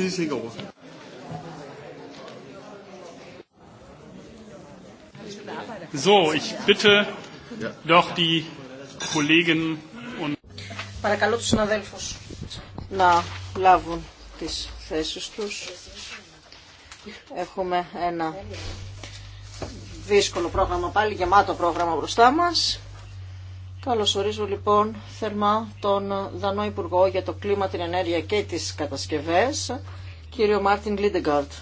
ich bitte Παρακαλώ τους συναδέλφους να λάβουν τις θέσεις τους. Έχουμε ένα δύσκολο πρόγραμμα πάλι, γεμάτο πρόγραμμα μπροστά μας. Καλωσορίζω λοιπόν θερμά τον Δανό Υπουργό για το κλίμα, την ενέργεια και τις κατασκευές, κύριο Μάρτιν Λίντεγκάρτ.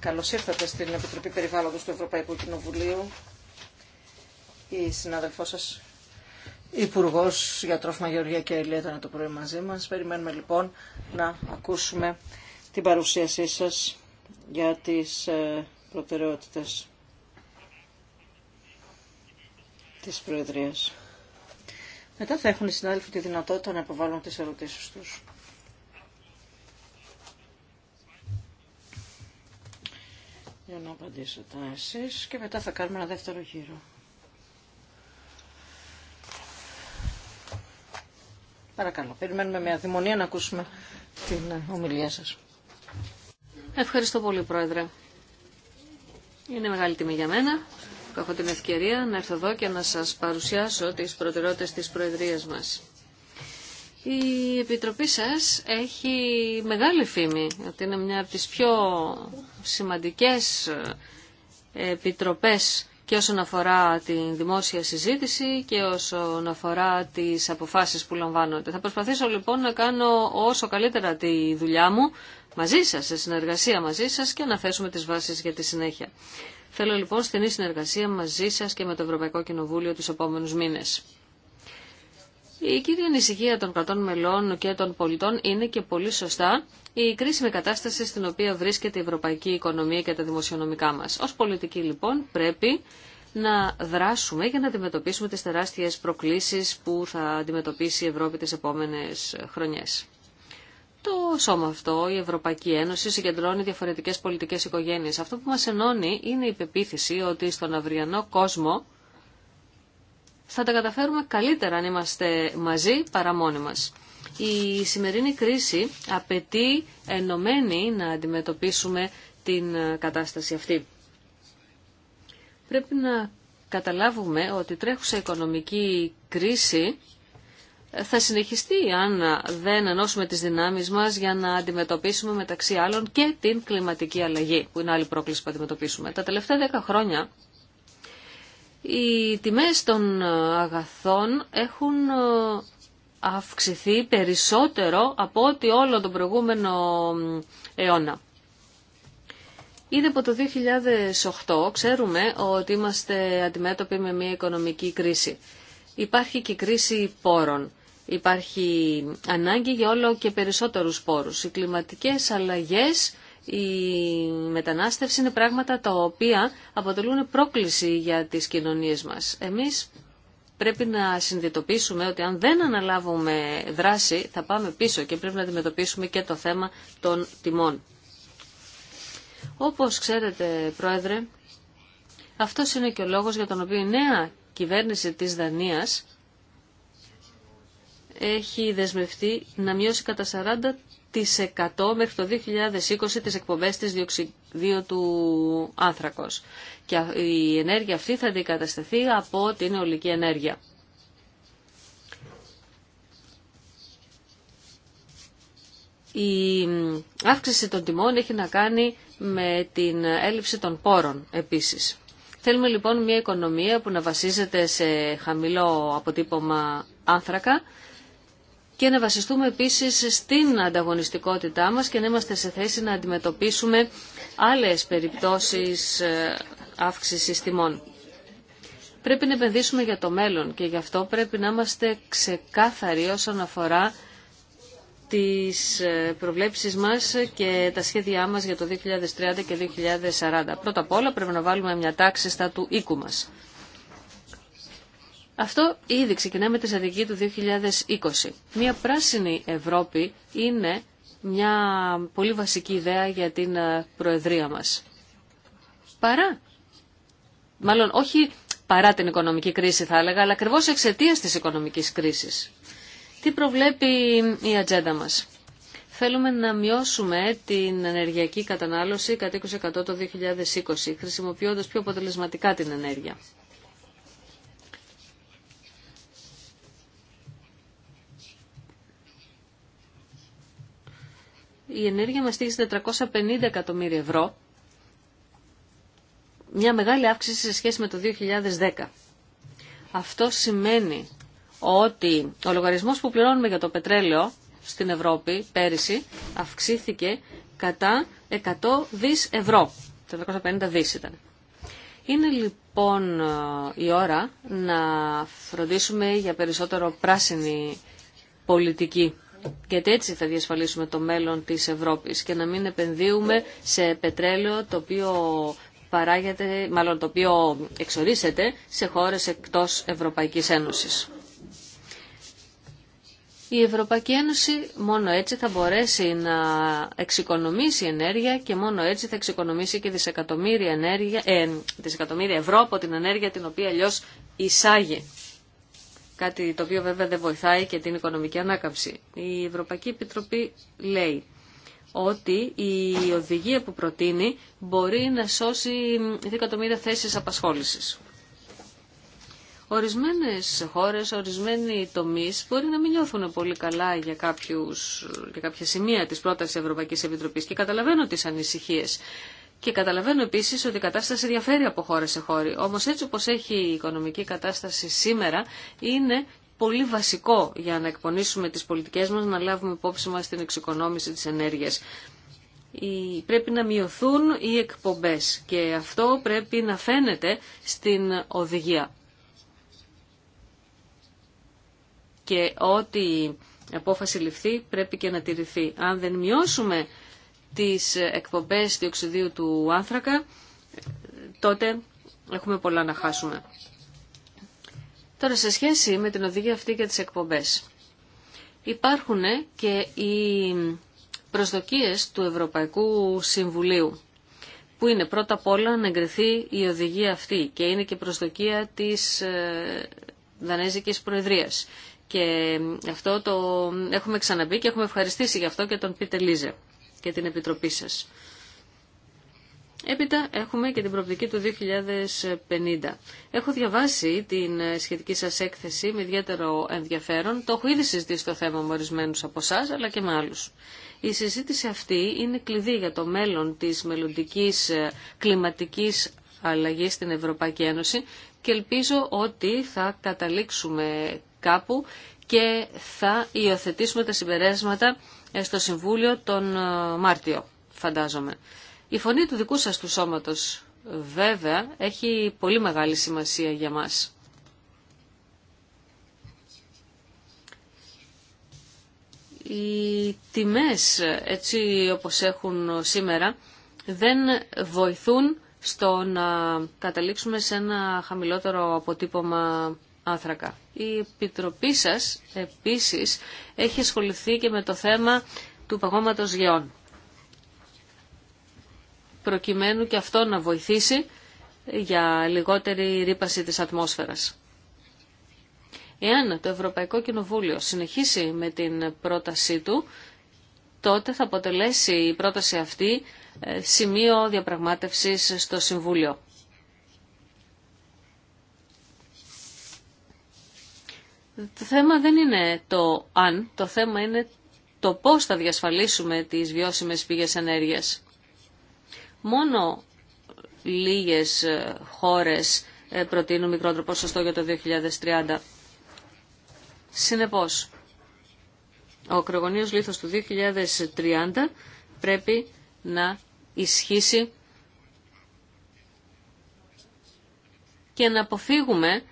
Καλώς ήρθατε στην Επιτροπή Περιβάλλοντος του Ευρωπαϊκού Κοινοβουλίου. Η συνάδελφός σας, Υπουργό για Τρόφιμα Γεωργία και Ελία, ήταν το πρωί μαζί μας. Περιμένουμε λοιπόν να ακούσουμε την παρουσίασή σας για τις ε, προτεραιότητες. της Προεδρίας. Μετά θα έχουν οι συνάδελφοι τη δυνατότητα να υποβάλουν τις ερωτήσεις τους. Για να απαντήσετε εσείς και μετά θα κάνουμε ένα δεύτερο γύρο. Παρακαλώ, περιμένουμε μια δημονία να ακούσουμε την ε, ομιλία σας. Ευχαριστώ πολύ, Πρόεδρε. Είναι μεγάλη τιμή για μένα που έχω την ευκαιρία να έρθω εδώ και να σας παρουσιάσω τις προτεραιότητες της Προεδρίας μας. Η Επιτροπή σας έχει μεγάλη φήμη, ότι είναι μια από τις πιο σημαντικές ε, επιτροπές και όσον αφορά την δημόσια συζήτηση και όσον αφορά τις αποφάσεις που λαμβάνονται. Θα προσπαθήσω λοιπόν να κάνω όσο καλύτερα τη δουλειά μου μαζί σας, σε συνεργασία μαζί σας και να θέσουμε τις βάσεις για τη συνέχεια. Θέλω λοιπόν στενή συνεργασία μαζί σας και με το Ευρωπαϊκό Κοινοβούλιο τους επόμενους μήνες. Η κύρια ανησυχία των κρατών μελών και των πολιτών είναι και πολύ σωστά η κρίσιμη κατάσταση στην οποία βρίσκεται η ευρωπαϊκή οικονομία και τα δημοσιονομικά μας. Ως πολιτική λοιπόν πρέπει να δράσουμε για να αντιμετωπίσουμε τις τεράστιες προκλήσεις που θα αντιμετωπίσει η Ευρώπη τις επόμενες χρονιές. Το σώμα αυτό, η Ευρωπαϊκή Ένωση, συγκεντρώνει διαφορετικέ πολιτικέ οικογένειε. Αυτό που μα ενώνει είναι η πεποίθηση ότι στον αυριανό κόσμο θα τα καταφέρουμε καλύτερα αν είμαστε μαζί παρά μόνοι μα. Η σημερινή κρίση απαιτεί ενωμένη να αντιμετωπίσουμε την κατάσταση αυτή. Πρέπει να καταλάβουμε ότι τρέχουσα οικονομική κρίση θα συνεχιστεί αν δεν ενώσουμε τις δυνάμεις μας για να αντιμετωπίσουμε μεταξύ άλλων και την κλιματική αλλαγή, που είναι άλλη πρόκληση που αντιμετωπίσουμε. Τα τελευταία δέκα χρόνια οι τιμές των αγαθών έχουν ε, αυξηθεί περισσότερο από ό,τι όλο τον προηγούμενο αιώνα. Ήδη από το 2008 ξέρουμε ότι είμαστε αντιμέτωποι με μια οικονομική κρίση. Υπάρχει και κρίση πόρων. Υπάρχει ανάγκη για όλο και περισσότερους πόρους. Οι κλιματικές αλλαγές, η μετανάστευση είναι πράγματα τα οποία αποτελούν πρόκληση για τις κοινωνίες μας. Εμείς πρέπει να συνειδητοποιήσουμε ότι αν δεν αναλάβουμε δράση θα πάμε πίσω και πρέπει να αντιμετωπίσουμε και το θέμα των τιμών. Όπως ξέρετε, Πρόεδρε, αυτό είναι και ο λόγος για τον οποίο η νέα κυβέρνηση της Δανίας έχει δεσμευτεί να μειώσει κατά 40% μέχρι το 2020 τις εκπομπές της διοξιδίου του άνθρακος. Και η ενέργεια αυτή θα αντικατασταθεί από την ολική ενέργεια. Η αύξηση των τιμών έχει να κάνει με την έλλειψη των πόρων επίσης. Θέλουμε λοιπόν μια οικονομία που να βασίζεται σε χαμηλό αποτύπωμα άνθρακα και να βασιστούμε επίσης στην ανταγωνιστικότητά μας και να είμαστε σε θέση να αντιμετωπίσουμε άλλες περιπτώσεις ε, αύξησης τιμών. Πρέπει να επενδύσουμε για το μέλλον και γι' αυτό πρέπει να είμαστε ξεκάθαροι όσον αφορά τις ε, προβλέψεις μας και τα σχέδιά μας για το 2030 και 2040. Πρώτα απ' όλα πρέπει να βάλουμε μια τάξη στα του οίκου μας. Αυτό ήδη ξεκινάει με τη στρατηγική του 2020. Μια πράσινη Ευρώπη είναι μια πολύ βασική ιδέα για την ε, Προεδρία μας. Παρά, μάλλον όχι παρά την οικονομική κρίση θα έλεγα, αλλά ακριβώ εξαιτία της οικονομικής κρίσης. Τι προβλέπει η ατζέντα μας. Θέλουμε να μειώσουμε την ενεργειακή κατανάλωση κατά 20% το 2020, χρησιμοποιώντας πιο αποτελεσματικά την ενέργεια. η ενέργεια μας στήγησε 450 εκατομμύρια ευρώ, μια μεγάλη αύξηση σε σχέση με το 2010. Αυτό σημαίνει ότι ο λογαριασμός που πληρώνουμε για το πετρέλαιο στην Ευρώπη πέρυσι αυξήθηκε κατά 100 δις ευρώ. 450 δις ήταν. Είναι λοιπόν ε, η ώρα να φροντίσουμε για περισσότερο πράσινη πολιτική γιατί έτσι θα διασφαλίσουμε το μέλλον της Ευρώπης και να μην επενδύουμε σε πετρέλαιο το οποίο παράγεται, μάλλον το οποίο εξορίσεται σε χώρες εκτός Ευρωπαϊκής Ένωσης. Η Ευρωπαϊκή Ένωση μόνο έτσι θα μπορέσει να εξοικονομήσει ενέργεια και μόνο έτσι θα εξοικονομήσει και δισεκατομμύρια, ενέργεια, ε, δισεκατομμύρια ευρώ από την ενέργεια την οποία αλλιώ εισάγει. Κάτι το οποίο βέβαια δεν βοηθάει και την οικονομική ανάκαμψη. Η Ευρωπαϊκή Επιτροπή λέει ότι η οδηγία που προτείνει μπορεί να σώσει δεκατομμύρια θέσεις απασχόλησης. Ορισμένες χώρες, ορισμένοι τομείς μπορεί να μην νιώθουν πολύ καλά για, κάποιους, για κάποια σημεία της πρότασης Ευρωπαϊκής Επιτροπής και καταλαβαίνω τις ανησυχίες. Και καταλαβαίνω επίσης ότι η κατάσταση διαφέρει από χώρα σε χώρα. Όμως έτσι όπως έχει η οικονομική κατάσταση σήμερα είναι πολύ βασικό για να εκπονήσουμε τις πολιτικές μας, να λάβουμε υπόψη μας την εξοικονόμηση της ενέργειας. Πρέπει να μειωθούν οι εκπομπές και αυτό πρέπει να φαίνεται στην οδηγία. Και ό,τι απόφαση ληφθεί πρέπει και να τηρηθεί. Αν δεν μειώσουμε τις εκπομπές διοξιδίου του άνθρακα, τότε έχουμε πολλά να χάσουμε. Τώρα σε σχέση με την οδηγία αυτή και τις εκπομπές. Υπάρχουν και οι προσδοκίες του Ευρωπαϊκού Συμβουλίου που είναι πρώτα απ' όλα να εγκριθεί η οδηγία αυτή και είναι και προσδοκία της ε, Δανέζικης Προεδρίας. Και αυτό το έχουμε ξαναμπεί και έχουμε ευχαριστήσει γι' αυτό και τον Πίτε Λίζε και την Επιτροπή σας. Έπειτα έχουμε και την προοπτική του 2050. Έχω διαβάσει την σχετική σας έκθεση με ιδιαίτερο ενδιαφέρον. Το έχω ήδη συζητήσει το θέμα με ορισμένου από εσά, αλλά και με άλλους. Η συζήτηση αυτή είναι κλειδί για το μέλλον της μελλοντική κλιματικής αλλαγής στην Ευρωπαϊκή Ένωση και ελπίζω ότι θα καταλήξουμε κάπου και θα υιοθετήσουμε τα συμπεράσματα ε, στο Συμβούλιο τον ε, Μάρτιο, φαντάζομαι. Η φωνή του δικού σας του σώματος βέβαια έχει πολύ μεγάλη σημασία για μας. Οι τιμές έτσι όπως έχουν σήμερα δεν βοηθούν στο να καταλήξουμε σε ένα χαμηλότερο αποτύπωμα η Επιτροπή σας επίσης έχει ασχοληθεί και με το θέμα του παγώματος γεών. Προκειμένου και αυτό να βοηθήσει για λιγότερη ρήπαση της ατμόσφαιρας. Εάν το Ευρωπαϊκό Κοινοβούλιο συνεχίσει με την πρότασή του, τότε θα αποτελέσει η πρόταση αυτή ε, σημείο διαπραγμάτευσης στο Συμβούλιο. Το θέμα δεν είναι το αν, το θέμα είναι το πώς θα διασφαλίσουμε τις βιώσιμες πηγές ενέργειας. Μόνο λίγες ε, χώρες ε, προτείνουν μικρότερο ποσοστό για το 2030. Συνεπώς, ο ακρογωνίος λίθος του 2030 πρέπει να ισχύσει και να αποφύγουμε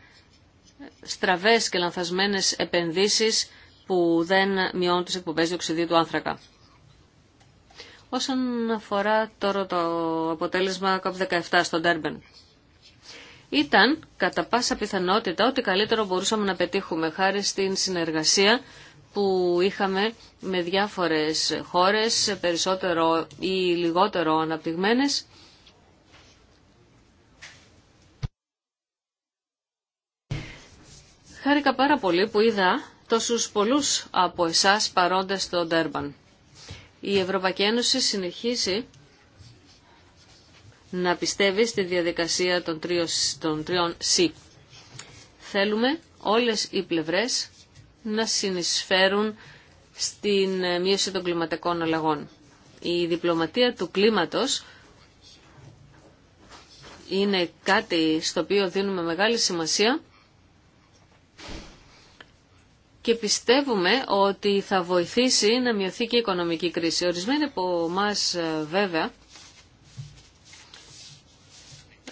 στραβές και λανθασμένες επενδύσεις που δεν μειώνουν τις εκπομπές διοξιδίου του άνθρακα. Όσον αφορά τώρα το αποτέλεσμα COP17 στον Τέρμπεν, Ήταν κατά πάσα πιθανότητα ότι καλύτερο μπορούσαμε να πετύχουμε χάρη στην συνεργασία που είχαμε με διάφορες χώρες, περισσότερο ή λιγότερο αναπτυγμένες, Χάρηκα πάρα πολύ που είδα τόσους πολλούς από εσάς παρόντες στο Ντέρμπαν. Η Ευρωπαϊκή Ένωση συνεχίζει να πιστεύει στη διαδικασία των, τρίων, των C. Θέλουμε όλες οι πλευρές να συνεισφέρουν στην ε, μείωση των κλιματικών αλλαγών. Η διπλωματία του κλίματος είναι κάτι στο οποίο δίνουμε μεγάλη σημασία και πιστεύουμε ότι θα βοηθήσει να μειωθεί και η οικονομική κρίση. Ορισμένοι από εμά ε, βέβαια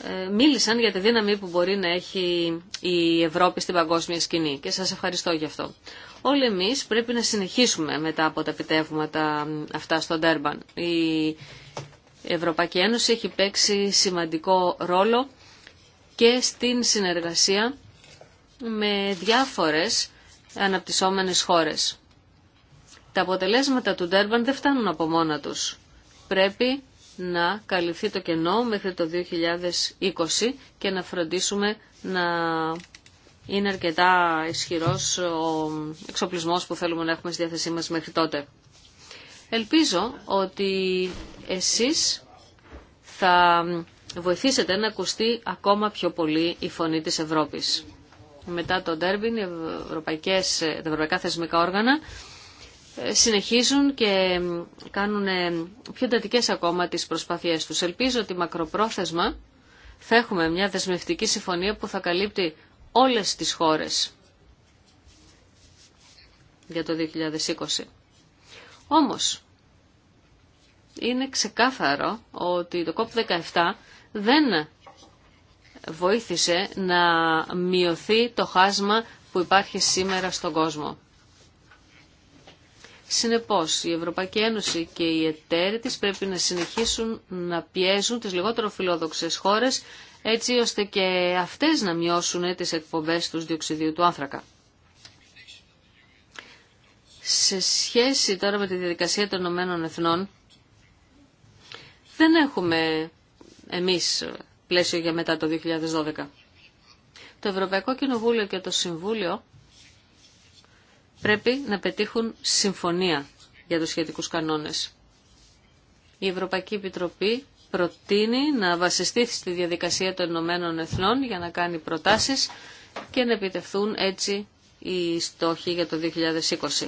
ε, μίλησαν για τη δύναμη που μπορεί να έχει η Ευρώπη στην παγκόσμια σκηνή και σας ευχαριστώ γι' αυτό. Όλοι εμείς πρέπει να συνεχίσουμε μετά από τα επιτεύγματα αυτά στο Ντέρμπαν. Η Ευρωπαϊκή Ένωση έχει παίξει σημαντικό ρόλο και στην συνεργασία με διάφορες αναπτυσσόμενες χώρες. Τα αποτελέσματα του Ντέρμπαν δεν φτάνουν από μόνα τους. Πρέπει να καλυφθεί το κενό μέχρι το 2020 και να φροντίσουμε να είναι αρκετά ισχυρός ο εξοπλισμός που θέλουμε να έχουμε στη διάθεσή μας μέχρι τότε. Ελπίζω ότι εσείς θα βοηθήσετε να ακουστεί ακόμα πιο πολύ η φωνή της Ευρώπης μετά το Ντέρμπιν, οι ευρωπαϊκές, τα ευρωπαϊκά θεσμικά όργανα ε, συνεχίζουν και κάνουν ε, πιο εντατικέ ακόμα τις προσπάθειές τους. Ελπίζω ότι μακροπρόθεσμα θα έχουμε μια δεσμευτική συμφωνία που θα καλύπτει όλες τις χώρες για το 2020. Όμως, είναι ξεκάθαρο ότι το COP17 δεν βοήθησε να μειωθεί το χάσμα που υπάρχει σήμερα στον κόσμο. Συνεπώς, η Ευρωπαϊκή Ένωση και οι εταίροι της πρέπει να συνεχίσουν να πιέζουν τις λιγότερο φιλόδοξες χώρες, έτσι ώστε και αυτές να μειώσουν ε, τις εκπομπές τους διοξιδίου του άνθρακα. Σε σχέση τώρα με τη διαδικασία των Ηνωμένων Εθνών, δεν έχουμε εμείς πλαίσιο για μετά το 2012. Το Ευρωπαϊκό Κοινοβούλιο και το Συμβούλιο πρέπει να πετύχουν συμφωνία για τους σχετικούς κανόνες. Η Ευρωπαϊκή Επιτροπή προτείνει να βασιστεί στη διαδικασία των Ηνωμένων Εθνών για να κάνει προτάσεις και να επιτευθούν έτσι οι στόχοι για το 2020.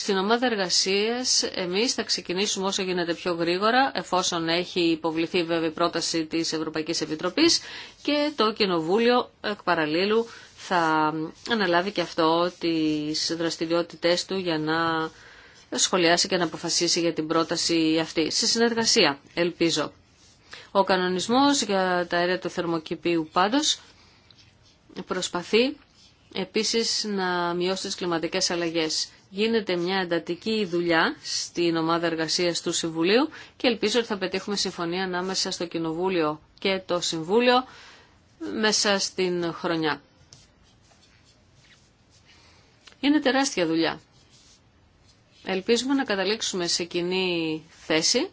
Στην ομάδα εργασίας εμείς θα ξεκινήσουμε όσο γίνεται πιο γρήγορα, εφόσον έχει υποβληθεί βέβαια η πρόταση της Ευρωπαϊκής Επιτροπής και το Κοινοβούλιο εκ παραλίλου θα αναλάβει και αυτό τις δραστηριότητές του για να σχολιάσει και να αποφασίσει για την πρόταση αυτή. Σε συνεργασία, ελπίζω. Ο κανονισμός για τα αέρια του θερμοκηπίου πάντως προσπαθεί επίσης να μειώσει τις κλιματικές αλλαγές γίνεται μια εντατική δουλειά στην ομάδα εργασίας του Συμβουλίου και ελπίζω ότι θα πετύχουμε συμφωνία ανάμεσα στο Κοινοβούλιο και το Συμβούλιο μέσα στην χρονιά. Είναι τεράστια δουλειά. Ελπίζουμε να καταλήξουμε σε κοινή θέση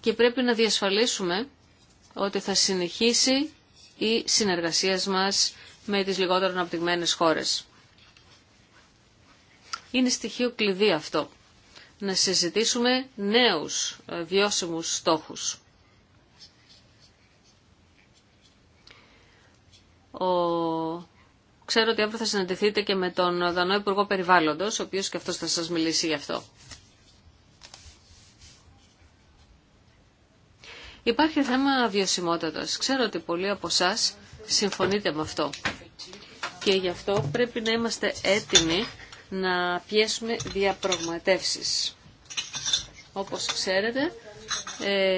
και πρέπει να διασφαλίσουμε ότι θα συνεχίσει η συνεργασία μας με τις λιγότερο αναπτυγμένες χώρες. Είναι στοιχείο κλειδί αυτό, να συζητήσουμε νέους ε, βιώσιμους στόχους. Ξέρω ότι αύριο θα συναντηθείτε και με τον Δανό Υπουργό Περιβάλλοντος, ο οποίος και αυτός θα σας μιλήσει γι' αυτό. Υπάρχει θέμα βιωσιμότητας. Ξέρω ότι πολλοί από εσά συμφωνείτε με αυτό και γι' αυτό πρέπει να είμαστε έτοιμοι να πιέσουμε διαπραγματεύσεις. Όπως ξέρετε,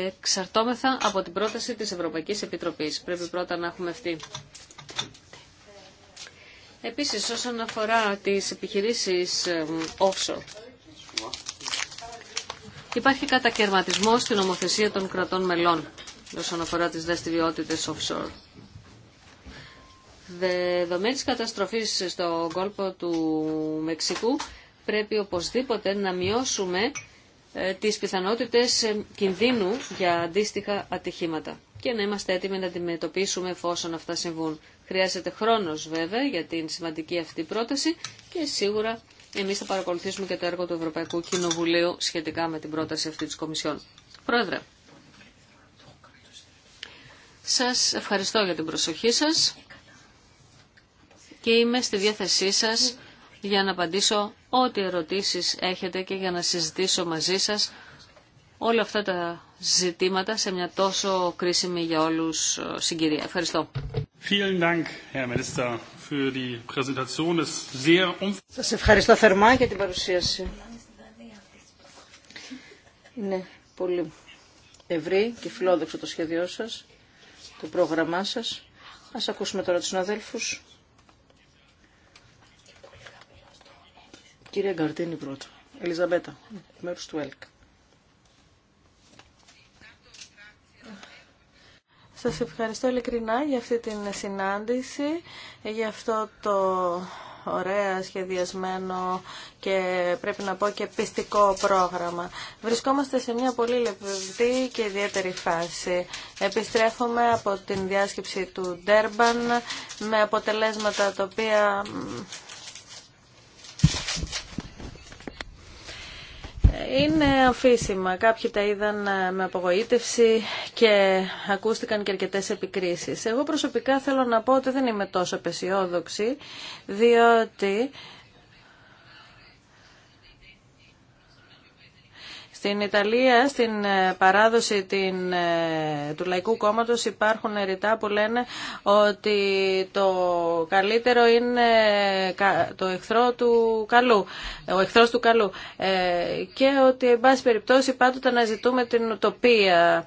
εξαρτώμεθα από την πρόταση της Ευρωπαϊκής Επιτροπής. Πρέπει πρώτα να έχουμε αυτή. Επίσης, όσον αφορά τις επιχειρήσεις ε, offshore, υπάρχει κατακαιρματισμός στην ομοθεσία των κρατών μελών όσον αφορά τις δραστηριότητε offshore δεδομένης καταστροφή στον κόλπο του Μεξικού πρέπει οπωσδήποτε να μειώσουμε ε, τις πιθανότητες ε, κινδύνου για αντίστοιχα ατυχήματα και να είμαστε έτοιμοι να αντιμετωπίσουμε εφόσον αυτά συμβούν. Χρειάζεται χρόνος βέβαια για την σημαντική αυτή πρόταση και σίγουρα εμείς θα παρακολουθήσουμε και το έργο του Ευρωπαϊκού Κοινοβουλίου σχετικά με την πρόταση αυτή της Κομισιόν. Πρόεδρε, σας ευχαριστώ για την προσοχή σας και είμαι στη διάθεσή σας για να απαντήσω ό,τι ερωτήσεις έχετε και για να συζητήσω μαζί σας όλα αυτά τα ζητήματα σε μια τόσο κρίσιμη για όλους ε, συγκυρία. Ευχαριστώ. Σας ευχαριστώ θερμά για την παρουσίαση. Είναι πολύ ευρύ και φιλόδοξο το σχέδιό σας, το πρόγραμμά σας. Ας ακούσουμε τώρα τους συναδέλφους. Κύριε Γκαρτίνη πρώτα. Ελιζαμπέτα, μέρος του ΕΛΚ. Σας ευχαριστώ ειλικρινά για αυτή την συνάντηση, για αυτό το ωραία σχεδιασμένο και πρέπει να πω και πιστικό πρόγραμμα. Βρισκόμαστε σε μια πολύ λεπτή και ιδιαίτερη φάση. Επιστρέφομαι από την διάσκεψη του Ντέρμπαν με αποτελέσματα τα οποία είναι αφήσιμα. Κάποιοι τα είδαν ε, με απογοήτευση και ακούστηκαν και αρκετέ επικρίσεις. Εγώ προσωπικά θέλω να πω ότι δεν είμαι τόσο απεσιόδοξη, διότι Στην Ιταλία, στην ε, παράδοση την, ε, του Λαϊκού Κόμματος υπάρχουν ρητά που λένε ότι το καλύτερο είναι το εχθρό του καλού, ο εχθρός του καλού ε, και ότι, εν πάση περιπτώσει, πάντοτε αναζητούμε την ουτοπία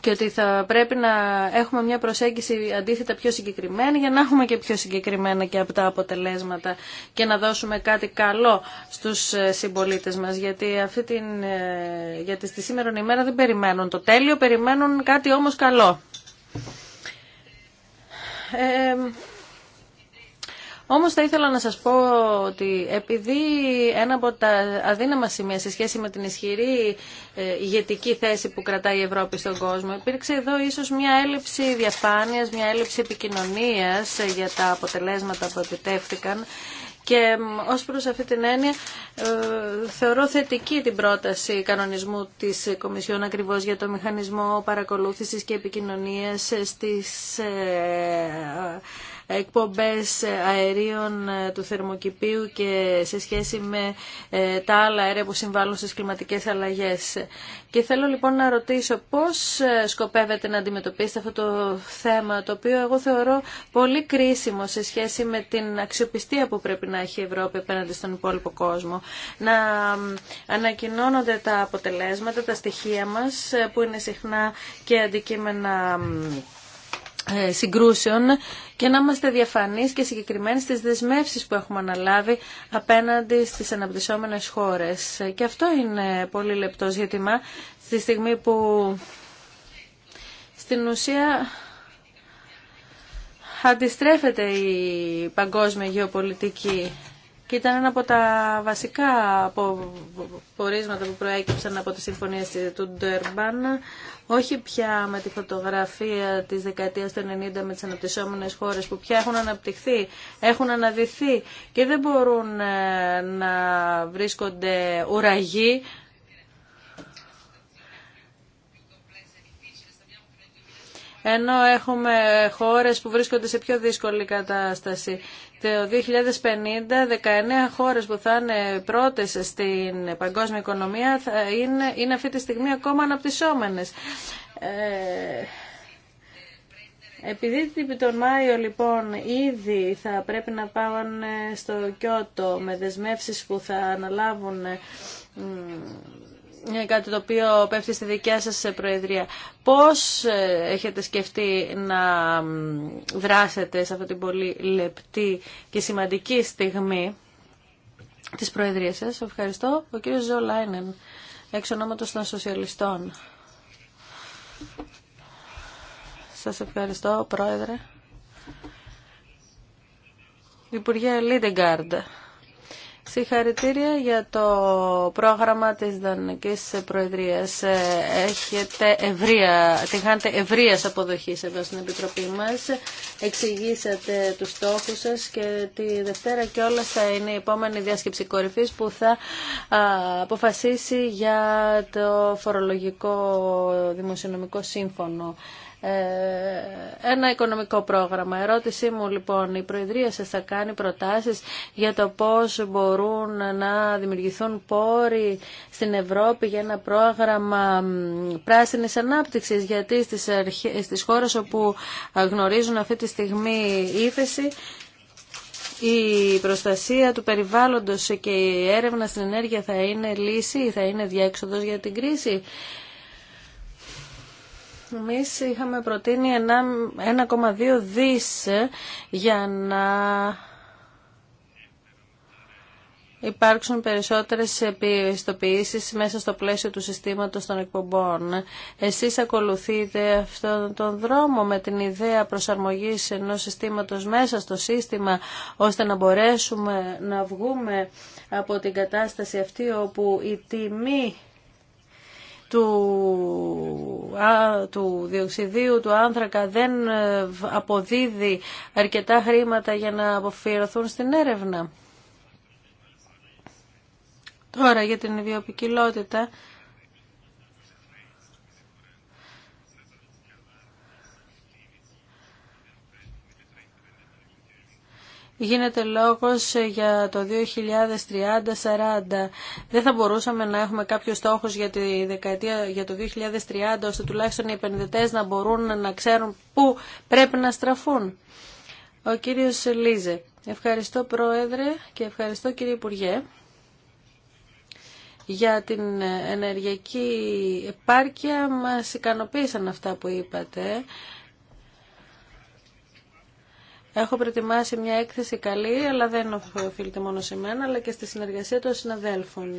και ότι θα πρέπει να έχουμε μια προσέγγιση αντίθετα πιο συγκεκριμένη για να έχουμε και πιο συγκεκριμένα και από τα αποτελέσματα και να δώσουμε κάτι καλό στους ε, συμπολίτες μας γιατί, αυτή την, ε, γιατί στη σήμερα ημέρα δεν περιμένουν το τέλειο, περιμένουν κάτι όμως καλό. Ε, όμως θα ήθελα να σας πω ότι επειδή ένα από τα αδύναμα σημεία σε σχέση με την ισχυρή ε, ηγετική θέση που κρατάει η Ευρώπη στον κόσμο, υπήρξε εδώ ίσως μια έλλειψη διαφάνειας, μια έλλειψη επικοινωνίας ε, για τα αποτελέσματα που επιτεύχθηκαν και ως προς αυτή την έννοια ε, θεωρώ θετική την πρόταση κανονισμού της Κομισιόν ακριβώς για το μηχανισμό παρακολούθησης και επικοινωνίας στις εκπομπές αερίων ε, του θερμοκηπίου και σε σχέση με ε, τα άλλα αέρια που συμβάλλουν στις κλιματικές αλλαγές. Και θέλω λοιπόν να ρωτήσω πώς ε, σκοπεύετε να αντιμετωπίσετε αυτό το θέμα το οποίο εγώ θεωρώ πολύ κρίσιμο σε σχέση με την αξιοπιστία που πρέπει να έχει η Ευρώπη απέναντι στον υπόλοιπο κόσμο. Να ανακοινώνονται τα αποτελέσματα, τα στοιχεία μας που είναι συχνά και αντικείμενα ε, συγκρούσεων και να είμαστε διαφανείς και συγκεκριμένοι στις δεσμεύσεις που έχουμε αναλάβει απέναντι στις αναπτυσσόμενες χώρες. Και αυτό είναι πολύ λεπτό ζήτημα στη στιγμή που στην ουσία αντιστρέφεται η παγκόσμια γεωπολιτική και ήταν ένα από τα βασικά πορίσματα που προέκυψαν από τη συμφωνία του Ντέρμπαν, όχι πια με τη φωτογραφία της δεκαετίας του 90 με τις αναπτυσσόμενες χώρες που πια έχουν αναπτυχθεί, έχουν αναδυθεί και δεν μπορούν ε, να βρίσκονται ουραγοί ενώ έχουμε χώρες που βρίσκονται σε πιο δύσκολη κατάσταση. Το 2050, 19 χώρες που θα είναι πρώτες στην παγκόσμια οικονομία θα είναι, είναι αυτή τη στιγμή ακόμα αναπτυσσόμενες. Ε, επειδή τον Μάιο λοιπόν ήδη θα πρέπει να πάνε στο Κιώτο με δεσμεύσεις που θα αναλάβουν κάτι το οποίο πέφτει στη δικιά σας προεδρία. Πώς ε, έχετε σκεφτεί να δράσετε σε αυτή την πολύ λεπτή και σημαντική στιγμή της προεδρίας σας. Ευχαριστώ. Ο κύριος Λάινεν, εξ ονόματος των Σοσιαλιστών. Σας ευχαριστώ, Πρόεδρε. Υπουργέ Λίντεγκάρντ. Συγχαρητήρια για το πρόγραμμα της Δανικής Προεδρίας. Ε, έχετε ευρία, τυχάνετε ευρίας αποδοχής εδώ στην Επιτροπή μας. Εξηγήσατε τους στόχους σας και τη Δευτέρα και όλα θα είναι η επόμενη διάσκεψη κορυφής που θα αποφασίσει για το φορολογικό δημοσιονομικό σύμφωνο. Ε, ένα οικονομικό πρόγραμμα. Ερώτησή μου λοιπόν, η Προεδρία σας θα κάνει προτάσεις για το πώς μπορούν να δημιουργηθούν πόροι στην Ευρώπη για ένα πρόγραμμα πράσινης ανάπτυξης, γιατί στις, χώρε χώρες όπου γνωρίζουν αυτή τη στιγμή ύφεση, η προστασία του περιβάλλοντος και η έρευνα στην ενέργεια θα είναι λύση, θα είναι διέξοδος για την κρίση. Εμεί είχαμε προτείνει 1,2 δι για να υπάρξουν περισσότερες επιστοποιήσεις μέσα στο πλαίσιο του συστήματος των εκπομπών. Εσείς ακολουθείτε αυτόν τον δρόμο με την ιδέα προσαρμογής ενός συστήματος μέσα στο σύστημα ώστε να μπορέσουμε να βγούμε από την κατάσταση αυτή όπου η τιμή του, α, του διοξιδίου του άνθρακα δεν ε, αποδίδει αρκετά χρήματα για να αποφιερωθούν στην έρευνα. Τώρα για την βιοπικιλότητα γίνεται λόγος για το 2030-40. Δεν θα μπορούσαμε να έχουμε κάποιο στόχος για, τη δεκαετία, για το 2030, ώστε τουλάχιστον οι επενδυτές να μπορούν να ξέρουν πού πρέπει να στραφούν. Ο κύριος Λίζε. Ευχαριστώ Πρόεδρε και ευχαριστώ κύριε Υπουργέ για την ενεργειακή επάρκεια μας ικανοποίησαν αυτά που είπατε Έχω προετοιμάσει μια έκθεση καλή, αλλά δεν οφείλεται μόνο σε μένα, αλλά και στη συνεργασία των συναδέλφων.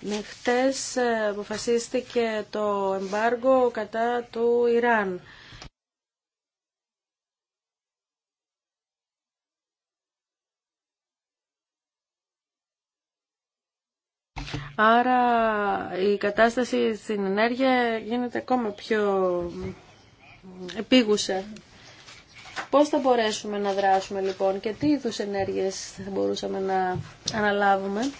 Ναι, χτες ε, αποφασίστηκε το εμπάργο κατά του Ιράν. Άρα η κατάσταση στην ενέργεια γίνεται ακόμα πιο επίγουσα Πώς θα μπορέσουμε να δράσουμε λοιπόν και τι είδου ενέργειες θα μπορούσαμε να αναλάβουμε.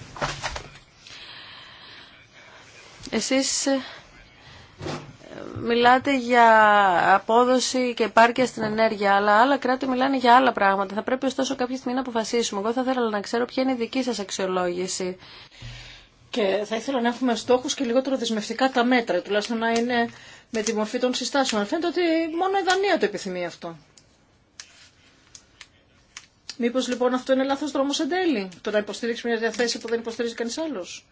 Εσείς ε, μιλάτε για απόδοση και επάρκεια στην ενέργεια, αλλά άλλα κράτη μιλάνε για άλλα πράγματα. Θα πρέπει ωστόσο κάποια στιγμή να αποφασίσουμε. Εγώ θα ήθελα να ξέρω ποια είναι η δική σας αξιολόγηση. Και θα ήθελα να έχουμε στόχους και λιγότερο δεσμευτικά τα μέτρα, τουλάχιστον να είναι με τη μορφή των συστάσεων. Φαίνεται ότι μόνο η Δανία το επιθυμεί αυτό. Μήπως λοιπόν αυτό είναι λάθο δρόμο εν τέλει, το να υποστηρίξει μια διαθέση που δεν υποστηρίζει κανείς άλλος.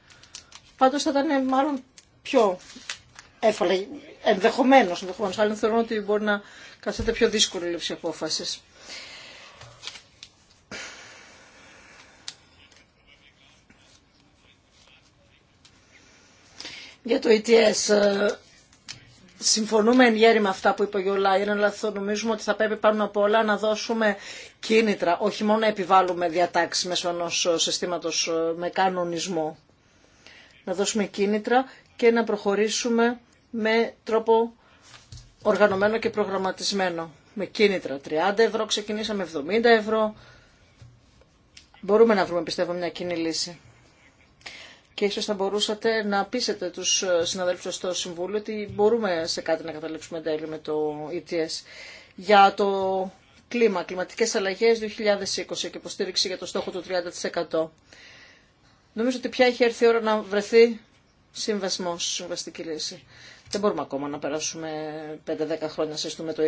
Πάντως θα ήταν ε, μάλλον πιο εύκολα, ενδεχομένως, αλλά θεωρώ ότι μπορεί να καθέται πιο δύσκολη η λήψη απόφαση. Για το ETS ε συμφωνούμε εν γέρη με αυτά που είπε ο Γιολάιρ, αλλά θα νομίζουμε ότι θα πρέπει πάνω απ' όλα να δώσουμε κίνητρα, όχι μόνο να επιβάλλουμε διατάξεις μέσω ενό ε, συστήματος ε, με κανονισμό. Να δώσουμε κίνητρα και να προχωρήσουμε με τρόπο οργανωμένο και προγραμματισμένο. Με κίνητρα 30 ευρώ, ξεκινήσαμε 70 ευρώ. Μπορούμε να βρούμε πιστεύω μια κοινή λύση και ίσως θα μπορούσατε να πείσετε τους ε, συναδέλφους στο Συμβούλιο ότι μπορούμε σε κάτι να καταλήξουμε εν τέλει με το ETS. Για το κλίμα, κλιματικές αλλαγές 2020 και υποστήριξη για το στόχο του 30%. Νομίζω ότι πια έχει έρθει η ώρα να βρεθεί συμβασμός, συμβαστική λύση. Δεν μπορούμε ακόμα να περάσουμε 5-10 χρόνια σε με το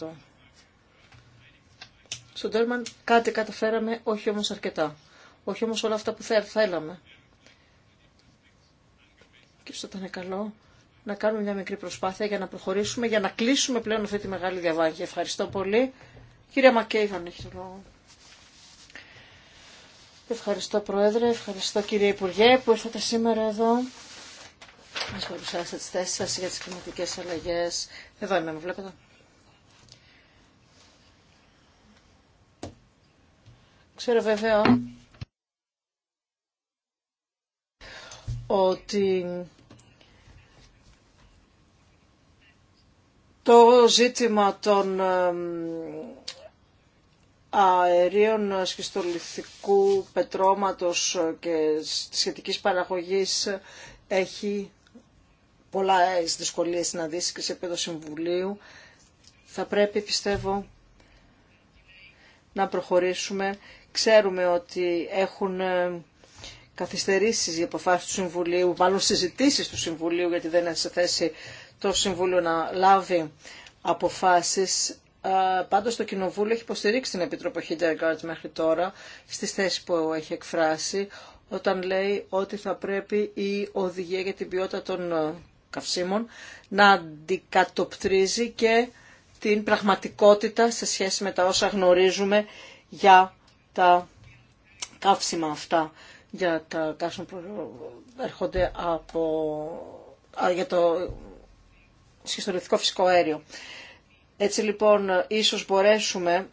20-30%. Στον Τέρμαν κάτι καταφέραμε, όχι όμως αρκετά. Όχι όμως όλα αυτά που θέλαμε. Και ήταν καλό να κάνουμε μια μικρή προσπάθεια για να προχωρήσουμε, για να κλείσουμε πλέον αυτή τη μεγάλη διαβάγη. Ευχαριστώ πολύ. Κυρία Μακέι, έχει το λόγο. Ευχαριστώ Πρόεδρε, ευχαριστώ κύριε Υπουργέ που ήρθατε σήμερα εδώ. Μα παρουσιάσετε τι θέσει σα για τι κλιματικέ αλλαγέ. Εδώ είμαι, με βλέπετε. Ξέρω βέβαια ότι το ζήτημα των αερίων σχιστολιθικού πετρώματος και σχετικής παραγωγής έχει πολλά δυσκολίες δεις και σε επίπεδο συμβουλίου. Θα πρέπει, πιστεύω, να προχωρήσουμε. Ξέρουμε ότι έχουν ε, καθυστερήσει οι αποφάσεις του Συμβουλίου, μάλλον συζητήσεις του Συμβουλίου, γιατί δεν είναι σε θέση το Συμβούλιο να λάβει αποφάσεις. Πάντως το Κοινοβούλιο έχει υποστηρίξει την Επιτροπή Χιντεργκάρτ μέχρι τώρα στις θέσεις που έχει εκφράσει όταν λέει ότι θα πρέπει η οδηγία για την ποιότητα των ε, καυσίμων να αντικατοπτρίζει και την πραγματικότητα σε σχέση με τα όσα γνωρίζουμε για τα καύσιμα αυτά, για τα καύσιμα που έρχονται από... για το σχιστολιθικό φυσικό αέριο. Έτσι λοιπόν ίσως μπορέσουμε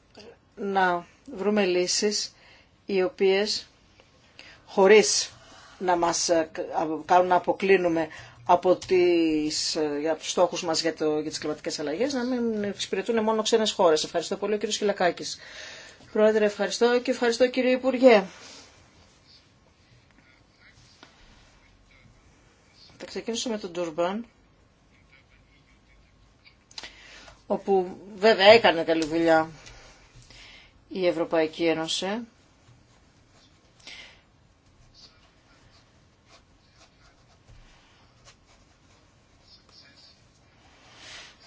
να βρούμε λύσεις οι οποίες χωρίς να μας ε, κάνουν να αποκλίνουμε από, τις, ε, για τους στόχους μας για, το, για τις κλιματικές αλλαγές, να μην εξυπηρετούν μόνο ξένες χώρες. Ευχαριστώ πολύ ο κύριο Χιλακάκης. Πρόεδρε, ευχαριστώ και ευχαριστώ κύριε Υπουργέ. Θα ξεκινήσω με τον Τουρμπάν. όπου βέβαια έκανε καλή δουλειά η Ευρωπαϊκή Ένωση.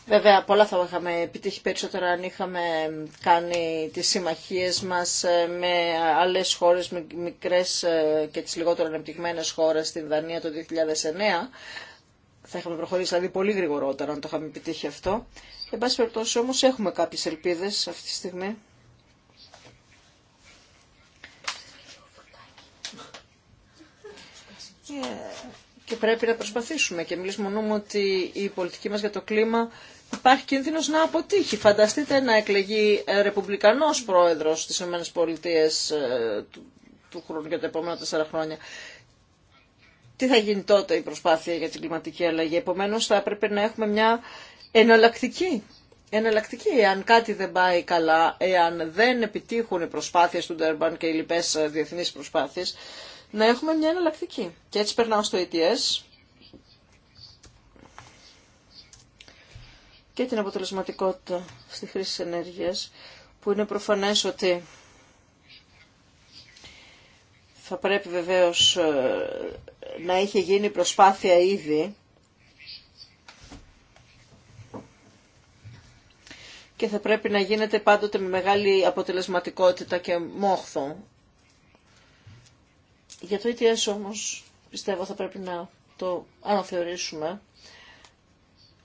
Βέβαια, πολλά θα είχαμε επιτύχει περισσότερα αν είχαμε κάνει τις συμμαχίες μας ε, με άλλες χώρες, μικρές ε, και τις λιγότερο ανεπτυγμένες χώρες στην Δανία το 2009, θα είχαμε προχωρήσει δηλαδή πολύ γρηγορότερα αν το είχαμε επιτύχει αυτό. Εν πάση περιπτώσει όμως έχουμε κάποιες ελπίδες αυτή τη στιγμή. Και πρέπει να προσπαθήσουμε και μόνο μου ότι η πολιτική μας για το κλίμα υπάρχει κίνδυνος να αποτύχει. Φανταστείτε να εκλεγεί ε, ρεπουμπλικανός πρόεδρος στις ΗΠΑ ε, του, του χρόνου για τα επόμενα τέσσερα χρόνια τι θα γίνει τότε η προσπάθεια για την κλιματική αλλαγή. Επομένω θα έπρεπε να έχουμε μια εναλλακτική. Εναλλακτική, εάν κάτι δεν πάει καλά, εάν δεν επιτύχουν οι προσπάθειες του Ντέρμπαν και οι λοιπές διεθνείς προσπάθειες, να έχουμε μια εναλλακτική. Και έτσι περνάω στο ETS και την αποτελεσματικότητα στη χρήση ενέργειας, που είναι προφανές ότι θα πρέπει βεβαίως ε, να είχε γίνει προσπάθεια ήδη και θα πρέπει να γίνεται πάντοτε με μεγάλη αποτελεσματικότητα και μόχθο. Για το ETS όμως πιστεύω θα πρέπει να το αναθεωρήσουμε.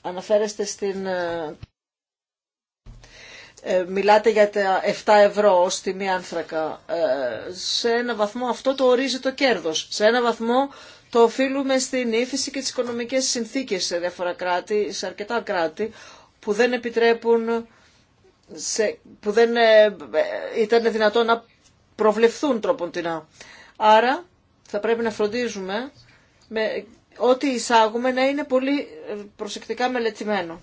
Αναφέρεστε στην ε, ε, μιλάτε για τα 7 ευρώ ως τιμή άνθρακα. Ε, σε ένα βαθμό αυτό το ορίζει το κέρδος. Σε ένα βαθμό το οφείλουμε στην ύφεση και τις οικονομικές συνθήκες σε διάφορα κράτη, σε αρκετά κράτη, που δεν επιτρέπουν, που δεν ε, ήταν δυνατόν να προβλεφθούν τρόπον τεινά. Άρα θα πρέπει να φροντίζουμε ό,τι εισάγουμε να είναι πολύ προσεκτικά μελετημένο.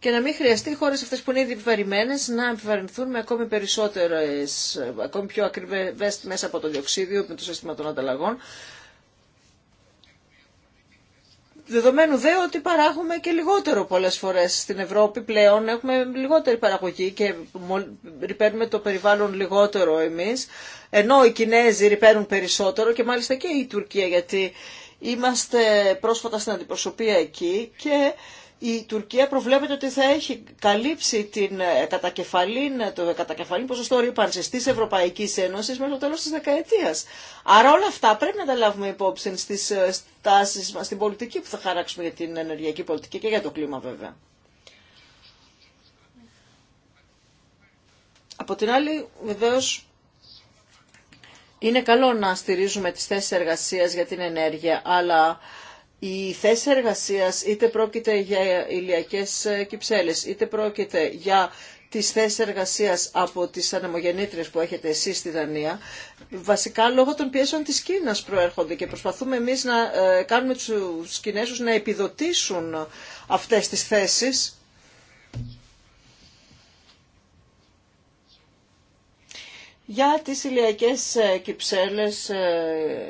και να μην χρειαστεί οι χώρε αυτέ που είναι ήδη επιβαρημένε να επιβαρυνθούν με ακόμη περισσότερε, ακόμη πιο ακριβέ μέσα από το διοξίδιο, με το σύστημα των ανταλλαγών. Δεδομένου δε ότι παράγουμε και λιγότερο πολλέ φορέ στην Ευρώπη πλέον, έχουμε λιγότερη παραγωγή και ρηπαίνουμε το περιβάλλον λιγότερο εμεί, ενώ οι Κινέζοι ρηπαίνουν περισσότερο και μάλιστα και η Τουρκία γιατί είμαστε πρόσφατα στην αντιπροσωπεία εκεί και η Τουρκία προβλέπεται ότι θα έχει καλύψει την ε, κατακεφαλήν, ε, το κατακεφαλήν ποσοστό ρήπανσης της Ευρωπαϊκής Ένωσης μέχρι το τέλος της δεκαετίας. Άρα όλα αυτά πρέπει να τα λάβουμε υπόψη στις ε, στάσεις μας, στην πολιτική που θα χαράξουμε για την ενεργειακή πολιτική και για το κλίμα βέβαια. Από την άλλη βεβαίω είναι καλό να στηρίζουμε τις θέσεις εργασίας για την ενέργεια, αλλά η θέση εργασία είτε πρόκειται για ηλιακέ κυψέλες, είτε πρόκειται για τις θέσει εργασία από τις ανεμογεννήτριες που έχετε εσεί στη Δανία, βασικά λόγω των πιέσεων τη Κίνα προέρχονται και προσπαθούμε εμείς να ε, κάνουμε τους Κινέζου να επιδοτήσουν αυτές τις θέσει. Για τις ηλιακές ε, κυψέλες ε,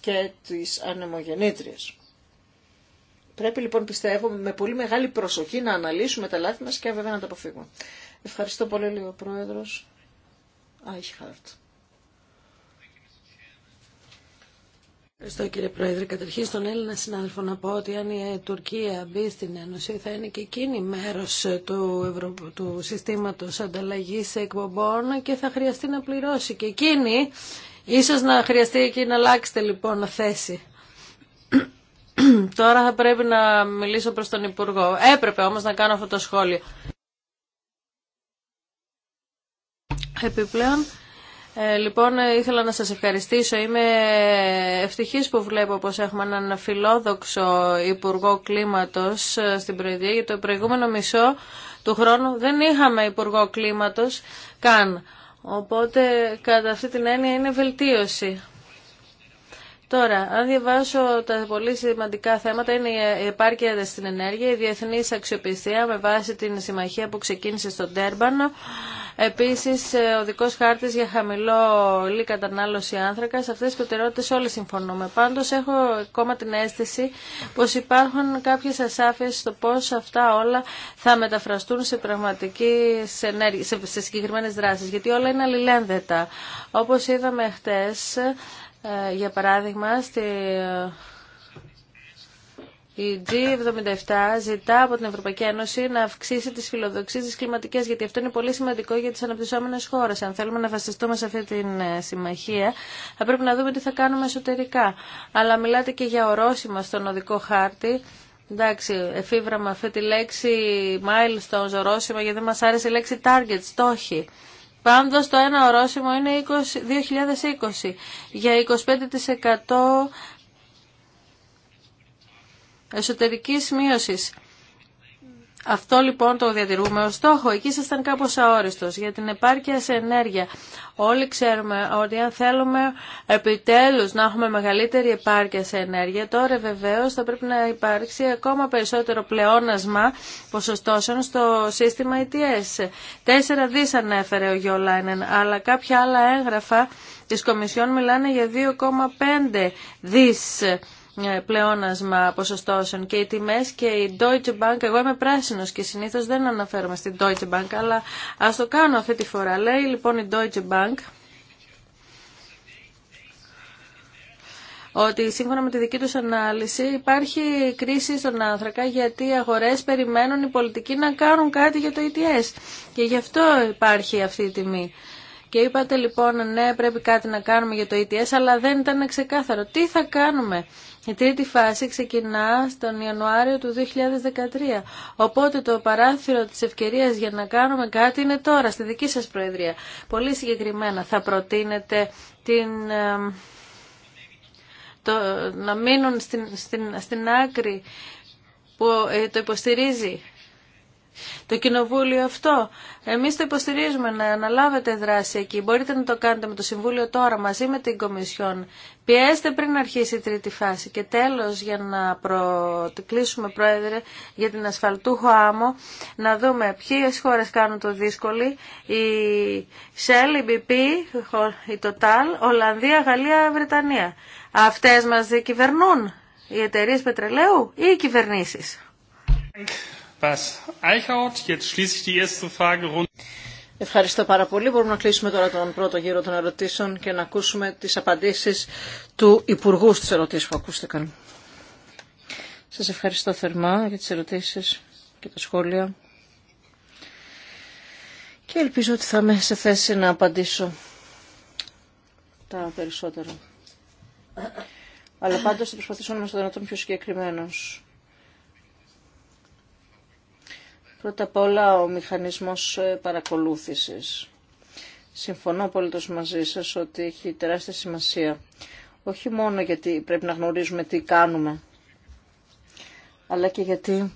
και τις ανεμογεννήτριες. Πρέπει λοιπόν πιστεύω με πολύ μεγάλη προσοχή να αναλύσουμε τα λάθη μας και βέβαια να τα αποφύγουμε. Ευχαριστώ πολύ λίγο ο Πρόεδρος. Αϊχάρτ. Ευχαριστώ κύριε Πρόεδρε. Καταρχήν στον Έλληνα συνάδελφο να πω ότι αν η Τουρκία μπει στην Ένωση θα είναι και εκείνη μέρος του, Ευρω... του συστήματος ανταλλαγής εκπομπών και θα χρειαστεί να πληρώσει. Και εκείνη, ίσως να χρειαστεί και να αλλάξετε λοιπόν θέση. Τώρα θα πρέπει να μιλήσω προς τον Υπουργό. Έπρεπε όμως να κάνω αυτό το σχόλιο. Επιπλέον, ε, λοιπόν, ε, ήθελα να σας ευχαριστήσω. Είμαι ευτυχής που βλέπω πως έχουμε έναν φιλόδοξο Υπουργό Κλίματος ε, στην Προεδρία, γιατί το προηγούμενο μισό του χρόνου δεν είχαμε Υπουργό Κλίματος καν. Οπότε, κατά αυτή την έννοια, είναι βελτίωση. Τώρα, αν διαβάσω τα πολύ σημαντικά θέματα, είναι η επάρκεια στην ενέργεια, η διεθνή αξιοπιστία με βάση την συμμαχία που ξεκίνησε στον Τέρμπαν. Επίση, ε, ο δικό χάρτη για χαμηλό λί κατανάλωση άνθρακα. Σε αυτέ τι προτεραιότητε όλοι συμφωνούμε. Πάντω, έχω ακόμα την αίσθηση πω υπάρχουν κάποιε ασάφειε στο πώ αυτά όλα θα μεταφραστούν σε πραγματική σε, σε συγκεκριμένε δράσει. Γιατί όλα είναι αλληλένδετα. Όπω είδαμε χτε, ε, για παράδειγμα, στη, η G77 ζητά από την Ευρωπαϊκή Ένωση να αυξήσει τις φιλοδοξίες της κλιματικής, γιατί αυτό είναι πολύ σημαντικό για τις αναπτυσσόμενες χώρες. Αν θέλουμε να βασιστούμε σε αυτή την ε, συμμαχία, θα πρέπει να δούμε τι θα κάνουμε εσωτερικά. Αλλά μιλάτε και για ορόσημα στον οδικό χάρτη. Εντάξει, εφήβραμε αυτή τη λέξη milestones, ορόσημα, γιατί δεν μας άρεσε η λέξη target, στόχοι. Πάντως το ένα ορόσημο είναι 20, 2020 για 25% εσωτερικής μείωσης. Αυτό λοιπόν το διατηρούμε ως στόχο. Εκεί ήσασταν κάπως αόριστος για την επάρκεια σε ενέργεια. Όλοι ξέρουμε ότι αν θέλουμε επιτέλους να έχουμε μεγαλύτερη επάρκεια σε ενέργεια, τώρα βεβαίως θα πρέπει να υπάρξει ακόμα περισσότερο πλεόνασμα ποσοστώσεων στο σύστημα ETS. Ε Τέσσερα δις ανέφερε ο Λάινεν, αλλά κάποια άλλα έγγραφα της Κομισιόν μιλάνε για 2,5 δις ε, πλεόνασμα ποσοστώσεων και οι τιμές και η Deutsche Bank, εγώ είμαι πράσινος και συνήθως δεν αναφέρομαι στην Deutsche Bank, αλλά ας το κάνω αυτή τη φορά. Λέει λοιπόν η Deutsche Bank ότι σύμφωνα με τη δική τους ανάλυση υπάρχει κρίση στον άνθρακα γιατί οι αγορές περιμένουν οι πολιτικοί να κάνουν κάτι για το ETS και γι' αυτό υπάρχει αυτή η τιμή. Και είπατε λοιπόν ναι πρέπει κάτι να κάνουμε για το ETS αλλά δεν ήταν ξεκάθαρο. Τι θα κάνουμε. Η τρίτη φάση ξεκινά στον Ιανουάριο του 2013. Οπότε το παράθυρο της ευκαιρίας για να κάνουμε κάτι είναι τώρα, στη δική σας Προεδρία. Πολύ συγκεκριμένα θα προτείνετε την... Το, να μείνουν στην, στην, στην άκρη που ε, το υποστηρίζει το κοινοβούλιο αυτό. Εμείς το υποστηρίζουμε να αναλάβετε δράση εκεί. Μπορείτε να το κάνετε με το Συμβούλιο τώρα μαζί με την Κομισιόν. Πιέστε πριν αρχίσει η τρίτη φάση. Και τέλος για να προ... κλείσουμε πρόεδρε για την ασφαλτούχο άμμο να δούμε ποιες χώρες κάνουν το δύσκολο. Η Shell, η BP, η Total, Ολλανδία, Γαλλία, Βρετανία. Αυτές μας διακυβερνούν οι εταιρείε πετρελαίου ή οι κυβερνήσει. Ευχαριστώ πάρα πολύ. Μπορούμε να κλείσουμε τώρα τον πρώτο γύρο των ερωτήσεων και να ακούσουμε τις απαντήσεις του Υπουργού στις ερωτήσεις που ακούστηκαν. Σας ευχαριστώ θερμά για τις ερωτήσεις και τα σχόλια. Και ελπίζω ότι θα είμαι σε θέση να απαντήσω τα περισσότερα. Αλλά πάντως θα προσπαθήσω να είμαι στο δυνατόν πιο συγκεκριμένος. Πρώτα απ' όλα ο μηχανισμός ε, παρακολούθησης. Συμφωνώ απολύτως μαζί σας ότι έχει τεράστια σημασία. Όχι μόνο γιατί πρέπει να γνωρίζουμε τι κάνουμε, αλλά και γιατί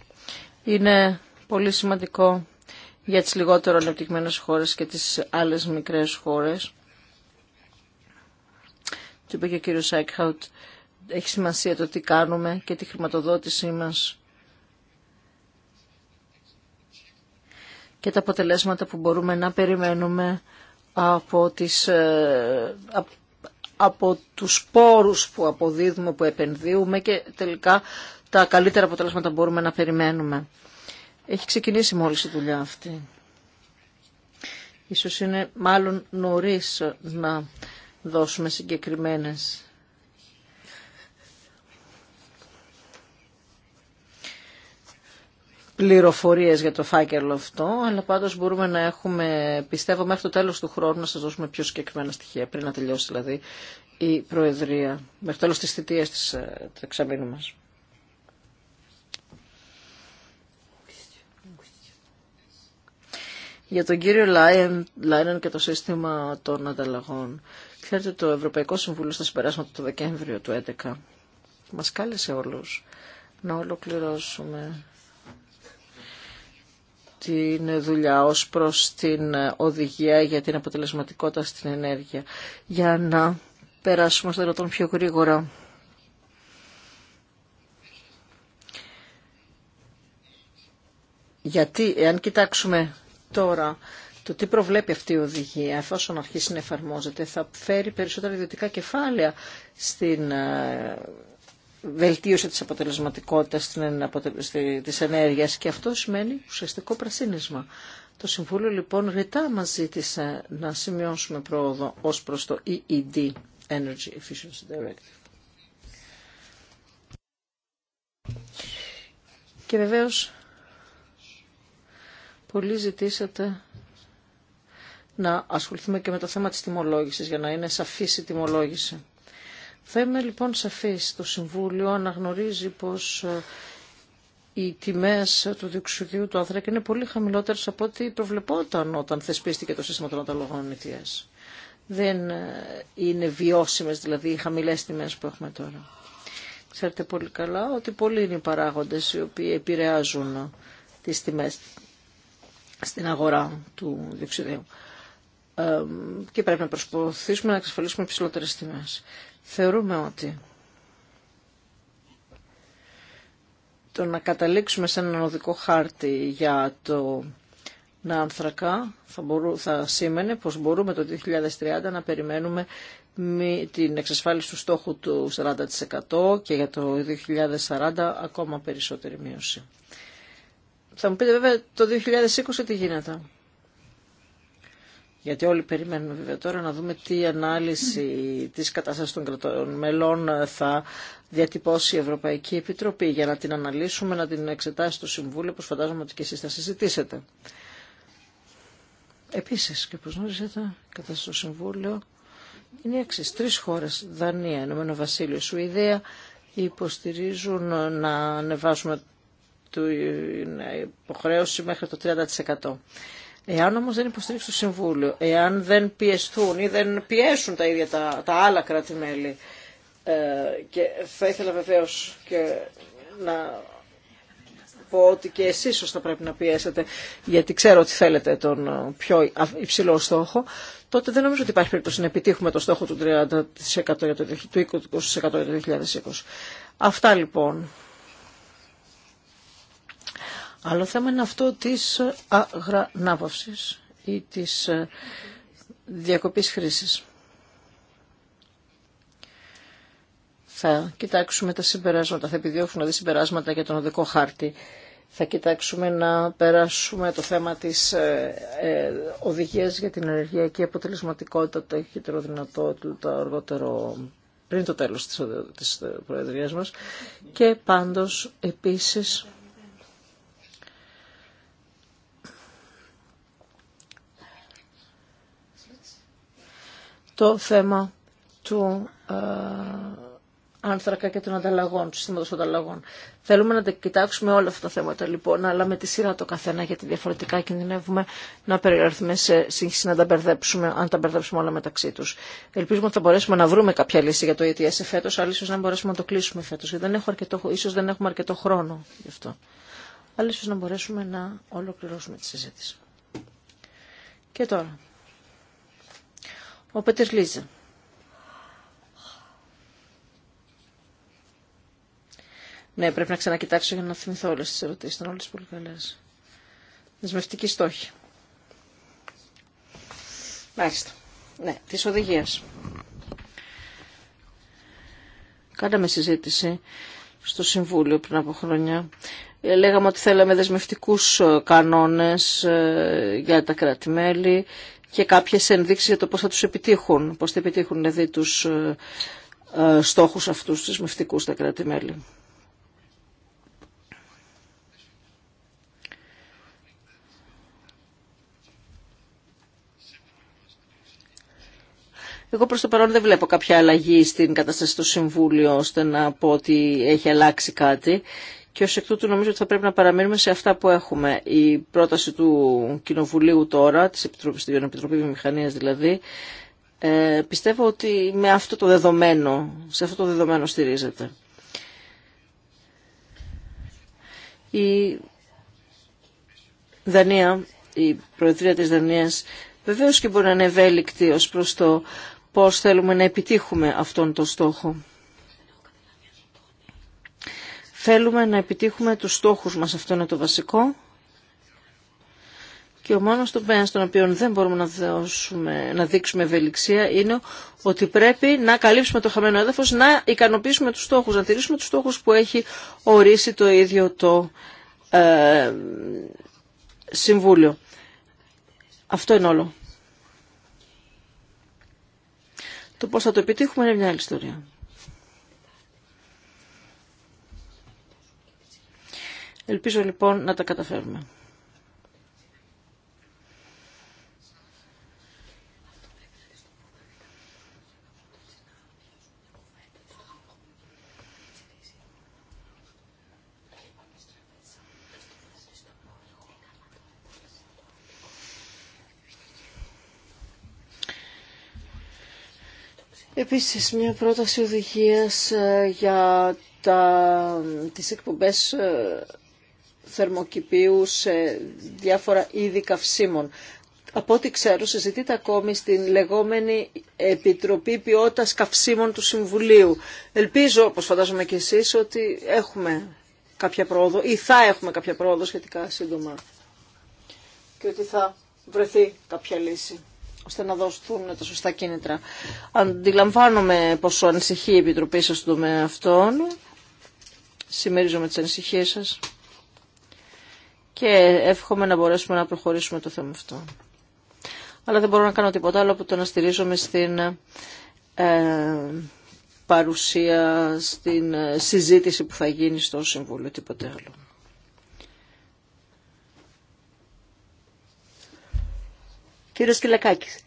είναι πολύ σημαντικό για τις λιγότερο ανεπτυγμένες χώρες και τις άλλες μικρές χώρες. Του είπε και ο κύριος Σάικχαουτ, έχει σημασία το τι κάνουμε και τη χρηματοδότησή μας και τα αποτελέσματα που μπορούμε να περιμένουμε από, τις, ε, από τους πόρους που αποδίδουμε, που επενδύουμε και τελικά τα καλύτερα αποτελέσματα που μπορούμε να περιμένουμε. Έχει ξεκινήσει μόλις η δουλειά αυτή. Ίσως είναι μάλλον νωρίς να δώσουμε συγκεκριμένες πληροφορίες για το φάκελο αυτό, αλλά πάντως μπορούμε να έχουμε, πιστεύω μέχρι το τέλος του χρόνου να σας δώσουμε πιο συγκεκριμένα στοιχεία, πριν να τελειώσει δηλαδή η Προεδρία, μέχρι το τέλος της θητείας της, ε, εξαμήνου μας. Για τον κύριο Λάινεν και το σύστημα των ανταλλαγών. Ξέρετε, το Ευρωπαϊκό Συμβούλιο στα συμπεράσματα του Δεκέμβριο του 2011 μας κάλεσε όλους να ολοκληρώσουμε την δουλειά ως προς την οδηγία για την αποτελεσματικότητα στην ενέργεια για να περάσουμε στο δυνατόν πιο γρήγορα. Γιατί εάν κοιτάξουμε τώρα το τι προβλέπει αυτή η οδηγία, εφόσον αρχίσει να εφαρμόζεται, θα φέρει περισσότερα ιδιωτικά κεφάλαια στην ε, βελτίωση της αποτελεσματικότητας της ενέργειας και αυτό σημαίνει ουσιαστικό πρασίνισμα. Το Συμβούλιο λοιπόν ρητά μας ζήτησε να σημειώσουμε πρόοδο ως προς το EED, Energy Efficiency Directive. Και βεβαίως πολλοί ζητήσατε να ασχοληθούμε και με το θέμα της τιμολόγησης για να είναι σαφής η τιμολόγηση. Θα είμαι λοιπόν σαφής. Το Συμβούλιο αναγνωρίζει πως ε, οι τιμές του διοξιδίου του άνθρακα είναι πολύ χαμηλότερες από ό,τι προβλεπόταν όταν θεσπίστηκε το σύστημα των ανταλλαγών ETS. Δεν ε, είναι βιώσιμες δηλαδή οι χαμηλές τιμές που έχουμε τώρα. Ξέρετε πολύ καλά ότι πολλοί είναι οι παράγοντες οι οποίοι επηρεάζουν τις τιμές στην αγορά του διοξιδίου. Ε, και πρέπει να προσπαθήσουμε να εξασφαλίσουμε υψηλότερε τιμέ θεωρούμε ότι το να καταλήξουμε σε έναν οδικό χάρτη για το να άνθρακα θα, θα σήμαινε πως μπορούμε το 2030 να περιμένουμε την εξασφάλιση του στόχου του 40% και για το 2040 ακόμα περισσότερη μείωση. Θα μου πείτε βέβαια το 2020 τι γίνεται γιατί όλοι περιμένουμε βέβαια τώρα να δούμε τι ανάλυση της κατάστασης των κρατών μελών θα διατυπώσει η Ευρωπαϊκή Επιτροπή για να την αναλύσουμε, να την εξετάσει το Συμβούλιο, όπως φαντάζομαι ότι και εσείς θα συζητήσετε. Επίσης, και όπως γνωρίζετε, η κατάσταση στο Συμβούλιο είναι εξή. Τρεις χώρες, Δανία, Ενωμένο Βασίλειο, Σουηδία, υποστηρίζουν να ανεβάσουμε την υποχρέωση μέχρι το 30%. Εάν όμως δεν υποστηρίξει το Συμβούλιο, εάν δεν πιεστούν ή δεν πιέσουν τα ίδια τα, άλλα κράτη-μέλη, ε, και θα ήθελα βεβαίως και να πω ότι και εσείς όσο θα πρέπει να πιέσετε, γιατί ξέρω ότι θέλετε τον ε, πιο υψηλό στόχο, τότε δεν νομίζω ότι υπάρχει περίπτωση να επιτύχουμε το στόχο του 30% το, του 20% για το 2020. Αυτά λοιπόν. Άλλο θέμα είναι αυτό της αγρανάβωσης ή της ε, διακοπής χρήσης. Θα κοιτάξουμε τα συμπεράσματα, θα επιδιώξουμε συμπεράσματα για τον οδικό χάρτη. Θα κοιτάξουμε να περάσουμε το θέμα της ε, ε οδηγίας για την ενεργειακή αποτελεσματικότητα το έχετε δυνατό το αργότερο πριν το τέλος της, της ε, Προεδρίας μας και πάντως επίσης το θέμα του ε, άνθρακα και των ανταλλαγών, του συστήματος ανταλλαγών. Θέλουμε να τα κοιτάξουμε όλα αυτά τα θέματα λοιπόν, αλλά με τη σειρά το καθένα, γιατί διαφορετικά κινδυνεύουμε να περιγραφούμε σε σύγχυση να τα μπερδέψουμε, αν τα μπερδέψουμε όλα μεταξύ του. Ελπίζουμε ότι θα μπορέσουμε να βρούμε κάποια λύση για το ETS φέτο, αλλά ίσω να μπορέσουμε να το κλείσουμε φέτο. γιατί δεν έχω αρκετό, ίσως δεν έχουμε αρκετό χρόνο γι' αυτό. Αλλά ίσω να μπορέσουμε να ολοκληρώσουμε τη συζήτηση. Και τώρα, ο Πέτερ Λίζα. Ναι, πρέπει να ξανακοιτάξω για να θυμηθώ όλες τις ερωτήσεις. Ήταν όλες πολύ καλές. Δεσμευτική στόχη. Μάλιστα. Ναι, Τη οδηγία. Κάναμε συζήτηση στο Συμβούλιο πριν από χρόνια. Ε, λέγαμε ότι θέλαμε δεσμευτικούς ε, κανόνες ε, για τα κράτη-μέλη και κάποιες ενδείξεις για το πώς θα τους επιτύχουν, πώς θα επιτύχουν δηλαδή τους ε, ε, στόχους αυτούς του μυστικούς στα κράτη-μέλη. Εγώ προς το παρόν δεν βλέπω κάποια αλλαγή στην κατάσταση του Συμβούλιο ώστε να πω ότι έχει αλλάξει κάτι και ως εκ τούτου νομίζω ότι θα πρέπει να παραμείνουμε σε αυτά που έχουμε. Η πρόταση του Κοινοβουλίου τώρα, της Επιτροπής, της Επιτροπής Βιομηχανίας δηλαδή, ε, πιστεύω ότι με αυτό το δεδομένο, σε αυτό το δεδομένο στηρίζεται. Η Δανία, η Προεδρία της Δανίας, βεβαίως και μπορεί να είναι ευέλικτη ως προς το πώς θέλουμε να επιτύχουμε αυτόν τον στόχο. Θέλουμε να επιτύχουμε τους στόχους μας, αυτό είναι το βασικό. Και ο μόνος τομέας στον οποίο δεν μπορούμε να, δώσουμε, να δείξουμε ευελιξία είναι ότι πρέπει να καλύψουμε το χαμένο έδαφος, να ικανοποιήσουμε τους στόχους, να τηρήσουμε τους στόχους που έχει ορίσει το ίδιο το ε, Συμβούλιο. Αυτό είναι όλο. Το πώς θα το επιτύχουμε είναι μια άλλη ιστορία. Ελπίζω λοιπόν να τα καταφέρουμε. Επίσης μια πρόταση οδηγίας ε, για τα, τις εκπομπές ε, θερμοκηπίου σε διάφορα είδη καυσίμων. Από ό,τι ξέρω, συζητείτε ακόμη στην λεγόμενη Επιτροπή Ποιότητας Καυσίμων του Συμβουλίου. Ελπίζω, όπως φαντάζομαι και εσείς, ότι έχουμε κάποια πρόοδο ή θα έχουμε κάποια πρόοδο σχετικά σύντομα και ότι θα βρεθεί κάποια λύση ώστε να δοθούν τα σωστά κίνητρα. Αντιλαμβάνομαι πόσο ανησυχεί η θα εχουμε καποια προοδο σχετικα συντομα και οτι θα βρεθει καποια λυση ωστε να δωσουν τα σωστα κινητρα αντιλαμβανομαι ποσο ανησυχει η επιτροπη σας στον τομέα αυτών. Συμμερίζομαι τις σας και εύχομαι να μπορέσουμε να προχωρήσουμε το θέμα αυτό. Αλλά δεν μπορώ να κάνω τίποτα άλλο από το να στηρίζομαι στην ε, παρουσία, στην ε, συζήτηση που θα γίνει στο Συμβούλιο, τίποτε άλλο. Κύριος Κυλακάκης,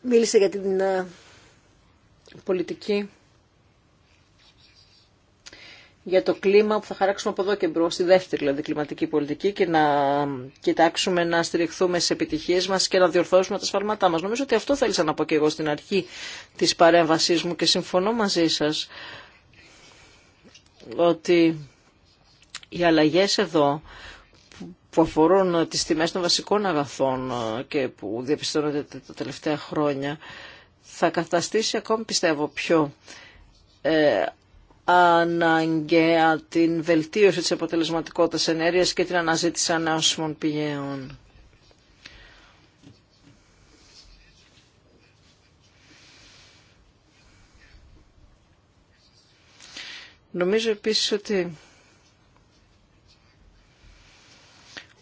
μίλησε για την ε, πολιτική για το κλίμα που θα χαράξουμε από εδώ και μπρο, στη δεύτερη δηλαδή κλιματική πολιτική και να κοιτάξουμε να στηριχθούμε στι επιτυχίε μα και να διορθώσουμε τα σφαλματά μα. Νομίζω ότι αυτό θέλησα να πω και εγώ στην αρχή τη παρέμβασή μου και συμφωνώ μαζί σα ότι οι αλλαγέ εδώ που αφορούν τις τιμές των βασικών αγαθών και που διαπιστώνονται τα τελευταία χρόνια θα καταστήσει ακόμη πιστεύω πιο ε, αναγκαία την βελτίωση της αποτελεσματικότητας ενέργειας και την αναζήτηση ανάσιμων πηγαίων. Νομίζω επίσης ότι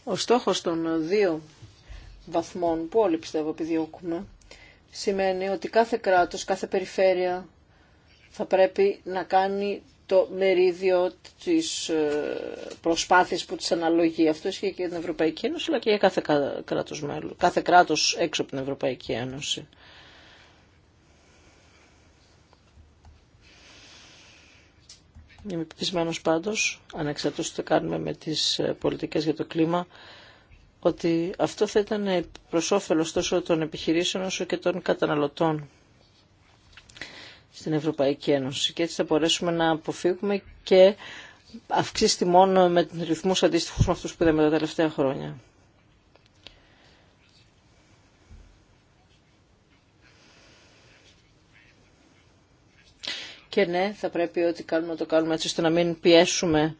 ο στόχος των δύο βαθμών που όλοι πιστεύω επιδιώκουμε σημαίνει ότι κάθε κράτος, κάθε περιφέρεια θα πρέπει να κάνει το μερίδιο της ε, προσπάθειας που της αναλογεί. Αυτό ισχύει και για την Ευρωπαϊκή Ένωση, αλλά και για κάθε κράτος, κάθε κράτος έξω από την Ευρωπαϊκή Ένωση. Είμαι πεπισμένο πάντω, ανεξαρτήτως τι κάνουμε με τις ε, πολιτικές για το κλίμα, ότι αυτό θα ήταν προ όφελο τόσο των επιχειρήσεων όσο και των καταναλωτών στην Ευρωπαϊκή Ένωση. Και έτσι θα μπορέσουμε να αποφύγουμε και αυξήσει μόνο με ρυθμούς αντίστοιχους με αυτούς που είδαμε τα τελευταία χρόνια. Και ναι, θα πρέπει ό,τι κάνουμε να το κάνουμε έτσι ώστε να μην πιέσουμε,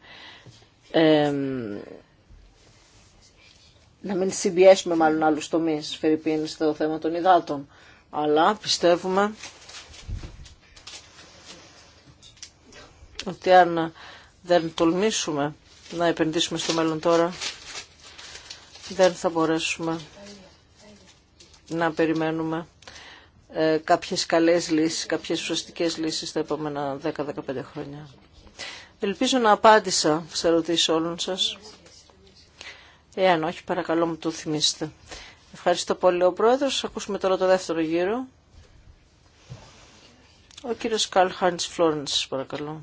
να μην συμπιέσουμε μάλλον άλλους τομείς, Φερρυπίν, στο θέμα των υδάτων. Αλλά πιστεύουμε ότι αν δεν τολμήσουμε να επενδύσουμε στο μέλλον τώρα, δεν θα μπορέσουμε να περιμένουμε ε, κάποιες καλές λύσεις, κάποιες ουσιαστικές λύσεις τα επόμενα 10-15 χρόνια. Ελπίζω να απάντησα σε ερωτήσεις όλων σας. Εάν όχι, παρακαλώ μου το θυμίστε. Ευχαριστώ πολύ ο Πρόεδρος. Ακούσουμε τώρα το δεύτερο γύρο. Ο κύριος Καλ Χάντς παρακαλώ.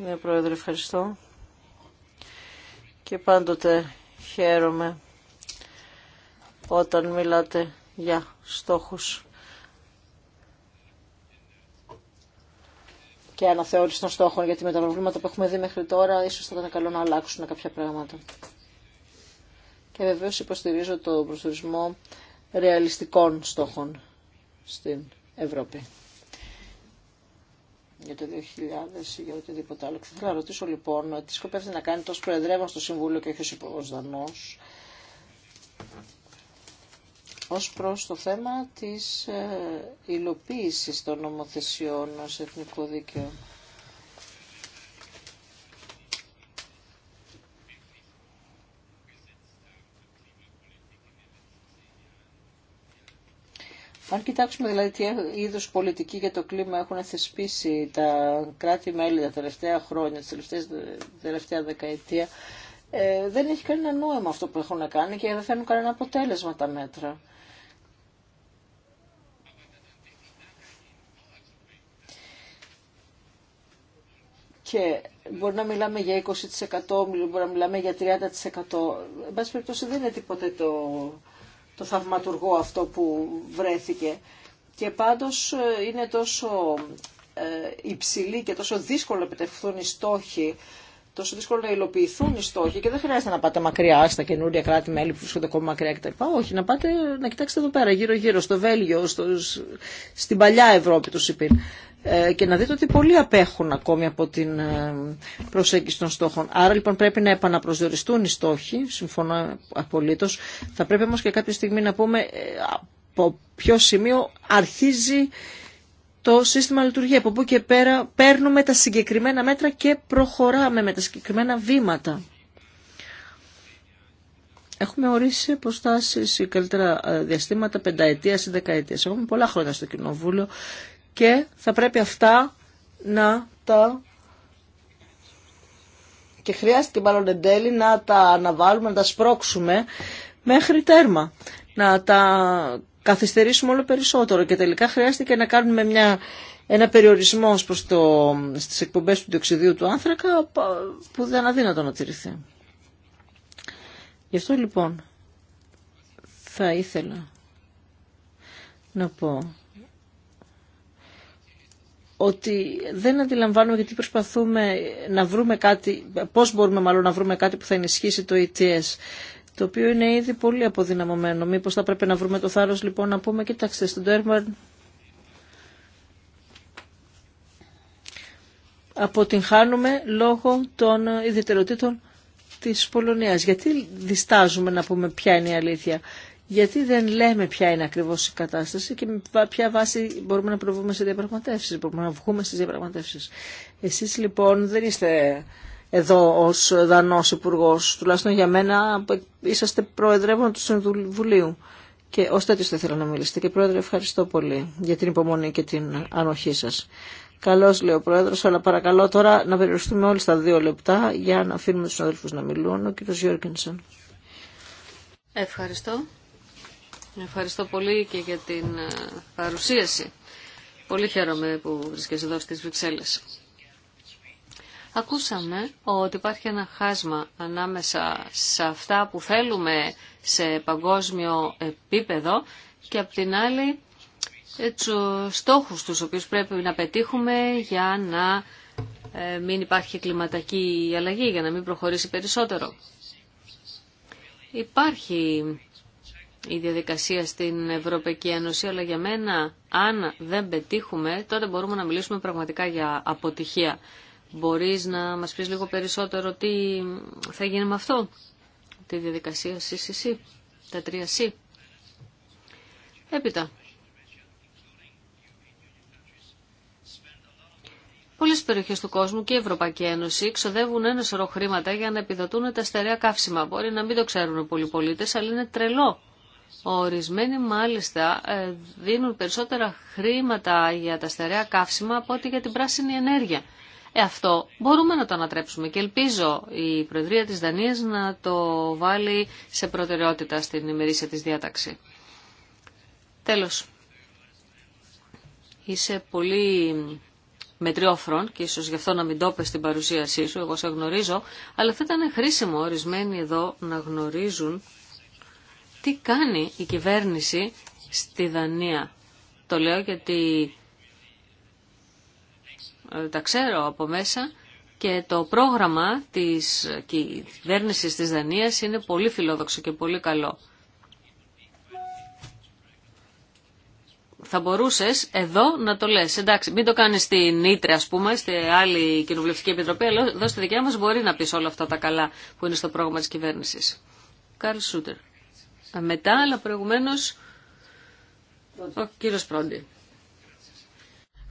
Ναι, Πρόεδρε, ευχαριστώ. Και πάντοτε χαίρομαι όταν μιλάτε για στόχους και αναθεώρηση των στόχων, γιατί με τα προβλήματα που έχουμε δει μέχρι τώρα, ίσως θα ήταν καλό να αλλάξουν κάποια πράγματα. Και βεβαίως υποστηρίζω το προσδιορισμό ρεαλιστικών στόχων στην Ευρώπη για το 2000 ή για οτιδήποτε άλλο. ήθελα να ρωτήσω λοιπόν τι σκοπεύετε να κάνετε ως Προεδρεύον στο Συμβούλιο και όχι ως Δανός ως προς το θέμα της ε, υλοποίησης των νομοθεσιών ως εθνικό δίκαιο. Αν κοιτάξουμε δηλαδή τι είδους πολιτική για το κλίμα έχουν θεσπίσει τα κράτη-μέλη τα τελευταία χρόνια, τα τελευταία δεκαετία, ε, δεν έχει κανένα νόημα αυτό που έχουν να κάνει και δεν φέρνουν κανένα αποτέλεσμα τα μέτρα. Και μπορεί να μιλάμε για 20%, μπορεί να μιλάμε για 30%. Εν πάση περιπτώσει δεν είναι τίποτε το το θαυματουργό αυτό που βρέθηκε. Και πάντως ε, είναι τόσο ε, υψηλή και τόσο δύσκολο να επιτευχθούν οι στόχοι, τόσο δύσκολο να υλοποιηθούν οι στόχοι και δεν χρειάζεται να πάτε μακριά στα καινούρια κράτη-μέλη που βρίσκονται ακόμα μακριά κτλ. Όχι, να πάτε να κοιτάξετε εδώ πέρα, γύρω-γύρω, στο Βέλγιο, στο, στην παλιά Ευρώπη του ΣΥΠΗΝ. Ε, και να δείτε ότι πολλοί απέχουν ακόμη από την ε, προσέγγιση των στόχων. Άρα λοιπόν πρέπει να επαναπροσδιοριστούν οι στόχοι, συμφωνώ απολύτως. Θα πρέπει όμως και κάποια στιγμή να πούμε ε, από ποιο σημείο αρχίζει το σύστημα λειτουργία, Από πού και πέρα παίρνουμε τα συγκεκριμένα μέτρα και προχωράμε με τα συγκεκριμένα βήματα. Έχουμε ορίσει προστάσει ή καλύτερα διαστήματα πενταετία ή δεκαετία. Έχουμε πολλά χρόνια στο Κοινοβούλιο και θα πρέπει αυτά να τα και χρειάστηκε μάλλον εν τέλει να τα αναβάλουμε, να τα σπρώξουμε μέχρι τέρμα, να τα καθυστερήσουμε όλο περισσότερο και τελικά χρειάστηκε να κάνουμε μια, ένα περιορισμό προς το, στις εκπομπές του διοξιδίου του άνθρακα που δεν αδύνατο να τηρηθεί. Γι' αυτό λοιπόν θα ήθελα να πω ότι δεν αντιλαμβάνουμε γιατί προσπαθούμε να βρούμε κάτι, πώς μπορούμε μάλλον να βρούμε κάτι που θα ενισχύσει το ETS το οποίο είναι ήδη πολύ αποδυναμωμένο. Μήπως θα πρέπει να βρούμε το θάρρος λοιπόν να πούμε, κοιτάξτε, στον Τέρμαν αποτυγχάνουμε λόγω των ιδιαιτεροτήτων της Πολωνίας. Γιατί διστάζουμε να πούμε ποια είναι η αλήθεια γιατί δεν λέμε ποια είναι ακριβώ η κατάσταση και με ποια βάση μπορούμε να προβούμε σε διαπραγματεύσει. μπορούμε να βγούμε στι διαπραγματεύσει. Εσεί, λοιπόν δεν είστε εδώ ω δανό υπουργό, τουλάχιστον για μένα είσαστε προεδρεύον του Συμβουλίου. Και ω τέτοιο θα ήθελα να μιλήσετε. Και πρόεδρε, ευχαριστώ πολύ για την υπομονή και την ανοχή σα. Καλώ, λέει ο πρόεδρο, αλλά παρακαλώ τώρα να περιοριστούμε όλοι στα δύο λεπτά για να αφήνουμε του αδελφού να μιλούν. Ο κύριο Γιώργενσον. Ευχαριστώ. Ευχαριστώ πολύ και για την ε, παρουσίαση. Πολύ χαίρομαι που βρίσκεσαι εδώ στις Βρυξέλλες. Ακούσαμε ότι υπάρχει ένα χάσμα ανάμεσα σε αυτά που θέλουμε σε παγκόσμιο επίπεδο και απ' την άλλη ε, του στόχους τους οποίους πρέπει να πετύχουμε για να ε, μην υπάρχει κλιματική αλλαγή, για να μην προχωρήσει περισσότερο. Υπάρχει η διαδικασία στην Ευρωπαϊκή Ένωση, αλλά για μένα αν δεν πετύχουμε τότε μπορούμε να μιλήσουμε πραγματικά για αποτυχία. Μπορείς να μας πεις λίγο περισσότερο τι θα γίνει με αυτό, τη διαδικασία CCC, τα τρία C. Έπειτα. Πολλέ περιοχέ του κόσμου και η Ευρωπαϊκή Ένωση ξοδεύουν ένα σωρό χρήματα για να επιδοτούν τα στερεά καύσιμα. Μπορεί να μην το ξέρουν πολλοί πολίτε, αλλά είναι τρελό Ορισμένοι μάλιστα ε, δίνουν περισσότερα χρήματα για τα στερεά καύσιμα από ότι για την πράσινη ενέργεια. Ε, αυτό μπορούμε να το ανατρέψουμε και ελπίζω η Προεδρία της Δανίας να το βάλει σε προτεραιότητα στην ημερήσια της διάταξη. Τέλος, είσαι πολύ μετριόφρον και ίσως γι' αυτό να μην το πες στην παρουσίασή σου, εγώ σε γνωρίζω, αλλά θα ήταν χρήσιμο ορισμένοι εδώ να γνωρίζουν τι κάνει η κυβέρνηση στη Δανία. Το λέω γιατί ε, τα ξέρω από μέσα και το πρόγραμμα της κυβέρνησης της Δανίας είναι πολύ φιλόδοξο και πολύ καλό. θα μπορούσες εδώ να το λες. Εντάξει, μην το κάνεις στην Ήτρε, ας πούμε, στη άλλη κοινοβουλευτική επιτροπή, αλλά εδώ στη δικιά μας μπορεί να πεις όλα αυτά τα καλά που είναι στο πρόγραμμα της κυβέρνησης. Κάρλ Σούτερ μετά, αλλά προηγουμένω. ο κύριος Πρόντι.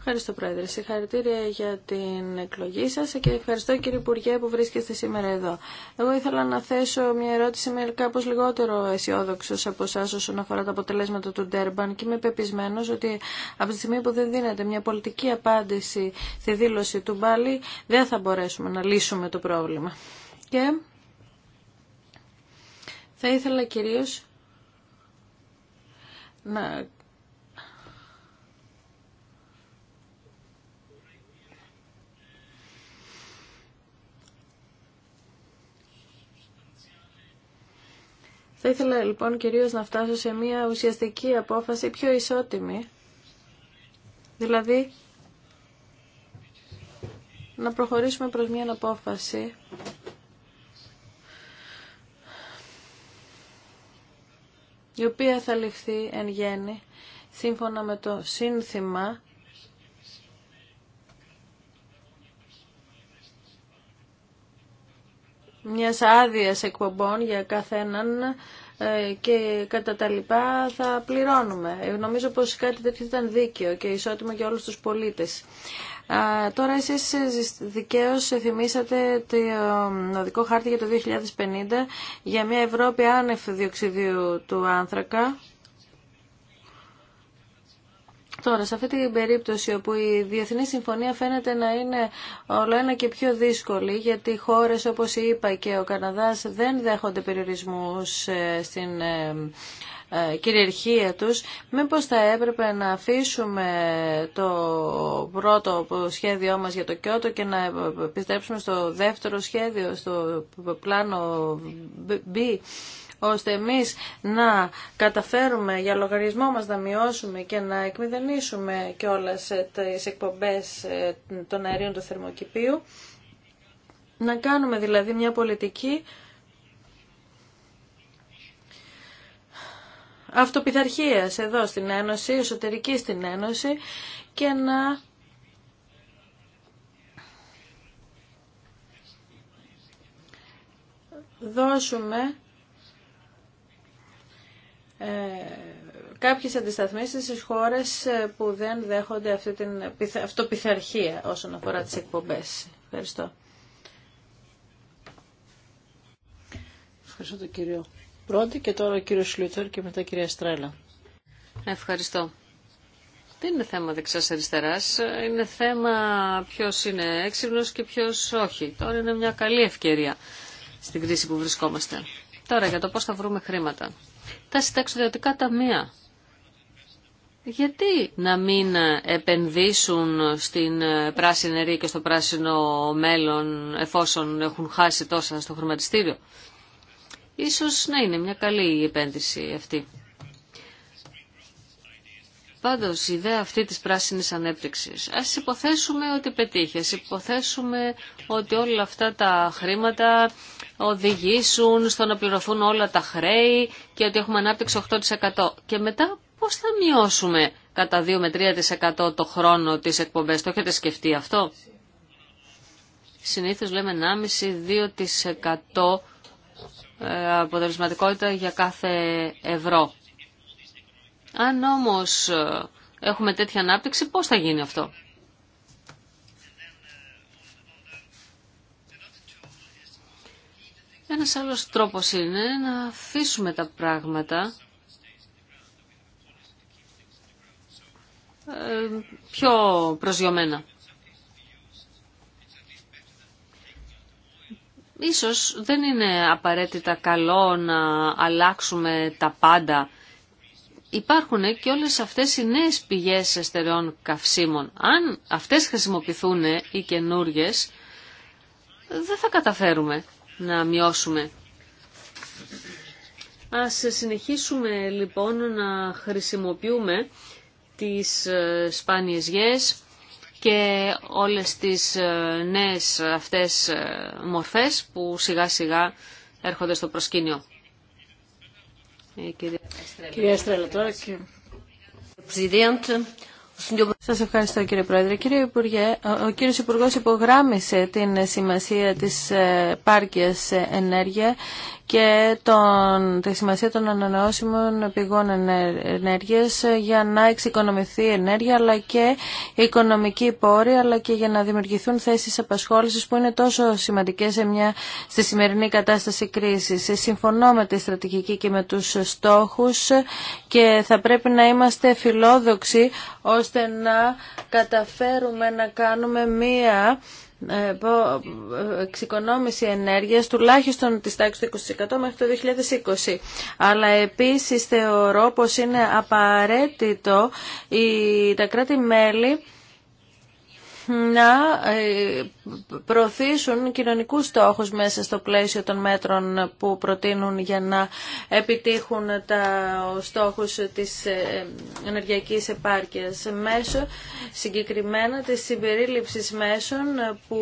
Ευχαριστώ Πρόεδρε. Συγχαρητήρια για την εκλογή σα και ευχαριστώ κύριε Υπουργέ που βρίσκεστε σήμερα εδώ. Εγώ ήθελα να θέσω μια ερώτηση με κάπω λιγότερο αισιόδοξο από εσά όσον αφορά τα αποτελέσματα του Ντέρμπαν και είμαι πεπισμένο ότι από τη στιγμή που δεν δίνεται μια πολιτική απάντηση στη δήλωση του Μπάλι δεν θα μπορέσουμε να λύσουμε το πρόβλημα. Και θα ήθελα κυρίως να Θα ήθελα λοιπόν κυρίως να φτάσω σε μια ουσιαστική απόφαση πιο ισότιμη. Δηλαδή να προχωρήσουμε προς μια απόφαση η οποία θα ληφθεί εν γέννη σύμφωνα με το σύνθημα μιας άδεια εκπομπών για καθέναν ε, και κατά τα λοιπά θα πληρώνουμε. Ε, νομίζω πως κάτι τέτοιο ήταν δίκαιο και ισότιμο για όλους τους πολίτες τώρα εσείς δικαίως θυμήσατε το οδικό χάρτη για το 2050 για μια Ευρώπη άνευ διοξιδίου του άνθρακα. Τώρα, σε αυτή την περίπτωση όπου η Διεθνή Συμφωνία φαίνεται να είναι όλο ένα και πιο δύσκολη, γιατί χώρες όπως είπα και ο Καναδάς δεν δέχονται περιορισμούς ε, στην ε, ε, κυριαρχία τους, μήπως θα έπρεπε να αφήσουμε το πρώτο σχέδιό μας για το Κιώτο και να επιστρέψουμε στο δεύτερο σχέδιο, στο πλάνο B, ώστε εμείς να καταφέρουμε για λογαριασμό μας να μειώσουμε και να και όλες ε, τις εκπομπές ε, των αερίων του θερμοκηπίου, να κάνουμε δηλαδή μια πολιτική αυτοπιθαρχίας εδώ στην Ένωση, εσωτερική στην Ένωση και να δώσουμε ε, κάποιες αντισταθμίσεις στις χώρες που δεν δέχονται αυτή την αυτοπιθαρχία όσον αφορά τις εκπομπές. Ευχαριστώ. Ευχαριστώ το κύριο πρώτη και τώρα ο κύριος Σλιούτερ και μετά η κυρία Στρέλα. Ευχαριστώ. Δεν είναι θέμα δεξιάς αριστεράς, είναι θέμα ποιος είναι έξυπνος και ποιος όχι. Τώρα είναι μια καλή ευκαιρία στην κρίση που βρισκόμαστε. Τώρα για το πώς θα βρούμε χρήματα. Τα συνταξιδιωτικά ταμεία. Γιατί να μην επενδύσουν στην πράσινη νερή και στο πράσινο μέλλον εφόσον έχουν χάσει τόσα στο χρηματιστήριο. Ίσως να είναι μια καλή επένδυση αυτή. Πάντως, η ιδέα αυτή της πράσινης ανέπτυξης. Ας υποθέσουμε ότι πετύχει, ας υποθέσουμε ότι όλα αυτά τα χρήματα οδηγήσουν στο να πληρωθούν όλα τα χρέη και ότι έχουμε ανάπτυξη 8%. Και μετά πώς θα μειώσουμε κατά 2 με 3% το χρόνο της εκπομπές. Το έχετε σκεφτεί αυτό. Συνήθως λέμε 1,5-2% ε, αποτελεσματικότητα για κάθε ευρώ. Αν όμως ε, έχουμε τέτοια ανάπτυξη, πώς θα γίνει αυτό. Ένας άλλος τρόπος είναι να αφήσουμε τα πράγματα ε, πιο προσγειωμένα. Ίσως δεν είναι απαραίτητα καλό να αλλάξουμε τα πάντα. Υπάρχουν και όλες αυτές οι νέες πηγές εστερεών καυσίμων. Αν αυτές χρησιμοποιηθούν οι καινούριε, δεν θα καταφέρουμε να μειώσουμε. Ας συνεχίσουμε λοιπόν να χρησιμοποιούμε τις ε, σπάνιες γιές, και όλες τις ε, νέες αυτές ε, μορφές που σιγά σιγά έρχονται στο προσκήνιο. Ε, σας ευχαριστώ κύριε Πρόεδρε. Κύριε Υπουργέ, ο κύριος Υπουργός υπογράμμισε την σημασία της ε, πάρκιας ε, ενέργεια και τον, τη σημασία των ανανεώσιμων πηγών ενέργειας ε, για να εξοικονομηθεί ενέργεια αλλά και οικονομική οικονομικοί πόροι αλλά και για να δημιουργηθούν θέσεις απασχόλησης που είναι τόσο σημαντικές σε μια, στη σημερινή κατάσταση κρίσης. Συμφωνώ με τη στρατηγική και με τους στόχους και θα πρέπει να είμαστε φιλόδοξοι ώστε να να καταφέρουμε να κάνουμε μία ε, εξοικονόμηση ενέργειας τουλάχιστον της τάξης του 20% μέχρι το 2020. Αλλά επίσης θεωρώ πως είναι απαραίτητο η, τα κράτη-μέλη να ε, προωθήσουν κοινωνικούς στόχους μέσα στο πλαίσιο των μέτρων που προτείνουν για να επιτύχουν τα στόχους της ε, ενεργειακής επάρκειας μέσω συγκεκριμένα της συμπερίληψης μέσων που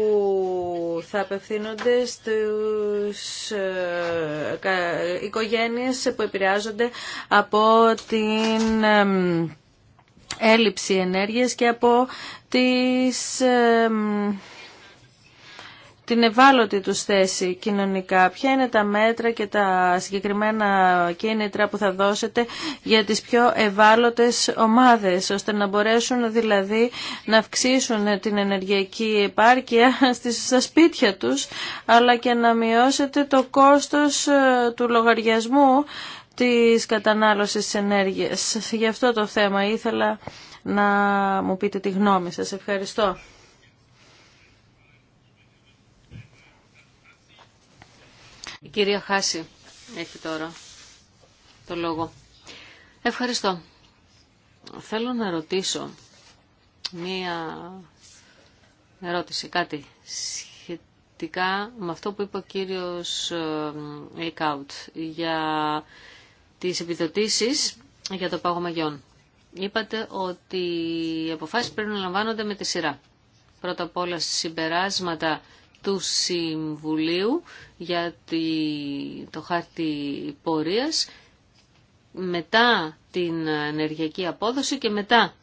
θα απευθύνονται στους ε, οικογένειες που επηρεάζονται από την έλλειψη ενέργειας και από τις, την ευάλωτη του θέση κοινωνικά. Ποια είναι τα μέτρα και τα συγκεκριμένα κίνητρα που θα δώσετε για τις πιο ευάλωτες ομάδες, ώστε να μπορέσουν δηλαδή να αυξήσουν την ενεργειακή επάρκεια στα σπίτια τους, αλλά και να μειώσετε το κόστος ε, του λογαριασμού της κατανάλωσης ενέργειας. Γι' αυτό το θέμα ήθελα να μου πείτε τη γνώμη σας. Ευχαριστώ. Η κυρία Χάση έχει τώρα το λόγο. Ευχαριστώ. Θέλω να ρωτήσω μία ερώτηση, κάτι σχετικά με αυτό που είπε ο κύριος ε, Λικάουτ για τις επιδοτήσεις για το πάγο μαγιών. Είπατε ότι οι αποφάσεις πρέπει να λαμβάνονται με τη σειρά. Πρώτα απ' όλα συμπεράσματα του Συμβουλίου για το χάρτη πορείας, μετά την ενεργειακή απόδοση και μετά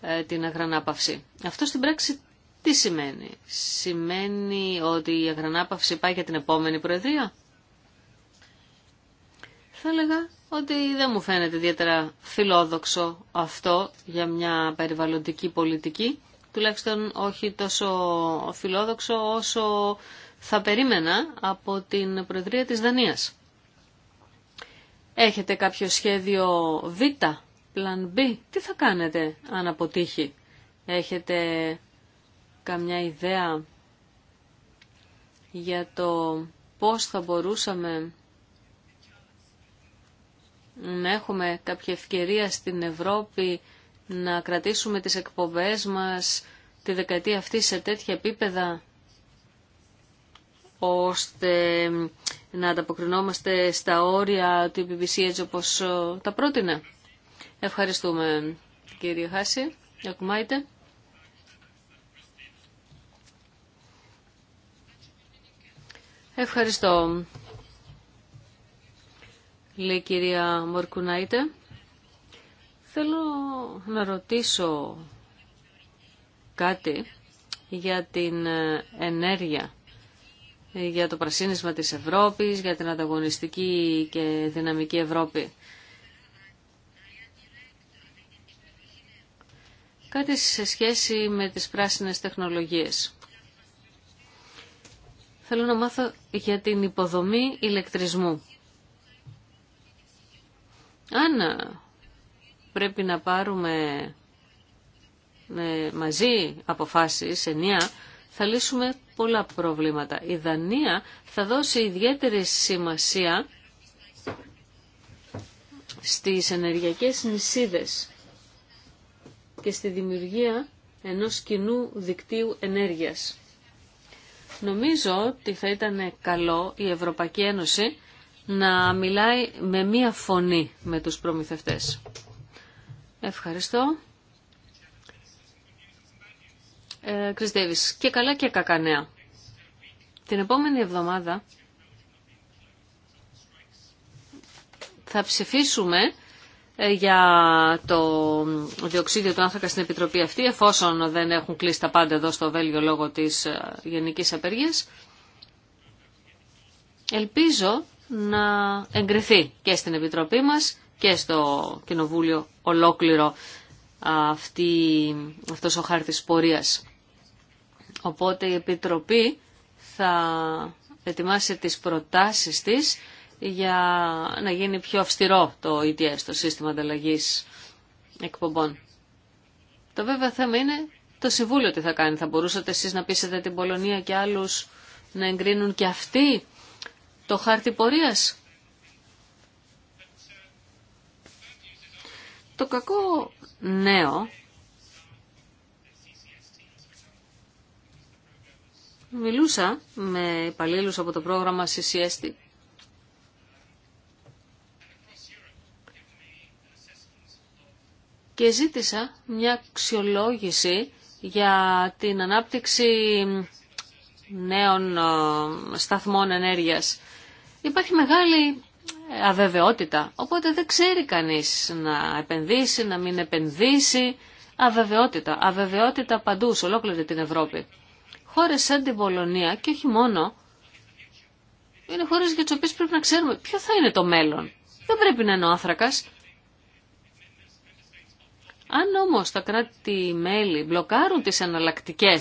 ε, την αγρανάπαυση. Αυτό στην πράξη τι σημαίνει. Σημαίνει ότι η αγρανάπαυση πάει για την επόμενη Προεδρία. Θα έλεγα ότι δεν μου φαίνεται ιδιαίτερα φιλόδοξο αυτό για μια περιβαλλοντική πολιτική, τουλάχιστον όχι τόσο φιλόδοξο όσο θα περίμενα από την Προεδρία της Δανίας. Έχετε κάποιο σχέδιο Β, πλαν B, τι θα κάνετε αν αποτύχει. Έχετε καμιά ιδέα για το πώς θα μπορούσαμε να έχουμε κάποια ευκαιρία στην Ευρώπη να κρατήσουμε τις εκπομπές μας τη δεκαετία αυτή σε τέτοια επίπεδα ώστε να ανταποκρινόμαστε στα όρια του BBC έτσι όπως ε, τα πρότεινε. Ευχαριστούμε κύριε Χάση. Ακουμάτε. Ευχαριστώ λέει η κυρία Μορκουνάιτε. Θέλω να ρωτήσω κάτι για την ε, ενέργεια, ε, για το πρασίνισμα της Ευρώπης, για την ανταγωνιστική και δυναμική Ευρώπη. Κάτι σε σχέση με τις πράσινες τεχνολογίες. Θέλω να μάθω για την υποδομή ηλεκτρισμού. Αν πρέπει να πάρουμε μαζί αποφάσεις ενία, θα λύσουμε πολλά προβλήματα. Η Δανία θα δώσει ιδιαίτερη σημασία στις ενεργειακές νησίδες και στη δημιουργία ενός κοινού δικτύου ενέργειας. Νομίζω ότι θα ήταν καλό η Ευρωπαϊκή Ένωση να μιλάει με μία φωνή με τους προμηθευτές. Ευχαριστώ. Ε, και καλά και κακά νέα. Την επόμενη εβδομάδα θα ψηφίσουμε ε, για το διοξίδιο του άνθρακα στην Επιτροπή αυτή, εφόσον δεν έχουν κλείσει τα πάντα εδώ στο Βέλγιο λόγω της ε, γενικής απεργίας. Ελπίζω να εγκριθεί και στην Επιτροπή μας και στο Κοινοβούλιο ολόκληρο αυτή, αυτός ο χάρτης πορείας. Οπότε η Επιτροπή θα ετοιμάσει τις προτάσεις της για να γίνει πιο αυστηρό το ETS, το σύστημα ανταλλαγή εκπομπών. Το βέβαια θέμα είναι το Συμβούλιο τι θα κάνει. Θα μπορούσατε εσείς να πείσετε την Πολωνία και άλλους να εγκρίνουν και αυτοί το χάρτη πορείας. Το κακό νέο Μιλούσα με υπαλλήλους από το πρόγραμμα CCST και ζήτησα μια αξιολόγηση για την ανάπτυξη νέων ε, σταθμών ενέργειας υπάρχει μεγάλη ε, αβεβαιότητα. Οπότε δεν ξέρει κανείς να επενδύσει, να μην επενδύσει. Αβεβαιότητα. Αβεβαιότητα παντού, σε ολόκληρη την Ευρώπη. Χώρες σαν την Πολωνία και όχι μόνο, είναι χώρες για τις οποίες πρέπει να ξέρουμε ποιο θα είναι το μέλλον. Δεν πρέπει να είναι ο άνθρακας. Αν όμως τα κράτη-μέλη μπλοκάρουν τις εναλλακτικέ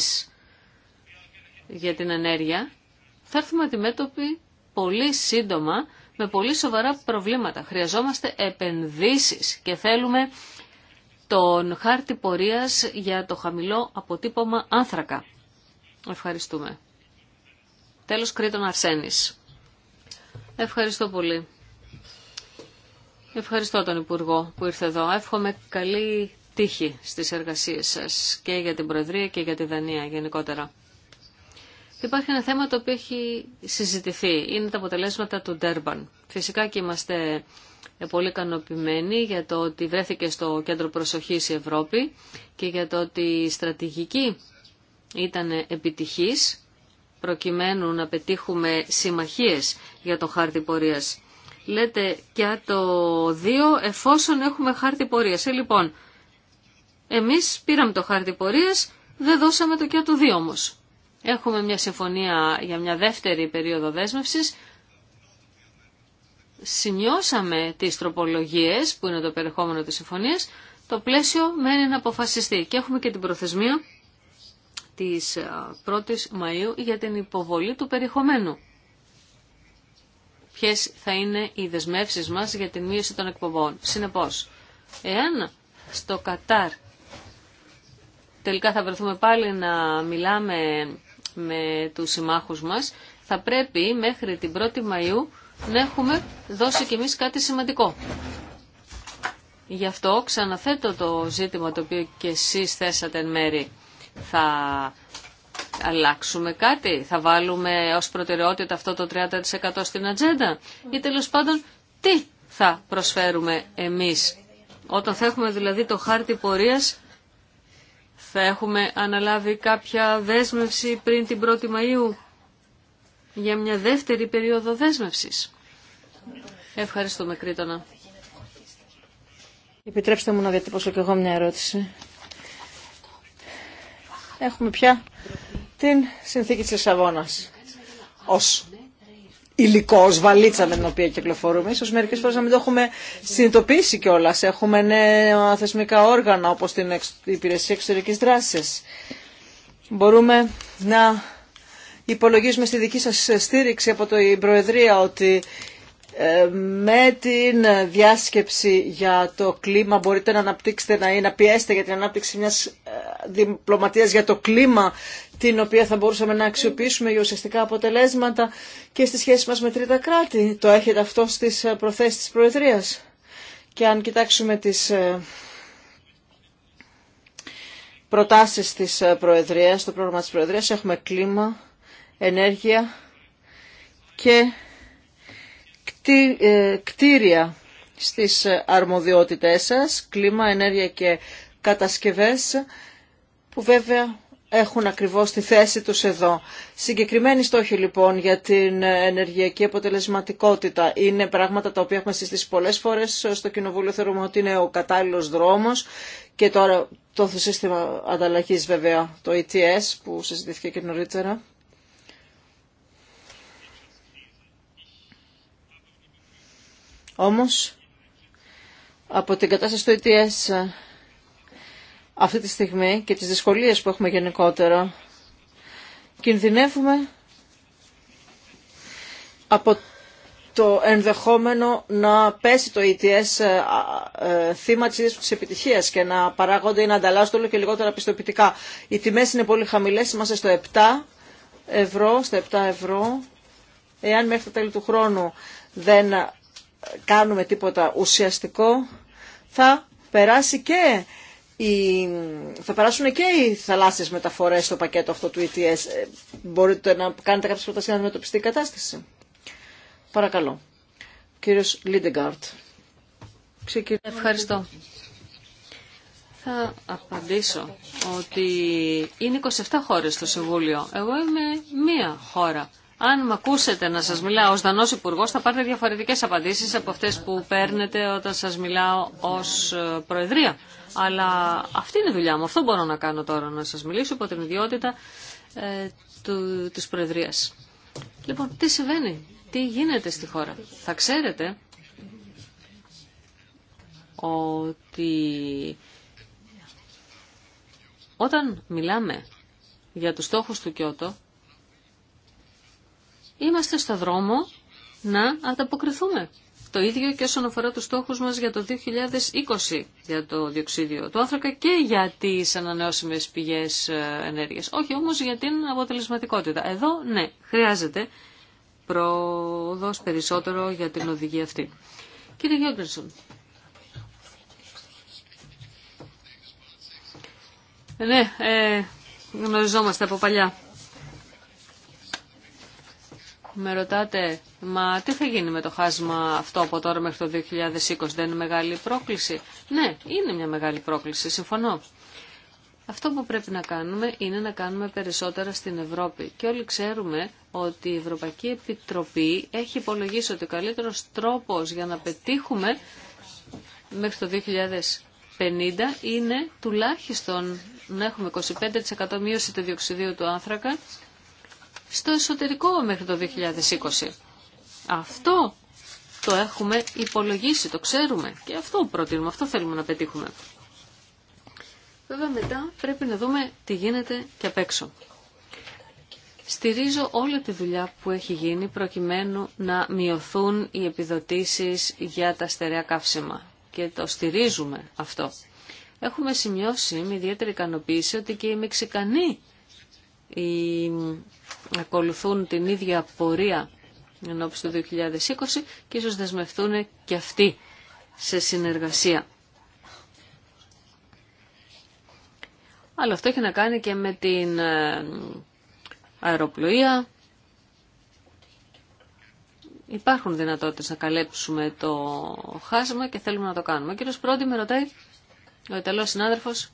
για την ενέργεια, θα έρθουμε αντιμέτωποι πολύ σύντομα με πολύ σοβαρά προβλήματα. Χρειαζόμαστε επενδύσεις και θέλουμε τον χάρτη πορείας για το χαμηλό αποτύπωμα άνθρακα. Ευχαριστούμε. Τέλος κρίτων Αρσένης. Ευχαριστώ πολύ. Ευχαριστώ τον Υπουργό που ήρθε εδώ. Εύχομαι καλή τύχη στις εργασίες σας και για την Προεδρία και για τη Δανία γενικότερα. Υπάρχει ένα θέμα το οποίο έχει συζητηθεί. Είναι τα αποτελέσματα του Ντέρμπαν. Φυσικά και είμαστε πολύ ικανοποιημένοι για το ότι βρέθηκε στο κέντρο προσοχής η Ευρώπη και για το ότι η στρατηγική ήταν επιτυχής προκειμένου να πετύχουμε συμμαχίες για το χάρτη πορείας. Λέτε και το 2 εφόσον έχουμε χάρτη πορείας. Ε, λοιπόν, εμείς πήραμε το χάρτη πορείας, δεν δώσαμε το και το 2 όμως. Έχουμε μια συμφωνία για μια δεύτερη περίοδο δέσμευσης. Σημειώσαμε τις τροπολογίες που είναι το περιεχόμενο της συμφωνίας. Το πλαίσιο μένει να αποφασιστεί και έχουμε και την προθεσμία της 1ης ε, Μαΐου για την υποβολή του περιεχομένου. Ποιες θα είναι οι δεσμεύσεις μας για την μείωση των εκπομπών. Συνεπώς, εάν στο Κατάρ τελικά θα βρεθούμε πάλι να μιλάμε με τους συμμάχους μας, θα πρέπει μέχρι την 1η Μαΐου να έχουμε δώσει κι εμείς κάτι σημαντικό. Γι' αυτό ξαναθέτω το ζήτημα το οποίο και εσείς θέσατε εν μέρη. Θα αλλάξουμε κάτι, θα βάλουμε ως προτεραιότητα αυτό το 30% στην ατζέντα ή τέλος πάντων τι θα προσφέρουμε εμείς. Όταν θα έχουμε δηλαδή το χάρτη πορείας θα έχουμε αναλάβει κάποια δέσμευση πριν την 1η Μαΐου για μια δεύτερη περίοδο δέσμευσης. Ευχαριστούμε Κρήτονα. Επιτρέψτε μου να διατυπώσω και εγώ μια ερώτηση. Έχουμε πια την συνθήκη της Λισαβόνας ως υλικό, βαλίτσα με την οποία κυκλοφορούμε. Ίσως μερικές φορές να μην το έχουμε συνειδητοποιήσει κιόλα. Έχουμε νέα θεσμικά όργανα όπως την Υπηρεσία Εξωτερικής Δράσης. Μπορούμε να υπολογίζουμε στη δική σας στήριξη από την Προεδρία ότι ε, με την διάσκεψη για το κλίμα μπορείτε να αναπτύξετε να, ή να πιέσετε για την ανάπτυξη μιας ε, διπλωματίας για το κλίμα την οποία θα μπορούσαμε να αξιοποιήσουμε για ουσιαστικά αποτελέσματα και στη σχέση μας με τρίτα κράτη. Το έχετε αυτό στις ε, προθέσεις της Προεδρίας. Και αν κοιτάξουμε τις ε, προτάσεις της ε, Προεδρίας, το πρόγραμμα της Προεδρίας, έχουμε κλίμα, ενέργεια και κτίρια στις αρμοδιότητές σας, κλίμα, ενέργεια και κατασκευές, που βέβαια έχουν ακριβώς τη θέση τους εδώ. Συγκεκριμένοι στόχοι λοιπόν για την ενεργειακή αποτελεσματικότητα είναι πράγματα τα οποία έχουμε συστήσει πολλές φορές στο Κοινοβούλιο θεωρούμε ότι είναι ο κατάλληλος δρόμος και τώρα το σύστημα ανταλλαγής βέβαια, το ETS που συζητήθηκε και νωρίτερα. Όμως, από την κατάσταση του ETS αυτή τη στιγμή και τις δυσκολίες που έχουμε γενικότερα, κινδυνεύουμε από το ενδεχόμενο να πέσει το ETS ε, ε, θύμα της ίδιας της επιτυχίας και να παράγονται ή να ανταλλάσσονται όλο και λιγότερα πιστοποιητικά. Οι τιμές είναι πολύ χαμηλές, είμαστε στο 7 ευρώ, Στο 7 ευρώ. Εάν μέχρι το τέλη του χρόνου δεν κάνουμε τίποτα ουσιαστικό, θα περάσει και θα περάσουν και οι θαλάσσιες μεταφορές στο πακέτο αυτό του ETS. Ε, μπορείτε να κάνετε κάποιες προτάσεις για να αντιμετωπιστεί η κατάσταση. Παρακαλώ. Κύριος Λίντεγκάρτ. Ευχαριστώ. Θα απαντήσω ότι είναι 27 χώρες στο Συμβούλιο. Εγώ είμαι μία χώρα. Αν με ακούσετε να σας μιλάω ως Δανός υπουργό, θα πάρετε διαφορετικές απαντήσεις από αυτές που παίρνετε όταν σας μιλάω ως ε, Προεδρία. Αλλά αυτή είναι η δουλειά μου. Αυτό μπορώ να κάνω τώρα, να σας μιλήσω από την ιδιότητα ε, του, της Προεδρίας. Λοιπόν, τι συμβαίνει, τι γίνεται στη χώρα. Θα ξέρετε ότι όταν μιλάμε για τους στόχους του Κιώτο, είμαστε στο δρόμο να ανταποκριθούμε. Το ίδιο και όσον αφορά τους στόχους μας για το 2020 για το διοξίδιο του άνθρακα και για τις ανανεώσιμες πηγές ε, ενέργειας. Όχι όμως για την αποτελεσματικότητα. Εδώ ναι, χρειάζεται πρόοδος περισσότερο για την οδηγία αυτή. Κύριε Γιόγκρινσον. Ναι, ε, γνωριζόμαστε από παλιά. Με ρωτάτε, μα τι θα γίνει με το χάσμα αυτό από τώρα μέχρι το 2020, δεν είναι μεγάλη πρόκληση. Ναι, είναι μια μεγάλη πρόκληση, συμφωνώ. Αυτό που πρέπει να κάνουμε είναι να κάνουμε περισσότερα στην Ευρώπη. Και όλοι ξέρουμε ότι η Ευρωπαϊκή Επιτροπή έχει υπολογίσει ότι ο καλύτερος τρόπος για να πετύχουμε μέχρι το 2050 είναι τουλάχιστον να έχουμε 25% μείωση του διοξιδίου του άνθρακα στο εσωτερικό μέχρι το 2020. Αυτό το έχουμε υπολογίσει, το ξέρουμε και αυτό προτείνουμε, αυτό θέλουμε να πετύχουμε. Βέβαια μετά πρέπει να δούμε τι γίνεται και απ' έξω. Στηρίζω όλη τη δουλειά που έχει γίνει προκειμένου να μειωθούν οι επιδοτήσεις για τα στερεά καύσιμα και το στηρίζουμε αυτό. Έχουμε σημειώσει με ιδιαίτερη ικανοποίηση ότι και οι Μεξικανοί ακολουθούν την ίδια πορεία ενώπιση του 2020 και ίσως δεσμευτούν και αυτοί σε συνεργασία. Αλλά αυτό έχει να κάνει και με την ε, αεροπλοεία. Υπάρχουν δυνατότητες να καλέψουμε το χάσμα και θέλουμε να το κάνουμε. Ο κύριος Πρόντι με ρωτάει, ο Ιταλός συνάδελφος,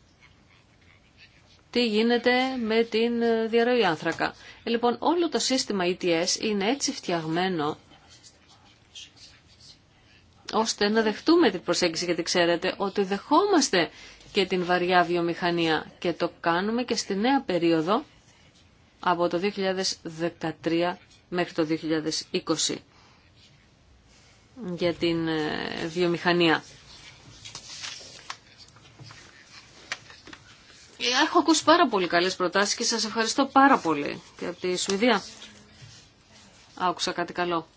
τι γίνεται με την ε, διαρροή άνθρακα. Ε, λοιπόν, όλο το σύστημα ETS είναι έτσι φτιαγμένο ώστε να δεχτούμε την προσέγγιση γιατί ξέρετε ότι δεχόμαστε και την βαριά βιομηχανία και το κάνουμε και στη νέα περίοδο από το 2013 μέχρι το 2020 για την ε, βιομηχανία Έχω ακούσει πάρα πολύ καλές προτάσεις και σας ευχαριστώ πάρα πολύ. Και από τη Σουηδία άκουσα κάτι καλό.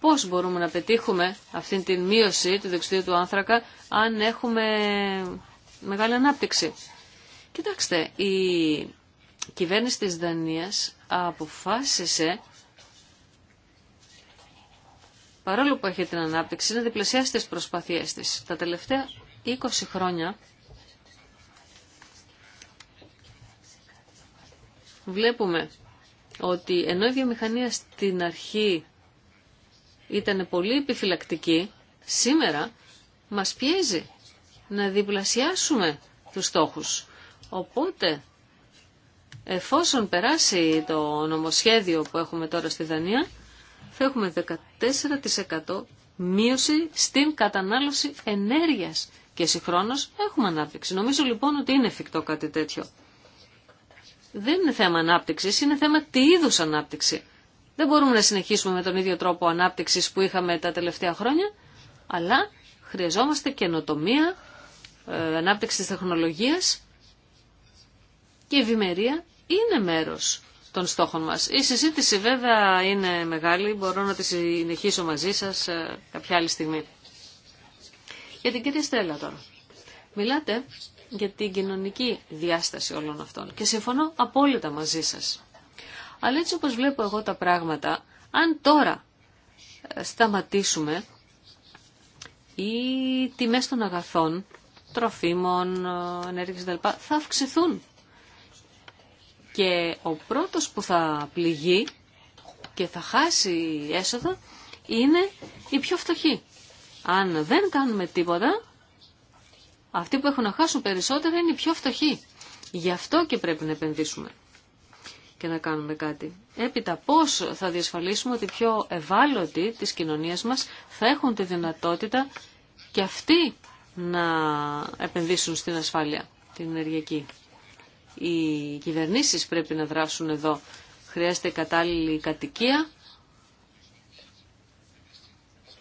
Πώς μπορούμε να πετύχουμε αυτήν την μείωση του δεξιού του άνθρακα αν έχουμε μεγάλη ανάπτυξη. Κοιτάξτε, η κυβέρνηση της Δανίας αποφάσισε παρόλο που έχει την ανάπτυξη, να διπλασιάσει τις προσπαθίες της. Τα τελευταία 20 χρόνια βλέπουμε ότι ενώ η βιομηχανία στην αρχή ήταν πολύ επιφυλακτική, σήμερα μας πιέζει να διπλασιάσουμε τους στόχους. Οπότε, εφόσον περάσει το νομοσχέδιο που έχουμε τώρα στη Δανία, θα έχουμε 14% μείωση στην κατανάλωση ενέργειας και συγχρόνω έχουμε ανάπτυξη. Νομίζω λοιπόν ότι είναι εφικτό κάτι τέτοιο. Δεν είναι θέμα ανάπτυξη, είναι θέμα τι είδου ανάπτυξη. Δεν μπορούμε να συνεχίσουμε με τον ίδιο τρόπο ανάπτυξη που είχαμε τα τελευταία χρόνια, αλλά χρειαζόμαστε καινοτομία, ε, ανάπτυξη τη τεχνολογίας και ευημερία είναι μέρος των στόχων μας. Η συζήτηση βέβαια είναι μεγάλη, μπορώ να τη συνεχίσω μαζί σας ε, κάποια άλλη στιγμή. Για την κυρία Στέλλα τώρα. Μιλάτε για την κοινωνική διάσταση όλων αυτών και συμφωνώ απόλυτα μαζί σας. Αλλά έτσι όπως βλέπω εγώ τα πράγματα, αν τώρα ε, σταματήσουμε οι τιμές των αγαθών, τροφίμων, ε, ενέργειας κλπ. θα αυξηθούν. Και ο πρώτος που θα πληγεί και θα χάσει έσοδα είναι οι πιο φτωχοί. Αν δεν κάνουμε τίποτα, αυτοί που έχουν να χάσουν περισσότερα είναι οι πιο φτωχοί. Γι' αυτό και πρέπει να επενδύσουμε και να κάνουμε κάτι. Έπειτα πώς θα διασφαλίσουμε ότι οι πιο ευάλωτοι της κοινωνίας μας θα έχουν τη δυνατότητα και αυτοί να επενδύσουν στην ασφάλεια, την ενεργειακή. Οι κυβερνήσεις πρέπει να δράσουν εδώ. Χρειάζεται κατάλληλη κατοικία,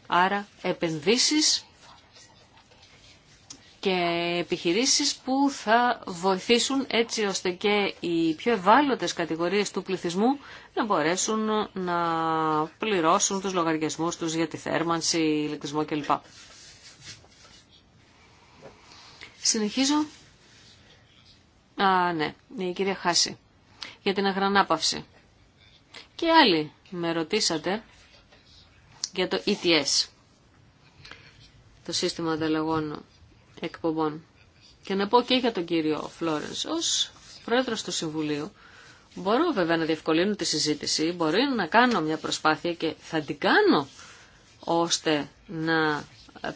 Άρα επενδύσεις και επιχειρήσεις που θα βοηθήσουν έτσι ώστε και οι πιο ευάλωτες κατηγορίες του πληθυσμού να μπορέσουν να πληρώσουν τους λογαριασμούς τους για τη θέρμανση, ηλεκτρισμό κλπ. Συνεχίζω. Α, ναι, η κυρία Χάση. Για την αγρανάπαυση. Και άλλοι με ρωτήσατε για το ETS, το σύστημα ανταλλαγών εκπομπών. Και να πω και για τον κύριο Φλόρενς, ως πρόεδρος του Συμβουλίου, μπορώ βέβαια να διευκολύνω τη συζήτηση, μπορεί να κάνω μια προσπάθεια και θα την κάνω ώστε να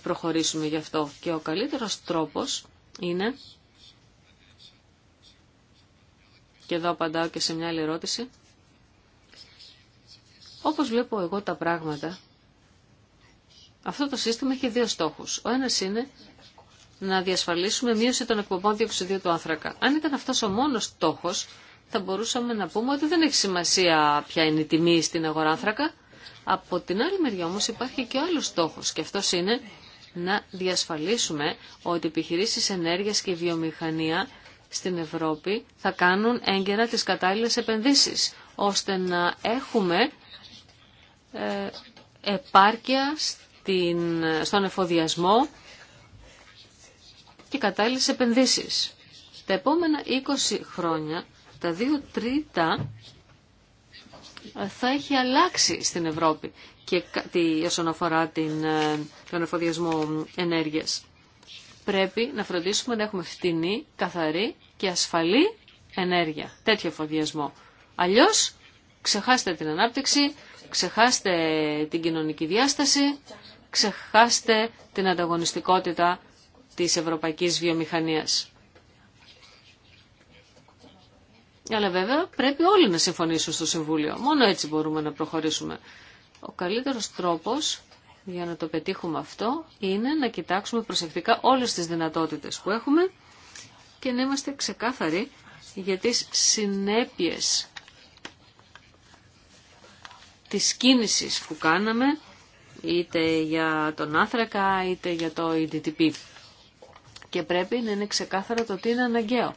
προχωρήσουμε γι' αυτό. Και ο καλύτερος τρόπος είναι, και εδώ απαντάω και σε μια άλλη ερώτηση, όπως βλέπω εγώ τα πράγματα, αυτό το σύστημα έχει δύο στόχου. Ο ένα είναι να διασφαλίσουμε μείωση των εκπομπών διοξιδίου του άνθρακα. Αν ήταν αυτό ο μόνο στόχο, θα μπορούσαμε να πούμε ότι δεν έχει σημασία ποια είναι η τιμή στην αγορά άνθρακα. Από την άλλη μεριά όμω υπάρχει και ο άλλος στόχος και αυτό είναι να διασφαλίσουμε ότι οι επιχειρήσεις ενέργειας και η βιομηχανία στην Ευρώπη θα κάνουν έγκαιρα τι κατάλληλε επενδύσει, ώστε να έχουμε ε, επάρκεια στην, στον εφοδιασμό και κατάλληλες επενδύσεις. Τα επόμενα 20 χρόνια τα δύο τρίτα θα έχει αλλάξει στην Ευρώπη και όσον αφορά την, ε, τον εφοδιασμό ενέργειας. Πρέπει να φροντίσουμε να έχουμε φτηνή, καθαρή και ασφαλή ενέργεια. Τέτοιο εφοδιασμό. Αλλιώς ξεχάστε την ανάπτυξη, ξεχάστε την κοινωνική διάσταση ξεχάστε την ανταγωνιστικότητα της ευρωπαϊκής βιομηχανίας. Αλλά βέβαια πρέπει όλοι να συμφωνήσουν στο Συμβούλιο. Μόνο έτσι μπορούμε να προχωρήσουμε. Ο καλύτερος τρόπος για να το πετύχουμε αυτό είναι να κοιτάξουμε προσεκτικά όλες τις δυνατότητες που έχουμε και να είμαστε ξεκάθαροι για τις συνέπειες της κίνησης που κάναμε είτε για τον άνθρακα, είτε για το EDTP. Και πρέπει να είναι ξεκάθαρο το τι είναι αναγκαίο.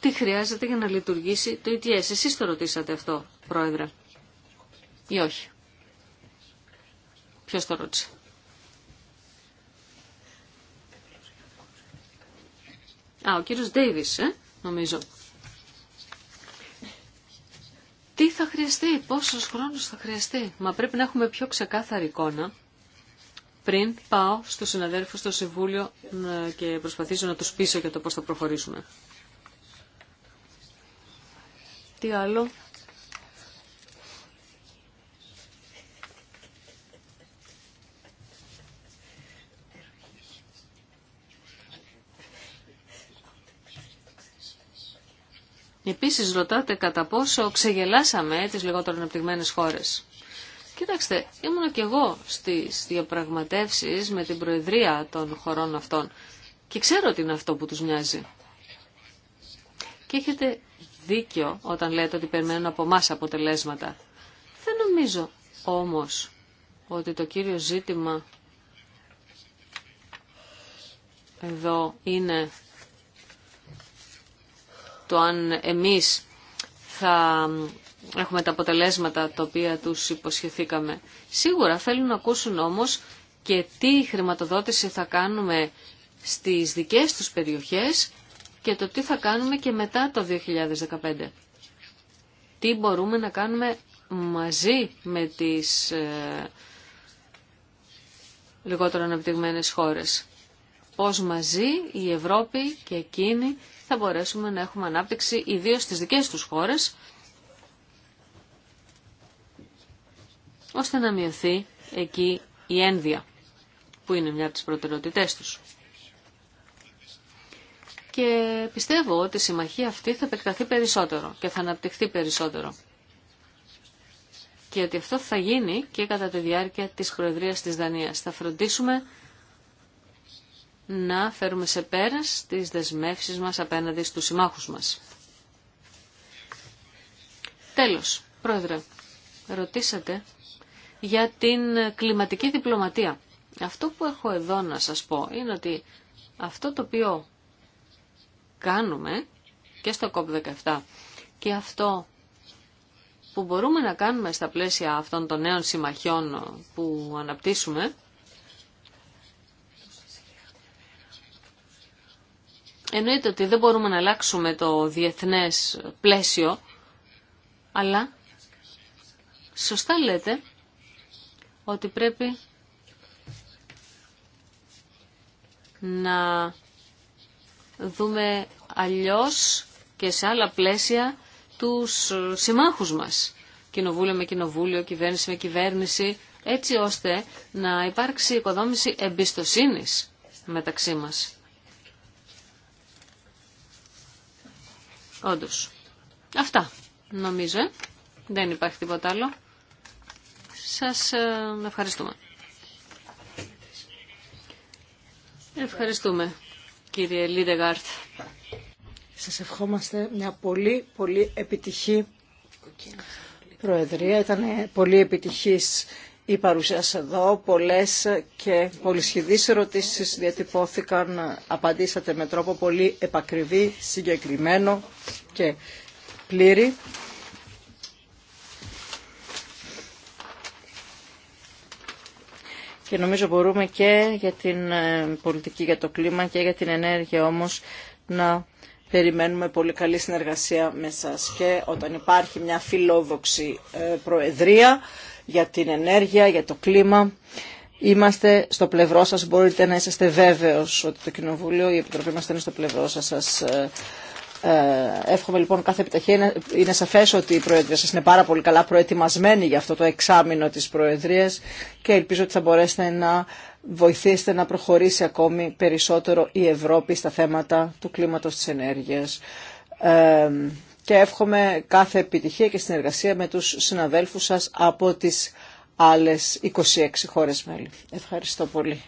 Τι χρειάζεται για να λειτουργήσει το ETS. Εσείς το ρωτήσατε αυτό, Πρόεδρε. Ή όχι. Ποιος το ρώτησε. Α, ο κύριος Ντέιβις, ε, νομίζω τι θα χρειαστεί, πόσος χρόνος θα χρειαστεί. Μα πρέπει να έχουμε πιο ξεκάθαρη εικόνα πριν πάω στους συναδέλφους στο Συμβούλιο και προσπαθήσω να τους πείσω για το πώς θα προχωρήσουμε. Τι άλλο Επίσης ρωτάτε κατά πόσο ξεγελάσαμε τις λιγότερο αναπτυγμένες χώρες. Κοιτάξτε, ήμουν και εγώ στις διαπραγματεύσεις με την Προεδρία των χωρών αυτών και ξέρω τι είναι αυτό που τους μοιάζει. Και έχετε δίκιο όταν λέτε ότι περιμένουν από εμά αποτελέσματα. Δεν νομίζω όμως ότι το κύριο ζήτημα εδώ είναι το αν εμείς θα έχουμε τα αποτελέσματα τα οποία τους υποσχεθήκαμε. Σίγουρα θέλουν να ακούσουν όμως και τι χρηματοδότηση θα κάνουμε στις δικές τους περιοχές και το τι θα κάνουμε και μετά το 2015. Τι μπορούμε να κάνουμε μαζί με τις ε, λιγότερο αναπτυγμένες χώρες πώς μαζί η Ευρώπη και εκείνη θα μπορέσουμε να έχουμε ανάπτυξη ιδίως στις δικές τους χώρες ώστε να μειωθεί εκεί η ένδια που είναι μια από τις προτεραιότητές τους. Και πιστεύω ότι η συμμαχία αυτή θα επεκταθεί περισσότερο και θα αναπτυχθεί περισσότερο. Και ότι αυτό θα γίνει και κατά τη διάρκεια της Προεδρίας της Δανίας. Θα φροντίσουμε να φέρουμε σε πέρας τις δεσμεύσεις μας απέναντι στους συμμάχους μας. Τέλος, Πρόεδρε, ρωτήσατε για την κλιματική διπλωματία. Αυτό που έχω εδώ να σας πω είναι ότι αυτό το οποίο κάνουμε και στο COP17 και αυτό που μπορούμε να κάνουμε στα πλαίσια αυτών των νέων συμμαχιών που αναπτύσσουμε Εννοείται ότι δεν μπορούμε να αλλάξουμε το διεθνές πλαίσιο, αλλά σωστά λέτε ότι πρέπει να δούμε αλλιώς και σε άλλα πλαίσια τους συμμάχους μας. Κοινοβούλιο με κοινοβούλιο, κυβέρνηση με κυβέρνηση, έτσι ώστε να υπάρξει οικοδόμηση εμπιστοσύνης μεταξύ μας. Όντω. Αυτά νομίζω. Δεν υπάρχει τίποτα άλλο. Σας ε, ευχαριστούμε. Ευχαριστούμε κύριε Λίδεγκαρτ. Σα ευχόμαστε μια πολύ πολύ επιτυχή Προεδρία. Ήταν πολύ επιτυχής η παρουσία σας εδώ. Πολλές και πολυσχηδείς ερωτήσεις διατυπώθηκαν, απαντήσατε με τρόπο πολύ επακριβή, συγκεκριμένο και πλήρη. Και νομίζω μπορούμε και για την ε, πολιτική για το κλίμα και για την ενέργεια όμως να περιμένουμε πολύ καλή συνεργασία με σας. Και όταν υπάρχει μια φιλόδοξη ε, προεδρία για την ενέργεια, για το κλίμα. Είμαστε στο πλευρό σας, μπορείτε να είσαστε βέβαιος ότι το Κοινοβούλιο, η Επιτροπή μας είναι στο πλευρό σας. σας ε, ε, εύχομαι λοιπόν κάθε επιταχία, Είναι σαφές ότι η Προεδρία σας είναι πάρα πολύ καλά προετοιμασμένη για αυτό το εξάμεινο της Προεδρίας και ελπίζω ότι θα μπορέσετε να βοηθήσετε να προχωρήσει ακόμη περισσότερο η Ευρώπη στα θέματα του κλίματος της ενέργειας ε, και εύχομαι κάθε επιτυχία και συνεργασία με τους συναδέλφους σας από τις άλλες 26 χώρες μέλη. Ευχαριστώ πολύ.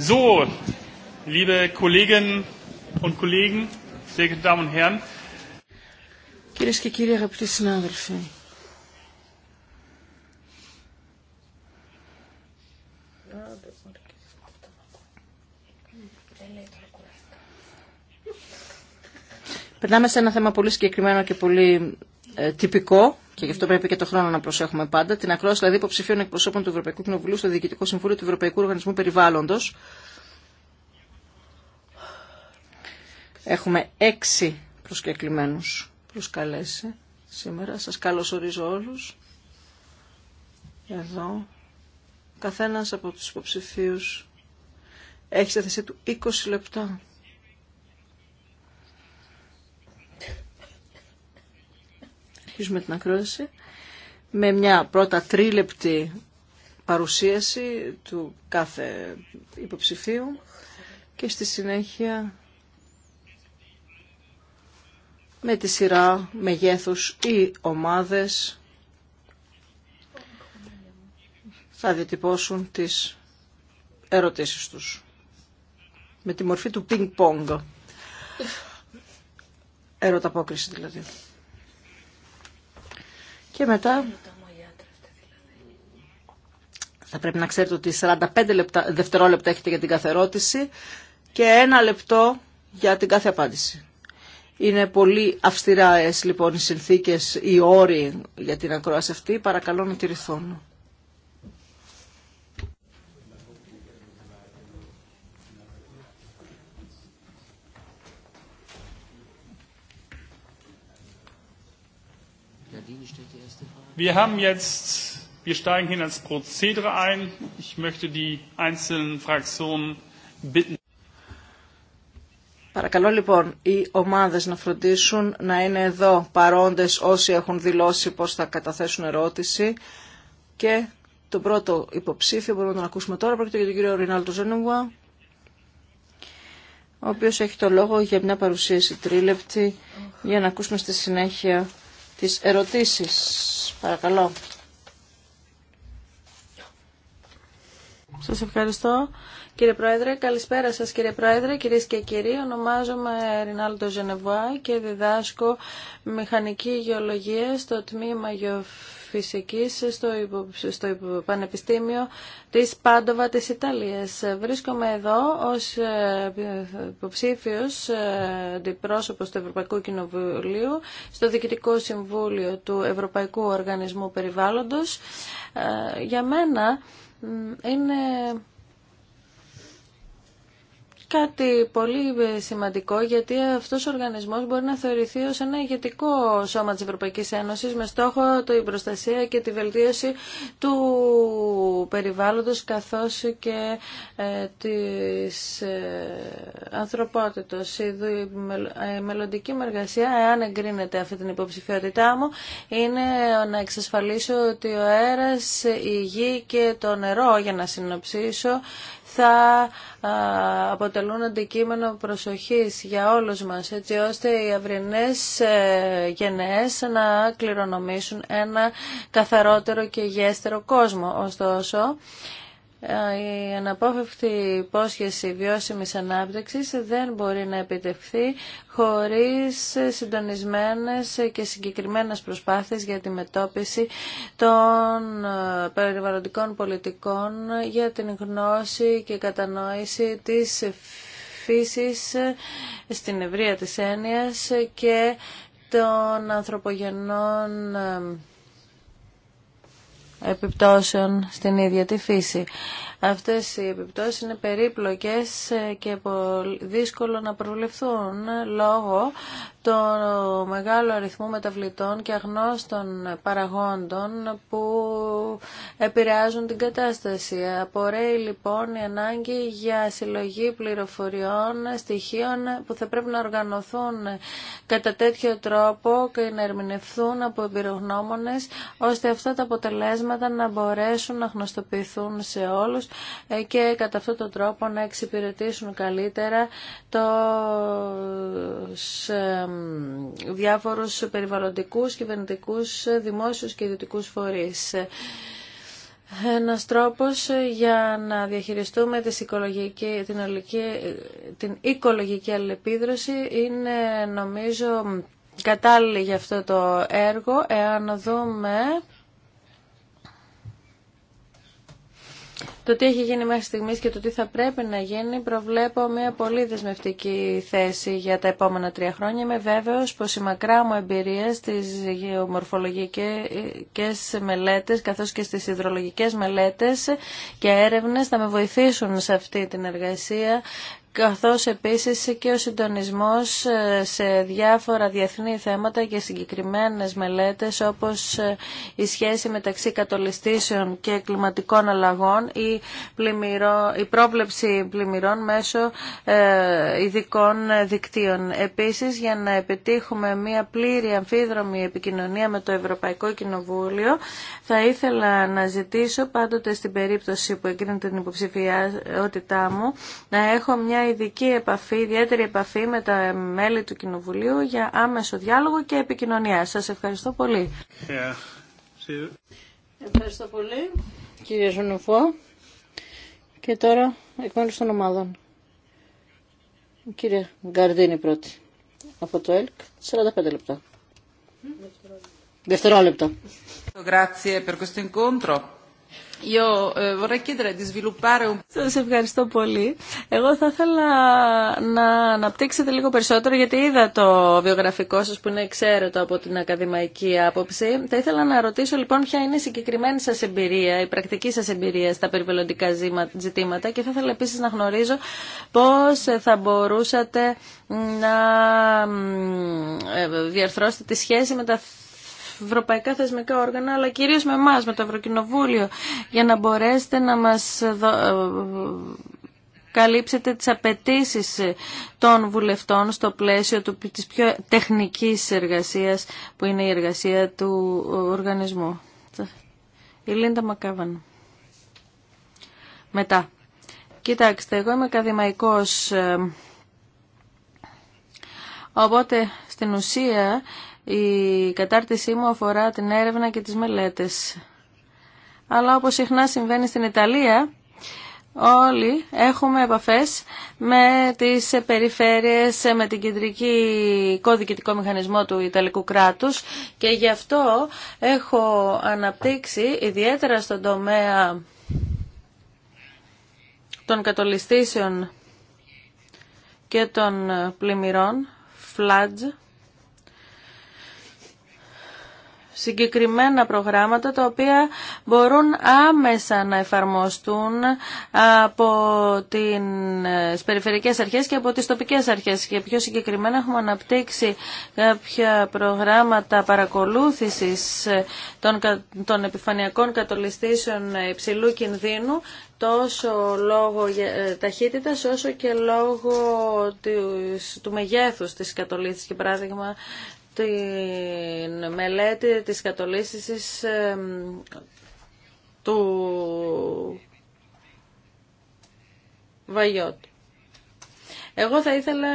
So, liebe Kolleginnen und Kollegen, sehr geehrte Damen und Herren. Κυρίες και κύριοι αγαπητοί συνάδελφοι, περνάμε σε ένα θέμα πολύ συγκεκριμένο και πολύ ε, τυπικό και γι' αυτό πρέπει και το χρόνο να προσέχουμε πάντα, την ακρόαση δηλαδή υποψηφίων εκπροσώπων του Ευρωπαϊκού Κοινοβουλίου στο Διοικητικό Συμβούλιο του Ευρωπαϊκού Οργανισμού Περιβάλλοντο. Έχουμε έξι προσκεκλημένου προσκαλέσει σήμερα. Σα καλωσορίζω όλου. Εδώ. Καθένα από του υποψηφίου έχει στη θέση του 20 λεπτά Αρχίζουμε την ακρόαση με μια πρώτα τρίλεπτη παρουσίαση του κάθε υποψηφίου και στη συνέχεια με τη σειρά μεγέθους ή ομάδες θα διατυπώσουν τις ερωτήσεις τους με τη μορφή του πινκ-πονγκ. Ερωταπόκριση δηλαδή. Και μετά θα πρέπει να ξέρετε ότι 45 λεπτά, δευτερόλεπτα έχετε για την κάθε ερώτηση και ένα λεπτό για την κάθε απάντηση. Είναι πολύ αυστηρά λοιπόν οι συνθήκες, οι όροι για την ακρόαση αυτή. Παρακαλώ να τηρηθούν. Παρακαλώ λοιπόν οι ομάδες να φροντίσουν να είναι εδώ παρόντες όσοι έχουν δηλώσει πως θα καταθέσουν ερώτηση και τον πρώτο υποψήφιο μπορούμε να τον ακούσουμε τώρα, πρόκειται για τον κύριο Ρινάλτο Ζενούγουα, ο οποίος έχει το λόγο για μια παρουσίαση τρίλεπτη για να ακούσουμε στη συνέχεια τις ερωτήσεις. Παρακαλώ. Σας ευχαριστώ. Κύριε Πρόεδρε, καλησπέρα σας κύριε Πρόεδρε, κυρίες και κύριοι. Ονομάζομαι Ρινάλτο Ζενεβουά και διδάσκω μηχανική γεωλογία στο τμήμα γεωφύλου φυσικής στο, στο Πανεπιστήμιο της Πάντοβα της Ιταλίας. Βρίσκομαι εδώ ως ε, υποψήφιο ε, αντιπρόσωπο του Ευρωπαϊκού Κοινοβουλίου στο Διοικητικό Συμβούλιο του Ευρωπαϊκού Οργανισμού Περιβάλλοντος. Ε, για μένα είναι κάτι πολύ σημαντικό γιατί αυτός ο οργανισμός μπορεί να θεωρηθεί ως ένα ηγετικό σώμα της Ευρωπαϊκής Ένωσης με στόχο την προστασία και τη βελτίωση του περιβάλλοντος καθώς και ε, της ε, ανθρωπότητος. Ε, η μελλοντική μου εργασία, εάν εγκρίνεται αυτή την υποψηφιότητά μου, είναι να εξασφαλίσω ότι ο αέρας, η γη και το νερό, για να συνοψίσω, θα αποτελούν αντικείμενο προσοχής για όλους μας, έτσι ώστε οι αυρινές ε, γενναίες να κληρονομήσουν ένα καθαρότερο και γέστερο κόσμο. Ωστόσο, ε, η αναπόφευκτη υπόσχεση βιώσιμης ανάπτυξης δεν μπορεί να επιτευχθεί χωρίς συντονισμένες και συγκεκριμένες προσπάθειες για τη μετόπιση των ε, περιβαλλοντικών πολιτικών για την γνώση και κατανόηση της φύσης ε, στην ευρεία της έννοιας και των ανθρωπογενών επιπτώσεων στην ίδια τη φύση. Αυτές οι επιπτώσεις είναι περίπλοκες ε, και δύσκολο να προβλεφθούν ε, λόγω του μεγάλου αριθμού μεταβλητών και αγνώστων παραγόντων που επηρεάζουν την κατάσταση. Απορρέει λοιπόν η ανάγκη για συλλογή πληροφοριών, στοιχείων που θα πρέπει να οργανωθούν κατά τέτοιο τρόπο και να ερμηνευθούν από εμπειρογνώμονες ώστε αυτά τα αποτελέσματα να μπορέσουν να γνωστοποιηθούν σε όλους ε, και κατά αυτόν τον τρόπο να εξυπηρετήσουν καλύτερα το διάφορους περιβαλλοντικούς, κυβερνητικούς, δημόσιους και ιδιωτικούς φορείς. Ένα τρόπο για να διαχειριστούμε τη την, ολική, την οικολογική αλληλεπίδραση είναι νομίζω κατάλληλη για αυτό το έργο εάν δούμε το τι έχει γίνει μέχρι στιγμή και το τι θα πρέπει να γίνει προβλέπω μια πολύ δεσμευτική θέση για τα επόμενα τρία χρόνια. Είμαι βέβαιος πω η μακρά μου εμπειρία στι γεωμορφολογικές μελέτε, καθώς και στι υδρολογικές μελέτες και έρευνε, θα με βοηθήσουν σε αυτή την εργασία καθώς επίσης και ο συντονισμός ε, σε διάφορα διεθνή θέματα και συγκεκριμένες μελέτες όπως ε, η σχέση μεταξύ κατολιστήσεων και κλιματικών αλλαγών ή πλημμυρό, η πρόβλεψη πλημμυρών μέσω ε, ειδικών δικτύων. Επίσης για να επιτύχουμε μια πλήρη αμφίδρομη επικοινωνία με το Ευρωπαϊκό Κοινοβούλιο θα ήθελα να ζητήσω πάντοτε στην περίπτωση που εγκρίνεται την υποψηφιότητά μου να έχω μια ειδική επαφή, ιδιαίτερη επαφή με τα μέλη του Κοινοβουλίου για άμεσο διάλογο και επικοινωνία. Σας ευχαριστώ πολύ. Ευχαριστώ πολύ, κύριε Ζωνοφό. Και τώρα εκ μέρους των ομάδων. Κύριε Γκαρδίνη πρώτη, από το ΕΛΚ, 45 λεπτά. Δευτερόλεπτα. Δευτερόλεπτα. Eh, σα ευχαριστώ πολύ. Εγώ θα ήθελα να αναπτύξετε λίγο περισσότερο γιατί είδα το βιογραφικό σα που είναι εξαίρετο από την ακαδημαϊκή άποψη. Θα ήθελα να ρωτήσω λοιπόν ποια είναι η συγκεκριμένη σα εμπειρία, η πρακτική σα εμπειρία στα περιβαλλοντικά ζητήματα και θα ήθελα επίση να γνωρίζω πώ θα μπορούσατε να ε, διαρθρώσετε τη σχέση με τα ευρωπαϊκά θεσμικά όργανα, αλλά κυρίως με εμά, με το Ευρωκοινοβούλιο, για να μπορέσετε να μας ε, καλύψετε τις απαιτήσει των βουλευτών στο πλαίσιο του, της πιο τεχνικής εργασίας που είναι η εργασία του οργανισμού. Η Λίντα Μακάβαν. Μετά. Κοιτάξτε, εγώ είμαι ακαδημαϊκός, ε, οπότε στην ουσία η κατάρτισή μου αφορά την έρευνα και τις μελέτες. Αλλά όπως συχνά συμβαίνει στην Ιταλία, όλοι έχουμε επαφές με τις περιφέρειες, με την κεντρική κωδικητικό μηχανισμό του Ιταλικού κράτους και γι' αυτό έχω αναπτύξει ιδιαίτερα στον τομέα των κατολιστήσεων και των πλημμυρών, φλάτζ, συγκεκριμένα προγράμματα τα οποία μπορούν άμεσα να εφαρμοστούν από τις περιφερειακές αρχές και από τις τοπικές αρχές και πιο συγκεκριμένα έχουμε αναπτύξει κάποια προγράμματα παρακολούθησης των, των επιφανειακών κατολιστήσεων υψηλού κινδύνου τόσο λόγω ε, ταχύτητας όσο και λόγω του, του μεγέθους της και παράδειγμα την μελέτη της κατολίσθησης του Βαγιώτη. Εγώ θα ήθελα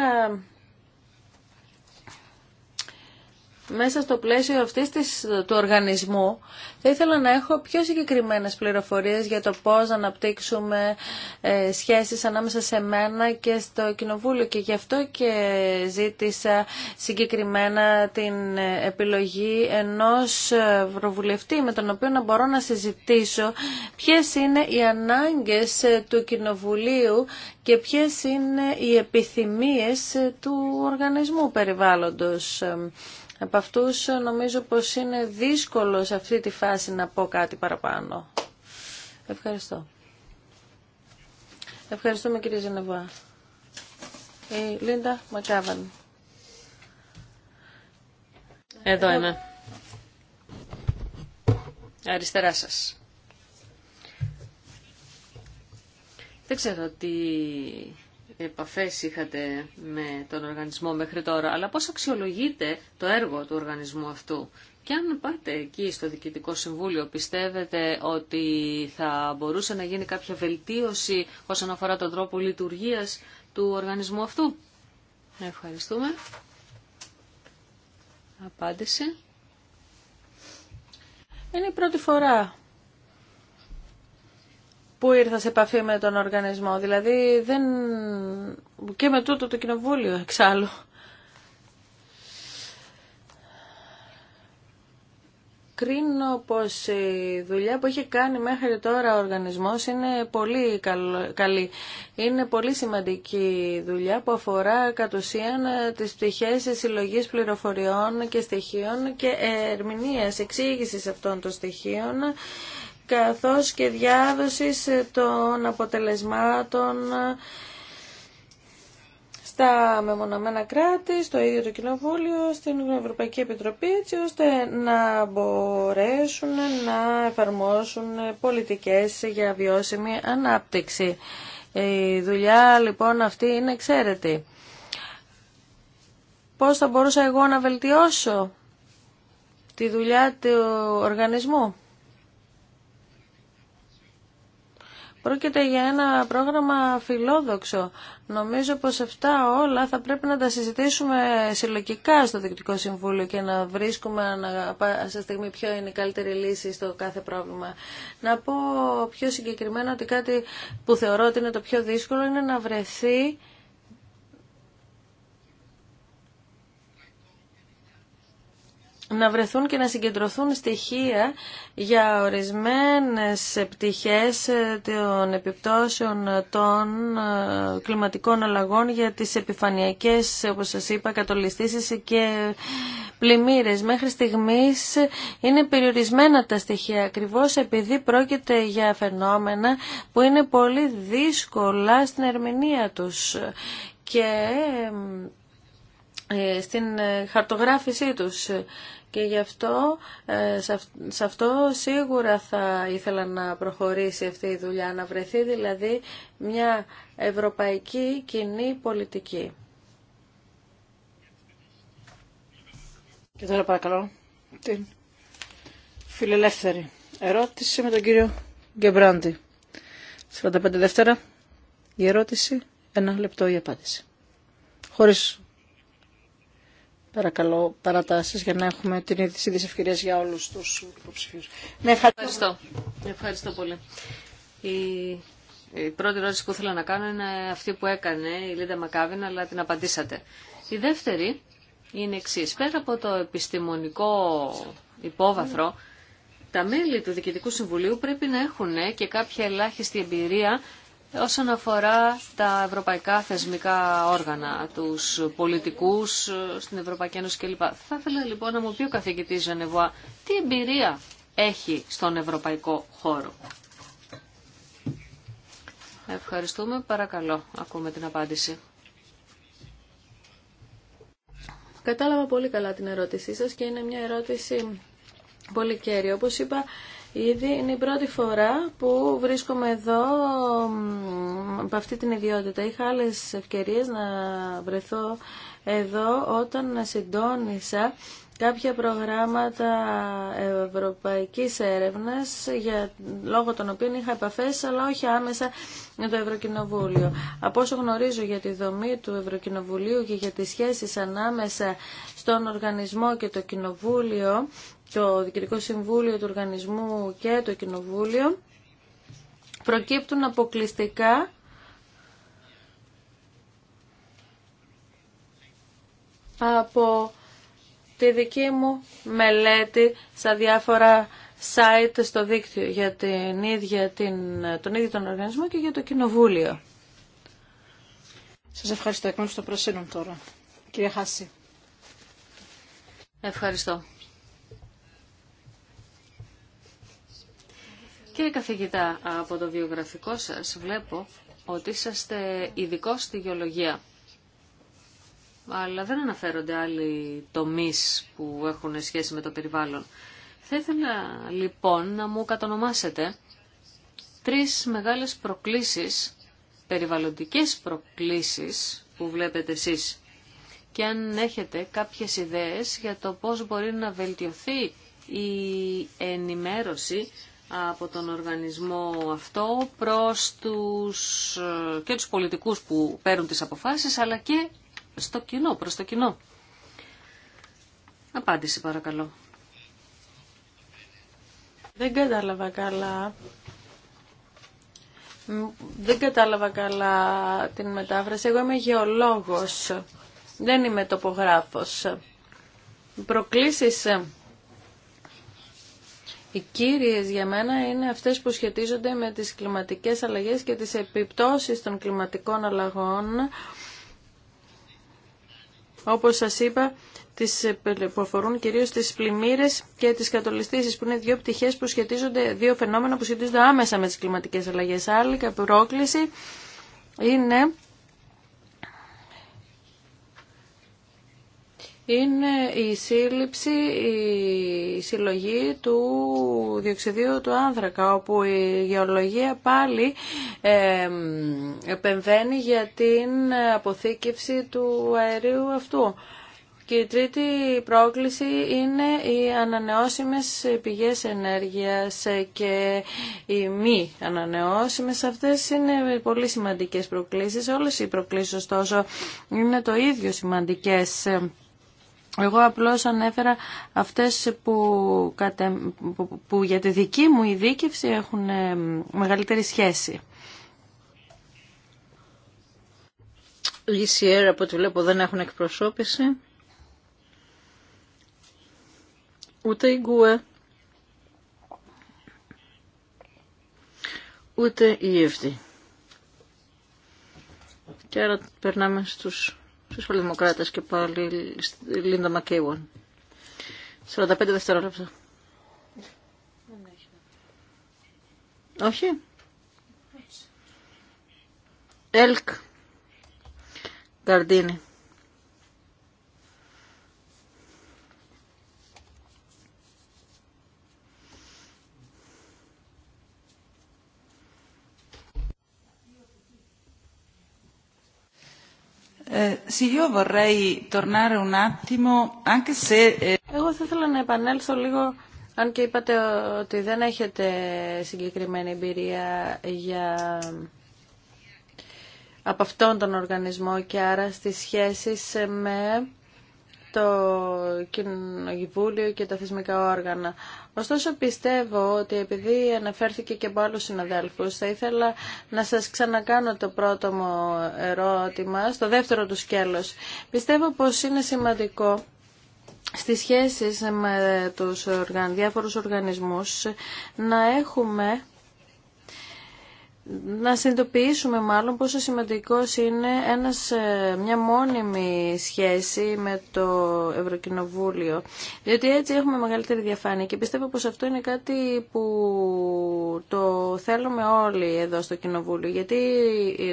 μέσα στο πλαίσιο αυτής της, του οργανισμού θα ήθελα να έχω πιο συγκεκριμένες πληροφορίες για το πώς να αναπτύξουμε ε, σχέσεις ανάμεσα σε μένα και στο Κοινοβούλιο και γι' αυτό και ζήτησα συγκεκριμένα την ε, επιλογή ενός προβουλευτή ε, με τον οποίο να μπορώ να συζητήσω ποιες είναι οι ανάγκες του Κοινοβουλίου και ποιες είναι οι επιθυμίες του οργανισμού περιβάλλοντος. Από αυτούς ε, νομίζω πως είναι δύσκολο σε αυτή τη φάση να πω κάτι παραπάνω. Ευχαριστώ. Ευχαριστούμε κύριε Ζενεβά. Η ε, Λίντα Μακάβαν. Εδώ ε, είμαι. Αριστερά σας. Δεν ξέρω τι επαφές είχατε με τον οργανισμό μέχρι τώρα, αλλά πώς αξιολογείτε το έργο του οργανισμού αυτού. Και αν πάτε εκεί στο Διοικητικό Συμβούλιο, πιστεύετε ότι θα μπορούσε να γίνει κάποια βελτίωση όσον αφορά τον τρόπο λειτουργίας του οργανισμού αυτού. Ευχαριστούμε. Απάντηση. Είναι η πρώτη φορά που ήρθα σε επαφή με τον οργανισμό. Δηλαδή δεν... και με τούτο το κοινοβούλιο εξάλλου. Κρίνω πως η δουλειά που έχει κάνει μέχρι τώρα ο οργανισμός είναι πολύ καλή. Είναι πολύ σημαντική δουλειά που αφορά κατ' ουσίαν ε, τις πτυχές της πληροφοριών και στοιχείων και ε, ερμηνείας εξήγησης αυτών των στοιχείων καθώς και διάδοση ε, των αποτελεσμάτων ε, στα μεμονωμένα κράτη, στο ίδιο το Κοινοβούλιο, στην Ευρωπαϊκή Επιτροπή, έτσι ώστε να μπορέσουν να εφαρμόσουν πολιτικές για βιώσιμη ανάπτυξη. Η δουλειά λοιπόν αυτή είναι εξαίρετη. Πώς θα μπορούσα εγώ να βελτιώσω τη δουλειά του οργανισμού. Πρόκειται για ένα πρόγραμμα φιλόδοξο. Νομίζω πως αυτά όλα θα πρέπει να τα συζητήσουμε συλλογικά στο Διοικητικό Συμβούλιο και να βρίσκουμε σε στιγμή ποιο είναι η καλύτερη λύση στο κάθε πρόβλημα. Να πω πιο συγκεκριμένα ότι κάτι που θεωρώ ότι είναι το πιο δύσκολο είναι να βρεθεί να βρεθούν και να συγκεντρωθούν στοιχεία για ορισμένες πτυχές ε, των επιπτώσεων ε, των ε, κλιματικών αλλαγών για τις επιφανειακές, όπως σας είπα, κατολιστήσεις και πλημμύρες. Μέχρι στιγμής είναι περιορισμένα τα στοιχεία, ακριβώς επειδή πρόκειται για φαινόμενα που είναι πολύ δύσκολα στην ερμηνεία τους. Και ε, στην ε, χαρτογράφησή τους και γι' αυτό, ε, σε αυτό σίγουρα θα ήθελα να προχωρήσει αυτή η δουλειά, να βρεθεί δηλαδή μια ευρωπαϊκή κοινή πολιτική. Και τώρα παρακαλώ την φιλελεύθερη ερώτηση με τον κύριο Γκεμπράντη. 45 δεύτερα η ερώτηση, ένα λεπτό η απάντηση. Χωρίς Παρακαλώ παρατάσεις για να έχουμε την της ευκαιρίες για όλους τους υποψηφίους. Ναι, ευχαριστώ. Ευχαριστώ πολύ. Η... πρώτη ερώτηση που ήθελα να κάνω είναι αυτή που έκανε η Λίντα Μακάβιν, αλλά την απαντήσατε. Η δεύτερη είναι εξή. Πέρα από το επιστημονικό υπόβαθρο, τα μέλη του Διοικητικού Συμβουλίου πρέπει να έχουν και κάποια ελάχιστη εμπειρία όσον αφορά τα ευρωπαϊκά θεσμικά όργανα, τους πολιτικούς στην Ευρωπαϊκή Ένωση κλπ. Θα ήθελα λοιπόν να μου πει ο καθηγητής Ζενεβουά, τι εμπειρία έχει στον ευρωπαϊκό χώρο. Ευχαριστούμε. Παρακαλώ, ακούμε την απάντηση. Κατάλαβα πολύ καλά την ερώτησή σας και είναι μια ερώτηση πολύ κέρια. Όπως είπα, ήδη. Είναι η πρώτη φορά που βρίσκομαι εδώ από αυτή την ιδιότητα. Είχα άλλες ευκαιρίες να βρεθώ εδώ όταν συντόνισα κάποια προγράμματα ευρωπαϊκής έρευνας για, λόγω των οποίων είχα επαφές αλλά όχι άμεσα με το Ευρωκοινοβούλιο. Από όσο γνωρίζω για τη δομή του Ευρωκοινοβουλίου και για τις σχέσεις ανάμεσα στον οργανισμό και το Κοινοβούλιο το Διοικητικό Συμβούλιο του Οργανισμού και το Κοινοβούλιο προκύπτουν αποκλειστικά από τη δική μου μελέτη στα διάφορα site στο δίκτυο για την ίδια την, τον ίδιο τον οργανισμό και για το κοινοβούλιο. Σας ευχαριστώ. Εκ μέρους των τώρα. Κυρία Χάση. Ευχαριστώ. Κύριε καθηγητά, από το βιογραφικό σας βλέπω ότι είσαστε ειδικό στη γεωλογία. Αλλά δεν αναφέρονται άλλοι τομείς που έχουν σχέση με το περιβάλλον. Θα ήθελα λοιπόν να μου κατονομάσετε τρεις μεγάλες προκλήσεις, περιβαλλοντικές προκλήσεις που βλέπετε εσείς και αν έχετε κάποιες ιδέες για το πώς μπορεί να βελτιωθεί η ενημέρωση από τον οργανισμό αυτό προς τους ε, και τους πολιτικούς που παίρνουν τις αποφάσεις αλλά και στο κοινό, προς το κοινό. Απάντηση παρακαλώ. Δεν κατάλαβα καλά. Δεν κατάλαβα καλά την μετάφραση. Εγώ είμαι γεωλόγος. Δεν είμαι τοπογράφος. Προκλήσεις ε, οι κύριες για μένα είναι αυτές που σχετίζονται με τις κλιματικές αλλαγές και τις επιπτώσεις των κλιματικών αλλαγών. Όπως σας είπα, τις, που αφορούν κυρίως τις πλημμύρες και τις κατολιστήσεις που είναι δύο πτυχές που σχετίζονται, δύο φαινόμενα που σχετίζονται άμεσα με τις κλιματικές αλλαγές. Άλλη πρόκληση είναι είναι η σύλληψη, η συλλογή του διοξιδίου του άνθρακα, όπου η γεωλογία πάλι ε, επεμβαίνει για την αποθήκευση του αερίου αυτού. Και η τρίτη πρόκληση είναι οι ανανεώσιμες πηγές ενέργειας και οι μη ανανεώσιμες. Αυτές είναι πολύ σημαντικές προκλήσεις. Όλες οι προκλήσεις ωστόσο είναι το ίδιο σημαντικές εγώ απλώς ανέφερα αυτές που, για τη δική μου ειδίκευση έχουν ε, μεγαλύτερη σχέση. Η Σιέρα από ό,τι βλέπω δεν έχουν εκπροσώπηση. Ούτε η Γκουε. Ούτε η Εύτη. Και άρα περνάμε στους στους και πάλι Λίντα Μακέιουαν. 45 δευτερόλεπτα. Όχι. Ελκ. Γκαρντίνη. Ε, eh, Εγώ θα ήθελα να επανέλθω λίγο, αν και είπατε ότι δεν έχετε συγκεκριμένη εμπειρία για από αυτόν τον οργανισμό και άρα στις σχέσεις με το Κοινοβούλιο και τα θεσμικά όργανα. Ωστόσο πιστεύω ότι επειδή αναφέρθηκε και από άλλους συναδέλφους, θα ήθελα να σας ξανακάνω το πρώτο μου ερώτημα, στο δεύτερο του σκέλος. Πιστεύω πως είναι σημαντικό στις σχέσεις με τους οργαν, διάφορους οργανισμούς να έχουμε να συνειδητοποιήσουμε μάλλον πόσο σημαντικός είναι ένας, ε, μια μόνιμη σχέση με το Ευρωκοινοβούλιο. Διότι έτσι έχουμε μεγαλύτερη διαφάνεια και πιστεύω πως αυτό είναι κάτι που το θέλουμε όλοι εδώ στο Κοινοβούλιο. Γιατί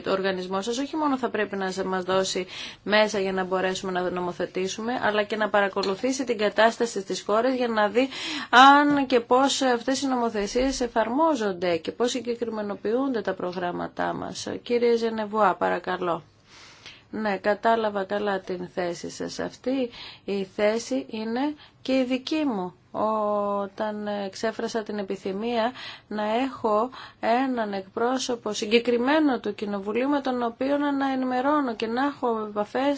ο οργανισμό σας όχι μόνο θα πρέπει να μας δώσει μέσα για να μπορέσουμε να νομοθετήσουμε, αλλά και να παρακολουθήσει την κατάσταση στις χώρες για να δει αν και πώς αυτές οι νομοθεσίες εφαρμόζονται και πώς συγκεκριμενοποιούνται τα προγράμματά μας. Κύριε Ζενεβουά, παρακαλώ. Ναι, κατάλαβα καλά την θέση σας αυτή. Η θέση είναι και η δική μου όταν εξέφρασα την επιθυμία να έχω έναν εκπρόσωπο συγκεκριμένο του Κοινοβουλίου με τον οποίο να ενημερώνω και να έχω επαφέ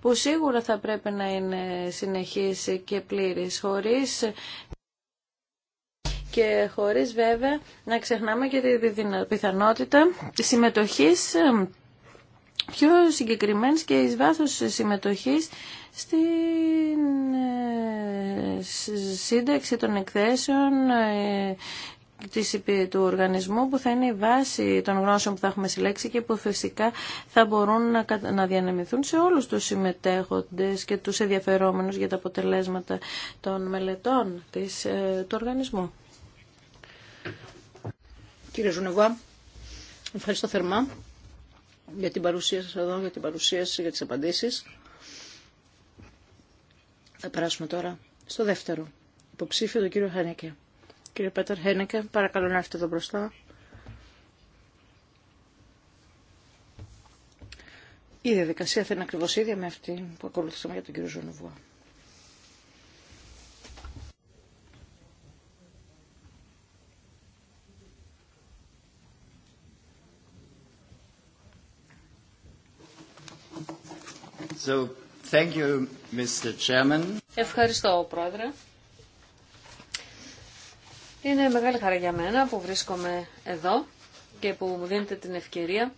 που σίγουρα θα πρέπει να είναι συνεχής και πλήρης χωρίς και χωρίς βέβαια να ξεχνάμε και τη πιθανότητα συμμετοχής ε, πιο συγκεκριμένης και εις βάθος συμμετοχής στην ε, σύνταξη των εκθέσεων ε, του οργανισμού που θα είναι η βάση των γνώσεων που θα έχουμε συλλέξει και που φυσικά θα μπορούν να διανεμηθούν σε όλους τους συμμετέχοντες και τους ενδιαφερόμενους για τα αποτελέσματα των μελετών του οργανισμού. Κύριε Ζουνεβά, ευχαριστώ θερμά για την παρουσία σας εδώ, για την παρουσία παρουσίαση, για τις απαντήσεις. Θα περάσουμε τώρα στο δεύτερο υποψήφιο, τον κύριο Χένεκε. Κύριε Πέτερ Χένεκε, παρακαλώ να έρθετε εδώ μπροστά. Η διαδικασία θα είναι ακριβώς ίδια με αυτή που ακολουθήσαμε για τον κύριο Ζουνεβουά. Ευχαριστώ, Πρόεδρε. Είναι μεγάλη χαρά για μένα που βρίσκομαι εδώ και που μου δίνετε την ευκαιρία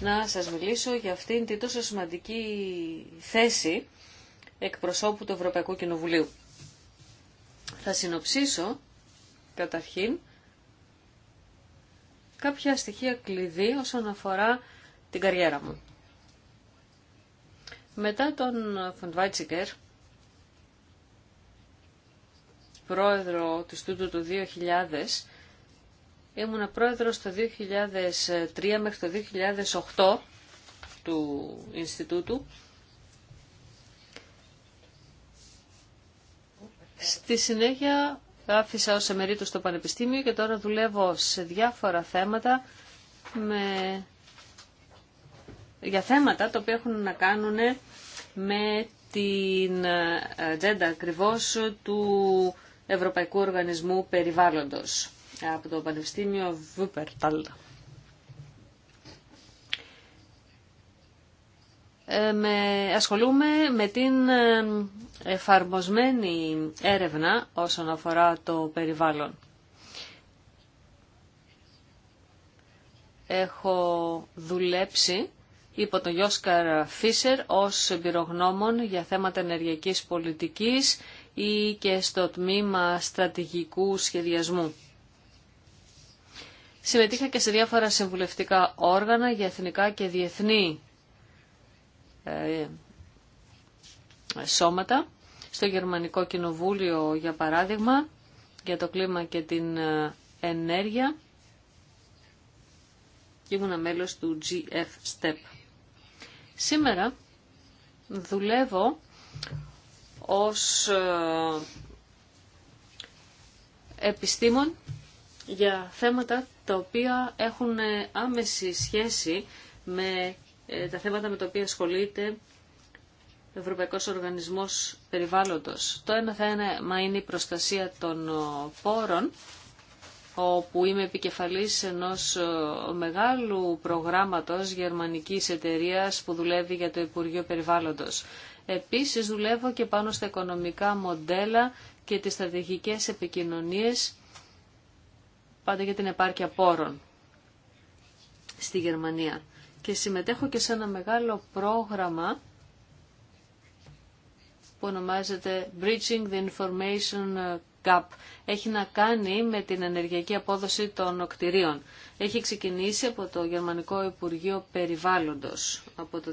να σας μιλήσω για αυτήν την τόσο σημαντική θέση εκπροσώπου του Ευρωπαϊκού Κοινοβουλίου. Θα συνοψίσω καταρχήν κάποια στοιχεία κλειδί όσον αφορά την καριέρα μου. Μετά τον Βάιτσικερ, πρόεδρο του Ινστιτούτου του 2000, ήμουνα πρόεδρος το 2003 μέχρι το 2008 του Ινστιτούτου. Στη συνέχεια άφησα ως εμερίτου στο Πανεπιστήμιο και τώρα δουλεύω σε διάφορα θέματα με για θέματα τα οποία έχουν να κάνουν με την ατζέντα ακριβώ του Ευρωπαϊκού Οργανισμού Περιβάλλοντος από το Πανεπιστήμιο Βούπερταλ. με, ασχολούμαι με την εφαρμοσμένη έρευνα όσον αφορά το περιβάλλον. Έχω δουλέψει υπό τον Γιώσκαρ Φίσερ ως εμπειρογνώμων για θέματα ενεργειακής πολιτικής ή και στο τμήμα στρατηγικού σχεδιασμού. Συμμετείχα και σε διάφορα συμβουλευτικά όργανα για εθνικά και διεθνή ε, σώματα. Στο Γερμανικό Κοινοβούλιο, για παράδειγμα, για το κλίμα και την ε, ενέργεια. Και ήμουν μέλος του GF-STEP. Σήμερα δουλεύω ως ε, επιστήμον για θέματα τα οποία έχουν ε, άμεση σχέση με ε, τα θέματα με τα οποία ασχολείται ο Ευρωπαϊκός Οργανισμός Περιβάλλοντος. Το ένα θέμα είναι η προστασία των πόρων όπου είμαι επικεφαλής ενός ε, μεγάλου προγράμματος γερμανικής εταιρείας που δουλεύει για το Υπουργείο Περιβάλλοντος. Επίσης δουλεύω και πάνω στα οικονομικά μοντέλα και τις στρατηγικές επικοινωνίες πάντα για την επάρκεια πόρων στη Γερμανία. Και συμμετέχω και σε ένα μεγάλο πρόγραμμα που ονομάζεται Bridging the Information έχει να κάνει με την ενεργειακή απόδοση των κτηρίων. Έχει ξεκινήσει από το Γερμανικό Υπουργείο Περιβάλλοντος από το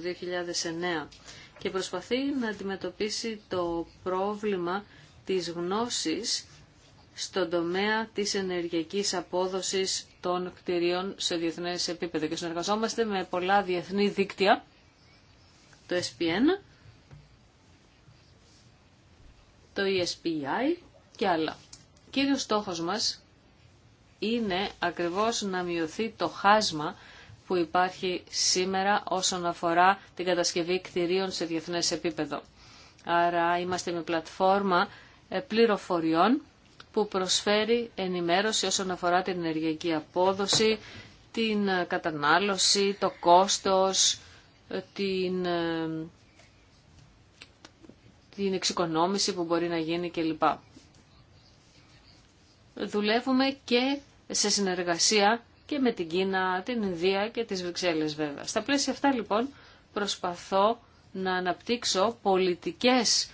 2009 και προσπαθεί να αντιμετωπίσει το πρόβλημα της γνώσης στον τομέα της ενεργειακής απόδοσης των κτηρίων σε διεθνές επίπεδο. Και συνεργαζόμαστε με πολλά διεθνή δίκτυα, το SPN, το ESPI και άλλα. Κύριος στόχος μας είναι ακριβώς να μειωθεί το χάσμα που υπάρχει σήμερα όσον αφορά την κατασκευή κτηρίων σε διεθνές επίπεδο. Άρα είμαστε με πλατφόρμα ε, πληροφοριών που προσφέρει ενημέρωση όσον αφορά την ενεργειακή απόδοση, την ε, κατανάλωση, το κόστος, ε, την, την εξοικονόμηση που μπορεί να γίνει κλπ δουλεύουμε και σε συνεργασία και με την Κίνα, την Ινδία και τις Βρυξέλλες βέβαια. Στα πλαίσια αυτά λοιπόν προσπαθώ να αναπτύξω πολιτικές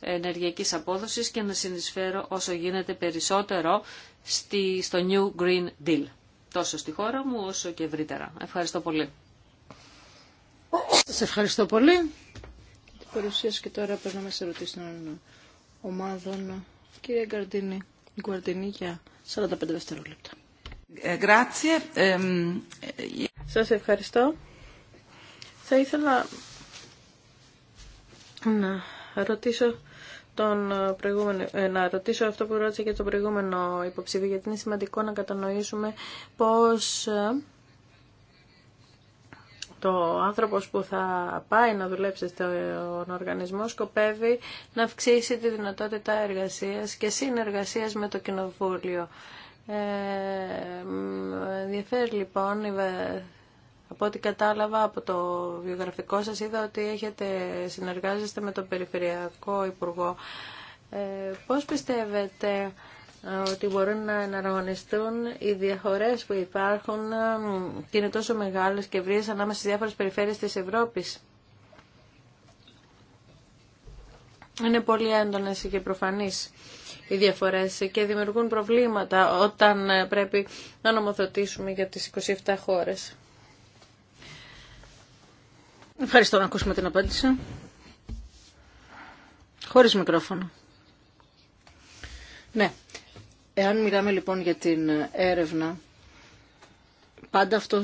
ενεργειακής απόδοσης και να συνεισφέρω όσο γίνεται περισσότερο στη, στο New Green Deal. Τόσο στη χώρα μου όσο και ευρύτερα. Ευχαριστώ πολύ. Σας ευχαριστώ πολύ. Την και τώρα περνάμε σε ερωτήσεις των ομάδων. Κύριε Γκαρντίνη. Γκουαρντινή για 45 δευτερόλεπτα. Ε, ε, Σας ευχαριστώ. Θα ήθελα να ρωτήσω τον ε, προηγούμενο, να ρωτήσω αυτό που ρώτησε και τον προηγούμενο υποψήφιο, γιατί είναι σημαντικό να κατανοήσουμε πώς το άνθρωπος που θα πάει να δουλέψει στον οργανισμό σκοπεύει να αυξήσει τη δυνατότητα εργασίας και συνεργασίας με το κοινοβούλιο. Ε, ενδιαφέρει λοιπόν, από ό,τι κατάλαβα από το βιογραφικό σας είδα ότι έχετε, συνεργάζεστε με τον Περιφερειακό Υπουργό. Ε, πώς πιστεύετε ότι μπορούν να εναρμονιστούν οι διαφορές που υπάρχουν ε, και είναι τόσο μεγάλες και ευρείες ανάμεσα στις διάφορες περιφέρειες της Ευρώπης. Είναι πολύ έντονες και προφανείς οι διαφορές και δημιουργούν προβλήματα όταν ε, πρέπει να νομοθετήσουμε για τις 27 χώρες. Ευχαριστώ να ακούσουμε την απάντηση. Χωρίς μικρόφωνο. Ναι, Εάν μιλάμε λοιπόν για την έρευνα, πάντα αυτό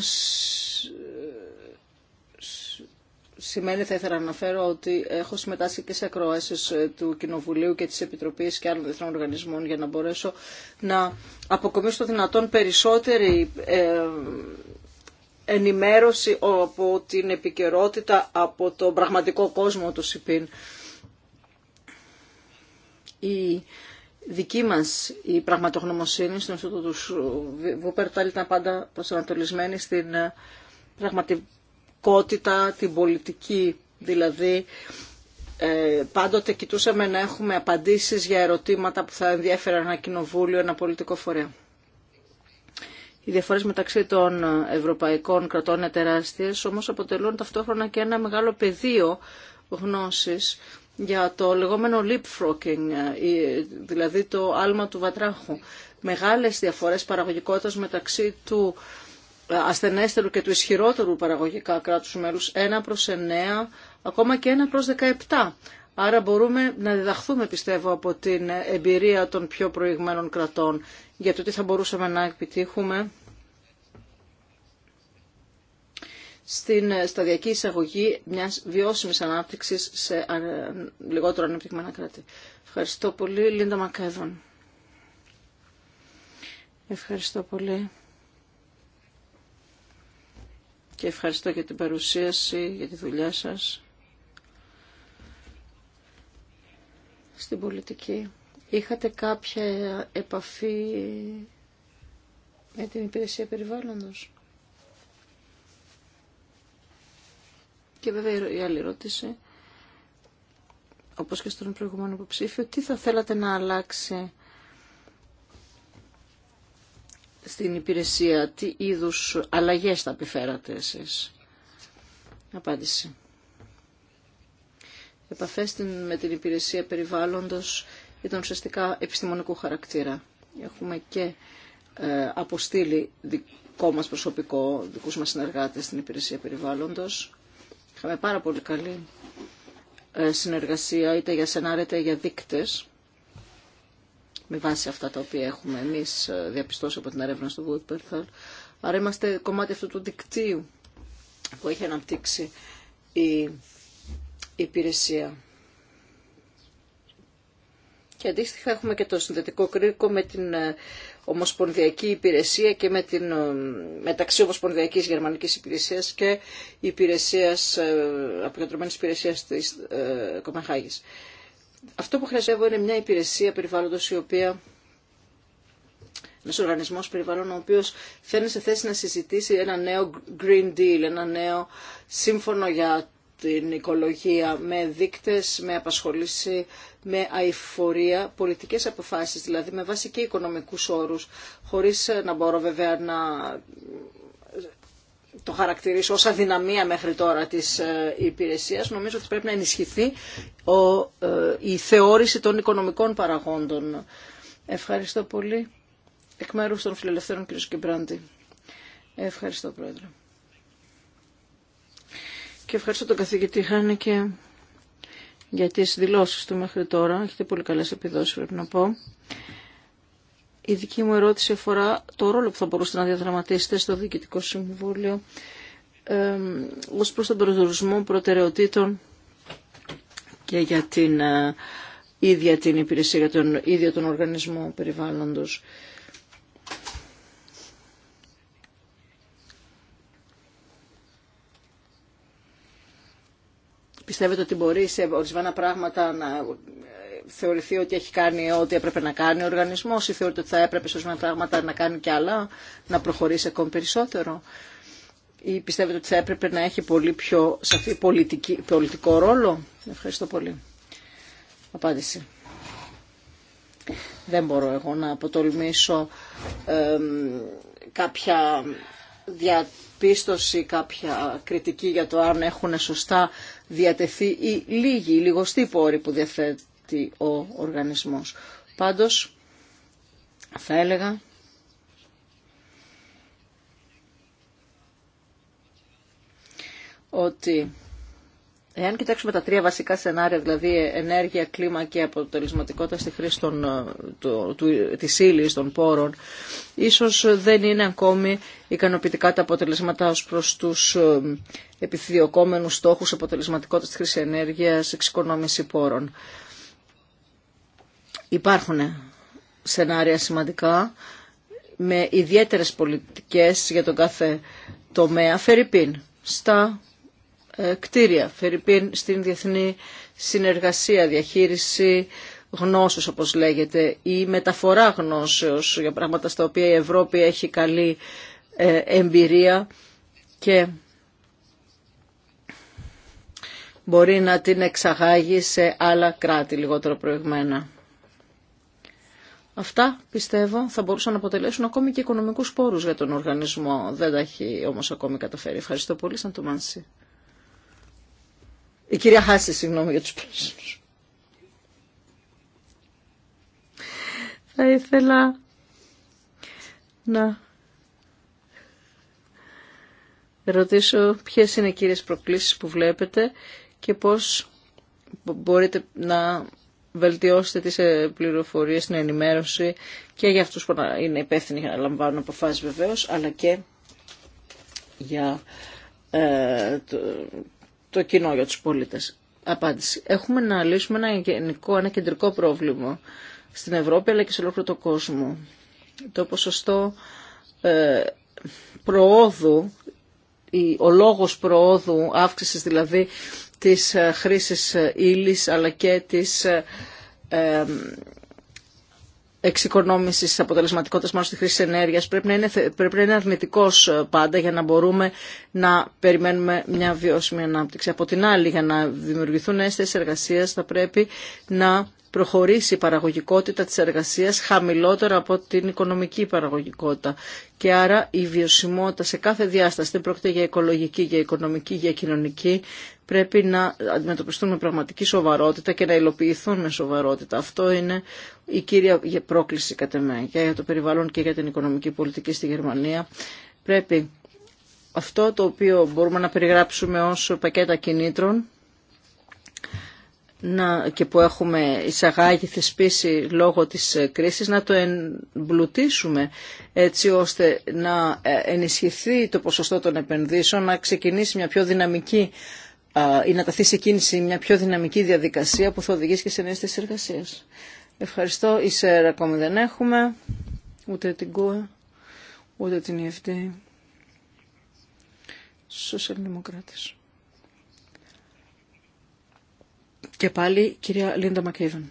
σημαίνει, θα ήθελα να αναφέρω, ότι έχω συμμετάσχει και σε ακροάσει ε, του Κοινοβουλίου και της Επιτροπής και άλλων διεθνών οργανισμών για να μπορέσω να αποκομίσω το δυνατόν περισσότερη ε, ενημέρωση από την επικαιρότητα, από τον πραγματικό κόσμο του ΣΥΠΗΝ δική μας η πραγματογνωμοσύνη στον Ινστιτούτο του Βούπερταλ ήταν πάντα προσανατολισμένη στην ε, πραγματικότητα, την πολιτική δηλαδή. Ε, πάντοτε κοιτούσαμε να έχουμε απαντήσεις για ερωτήματα που θα ενδιέφεραν ένα κοινοβούλιο, ένα πολιτικό φορέα. Οι διαφορές μεταξύ των ευρωπαϊκών κρατών είναι τεράστιες, όμως αποτελούν ταυτόχρονα και ένα μεγάλο πεδίο γνώσης για το λεγόμενο leapfrogging, ε, δηλαδή το άλμα του βατράχου. Μεγάλες διαφορές παραγωγικότητας μεταξύ του ε, ασθενέστερου και του ισχυρότερου παραγωγικά κράτους μέλους, 1 προς 9, ακόμα και 1 προς 17. Άρα μπορούμε να διδαχθούμε, πιστεύω, από την εμπειρία των πιο προηγμένων κρατών για το τι θα μπορούσαμε να επιτύχουμε στην σταδιακή εισαγωγή μιας βιώσιμης ανάπτυξης σε λιγότερο ανεπτυγμένα κράτη. Ευχαριστώ πολύ. Λίντα Μακέδων. Ευχαριστώ πολύ. Και ευχαριστώ για την παρουσίαση, για τη δουλειά σας στην πολιτική. Είχατε κάποια επαφή με την υπηρεσία περιβάλλοντος. Και βέβαια η άλλη ερώτηση, όπως και στον προηγούμενο υποψήφιο, τι θα θέλατε να αλλάξει στην υπηρεσία, τι είδους αλλαγές θα επιφέρατε εσείς. Απάντηση. Επαφές με την υπηρεσία περιβάλλοντος ήταν ουσιαστικά επιστημονικού χαρακτήρα. Έχουμε και ε, αποστείλει δικό μας προσωπικό, δικούς μας συνεργάτες στην υπηρεσία περιβάλλοντος Είχαμε πάρα πολύ καλή ε, συνεργασία είτε για σενάρια είτε για δείκτες με βάση αυτά τα οποία έχουμε εμείς ε, διαπιστώσει από την έρευνα στο Βουτπέρθαλ. Άρα είμαστε κομμάτι αυτού του δικτύου που έχει αναπτύξει η υπηρεσία. Και αντίστοιχα έχουμε και το συνδετικό κρίκο με την ε, Ομοσπονδιακή Υπηρεσία και με την, ε, μεταξύ Ομοσπονδιακής Γερμανικής Υπηρεσίας και υπηρεσίας, ε, αποκεντρωμένης υπηρεσίας της ε, Αυτό που χρειαζεύω είναι μια υπηρεσία περιβάλλοντος η οποία ένας οργανισμός περιβαλλον ο οποίος θέλει σε θέση να συζητήσει ένα νέο Green Deal, ένα νέο σύμφωνο για την οικολογία με δείκτες, με απασχολήση, με αηφορία, πολιτικές αποφάσεις, δηλαδή με βάση και οικονομικούς όρους, χωρίς ε, να μπορώ βέβαια να το χαρακτηρίσω ως αδυναμία μέχρι τώρα της ε, υπηρεσίας, νομίζω ότι πρέπει να ενισχυθεί ε, η θεώρηση των οικονομικών παραγόντων. Ευχαριστώ πολύ. Εκ μέρους των φιλελευθέρων κ. Κεμπράντη. Ευχαριστώ, Πρόεδρε. Και ευχαριστώ τον καθηγητή και για τις δηλώσεις του μέχρι τώρα. Έχετε πολύ καλές επιδόσεις πρέπει να πω. Η δική μου ερώτηση αφορά το ρόλο που θα μπορούσατε να διαδραματίσετε στο Διοικητικό Συμβούλιο ε, ως προς τον προσδορισμό προτεραιοτήτων και για την ε, ίδια την υπηρεσία, για τον ίδιο τον οργανισμό περιβάλλοντος. πιστεύετε ότι μπορεί σε ορισμένα πράγματα να θεωρηθεί ότι έχει κάνει ό,τι έπρεπε να κάνει ο οργανισμός ή θεωρείτε ότι θα έπρεπε σε ορισμένα πράγματα να κάνει κι άλλα, να προχωρήσει ακόμη περισσότερο ή πιστεύετε ότι θα έπρεπε να έχει πολύ πιο σαφή πολιτική, πολιτικό ρόλο. Ευχαριστώ πολύ. Απάντηση. Δεν μπορώ εγώ να αποτολμήσω κάποια διαπίστωση, κάποια κριτική για το αν έχουν σωστά διατεθεί η λίγη, η λιγοστή πόρη που διαθέτει ο οργανισμός. Πάντως, θα έλεγα ότι Εάν κοιτάξουμε τα τρία βασικά σενάρια, δηλαδή ενέργεια, κλίμα και αποτελεσματικότητα στη χρήση των, ε, του, της ύλη των πόρων, ίσως δεν είναι ακόμη ικανοποιητικά τα αποτελεσματά ως προς τους ε, επιδιωκόμενους στόχους αποτελεσματικότητας της χρήσης ενέργειας, εξοικονόμηση πόρων. Υπάρχουν σενάρια σημαντικά με ιδιαίτερες πολιτικές για τον κάθε τομέα, φερρυπίν, στα ε, κτίρια, φερρυπίν στην διεθνή συνεργασία, διαχείριση γνώσεως όπως λέγεται ή μεταφορά γνώσεως για πράγματα στα οποία η Ευρώπη έχει καλή ε, εμπειρία και μπορεί να την εξαγάγει σε άλλα κράτη λιγότερο προηγμένα. Αυτά, πιστεύω, θα μπορούσαν να αποτελέσουν ακόμη και οικονομικούς πόρους για τον οργανισμό. Δεν τα έχει όμως ακόμη καταφέρει. Ευχαριστώ πολύ, Σαν το Μάνση. Η κυρία Χάση, συγγνώμη για τους πράσινους. Θα ήθελα να ρωτήσω ποιες είναι οι κύριες προκλήσεις που βλέπετε και πώς μπορείτε να βελτιώσετε τις ε, πληροφορίες, την ενημέρωση και για αυτούς που είναι υπεύθυνοι να λαμβάνουν αποφάσεις βεβαίως, αλλά και για ε, το κοινό, για τους πολίτες. Απάντηση. Έχουμε να λύσουμε ένα γενικό, ένα κεντρικό πρόβλημα στην Ευρώπη αλλά και σε ολόκληρο τον κόσμο. Το ποσοστό ε, προόδου, η, ο λόγος προόδου αύξησης δηλαδή της ε, χρήσης ε, ύλης αλλά και της ε, τη αποτελεσματικότητας μάλλον στη χρήση ενέργειας πρέπει να, είναι, πρέπει να είναι αρνητικός ε, πάντα για να μπορούμε να περιμένουμε μια βιώσιμη ανάπτυξη. Από την άλλη, για να δημιουργηθούν νέες εργασία, θα πρέπει να προχωρήσει η παραγωγικότητα της εργασίας χαμηλότερα από την οικονομική παραγωγικότητα. Και άρα η βιωσιμότητα σε κάθε διάσταση, δεν πρόκειται για οικολογική, για οικονομική, για κοινωνική, πρέπει να αντιμετωπιστούν με πραγματική σοβαρότητα και να υλοποιηθούν με σοβαρότητα. Αυτό είναι η κύρια πρόκληση κατά μένα για το περιβάλλον και για την οικονομική πολιτική στη Γερμανία. Πρέπει αυτό το οποίο μπορούμε να περιγράψουμε ως πακέτα κινήτρων, να, και που έχουμε εισαγάγει, θεσπίσει λόγω της κρίσης, να το εμπλουτίσουμε έτσι ώστε να ε, ενισχυθεί το ποσοστό των επενδύσεων, να ξεκινήσει μια πιο δυναμική ή να ταθεί σε κίνηση μια πιο δυναμική διαδικασία που θα οδηγήσει και σε νέες της Ευχαριστώ. Η ακόμη δεν έχουμε, ούτε την ΚΟΕ, ούτε την ΙΕΦΤΗ. Σοσιαλδημοκράτες. Και πάλι κυρία Λίντα Μακέιβεν.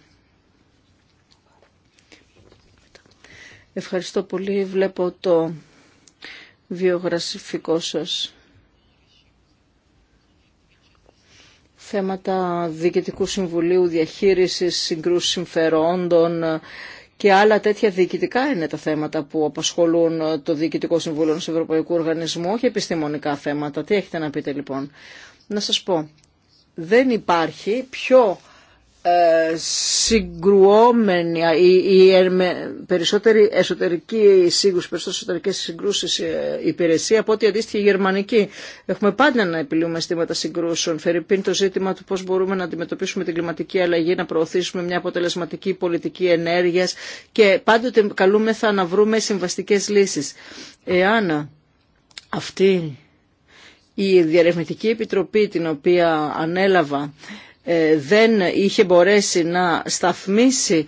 Ευχαριστώ πολύ. Βλέπω το βιογραφικό σας. Θέματα Διοικητικού Συμβουλίου, διαχείρισης, συγκρούς συμφερόντων και άλλα τέτοια διοικητικά είναι τα θέματα που απασχολούν το Διοικητικό Συμβούλιο ενός Ευρωπαϊκού Οργανισμού, όχι επιστημονικά θέματα. Τι έχετε να πείτε λοιπόν. Να σας πω, δεν υπάρχει πιο ε, συγκρουόμενη η, περισσότερη εσωτερική σύγκρουση, περισσότερες εσωτερικές συγκρούσεις ε, υπηρεσία από ό,τι αντίστοιχη γερμανική. Έχουμε πάντα να επιλύουμε στήματα συγκρούσεων. Φερρυπίν το ζήτημα του πώς μπορούμε να αντιμετωπίσουμε την κλιματική αλλαγή, να προωθήσουμε μια αποτελεσματική πολιτική ενέργειας και πάντοτε καλούμεθα να βρούμε συμβαστικές λύσεις. Εάν αυτή η Διαρευνητική Επιτροπή την οποία ανέλαβα ε, δεν είχε μπορέσει να σταθμίσει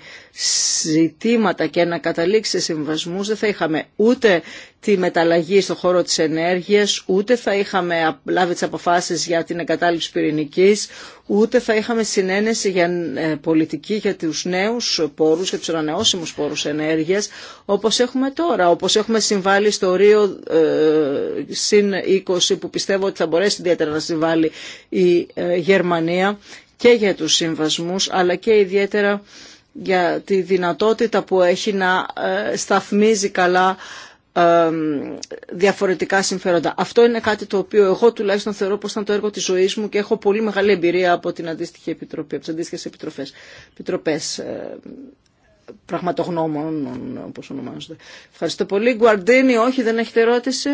ζητήματα και να καταλήξει σε συμβασμούς δεν θα είχαμε ούτε τη μεταλλαγή στον χώρο της ενέργειας, ούτε θα είχαμε λάβει τις αποφάσεις για την εγκατάλειψη πυρηνικής, ούτε θα είχαμε συνένεση για ε, πολιτική για τους νέους πόρους, για τους ανανεώσιμους πόρους ενέργειας, όπως έχουμε τώρα, όπως έχουμε συμβάλει στο Ρίο ε, 20, που πιστεύω ότι θα μπορέσει ιδιαίτερα να συμβάλλει η ε, Γερμανία και για τους συμβασμούς, αλλά και ιδιαίτερα για τη δυνατότητα που έχει να ε, σταθμίζει καλά διαφορετικά συμφέροντα. Αυτό είναι κάτι το οποίο εγώ τουλάχιστον θεωρώ πως ήταν το έργο της ζωής μου και έχω πολύ μεγάλη εμπειρία από την αντίστοιχη επιτροπή, από τις αντίστοιχες επιτροφές, επιτροπές ε, πραγματογνώμων, όπως ονομάζονται. Ευχαριστώ πολύ. Γκουαρντίνη, όχι, δεν έχετε ερώτηση.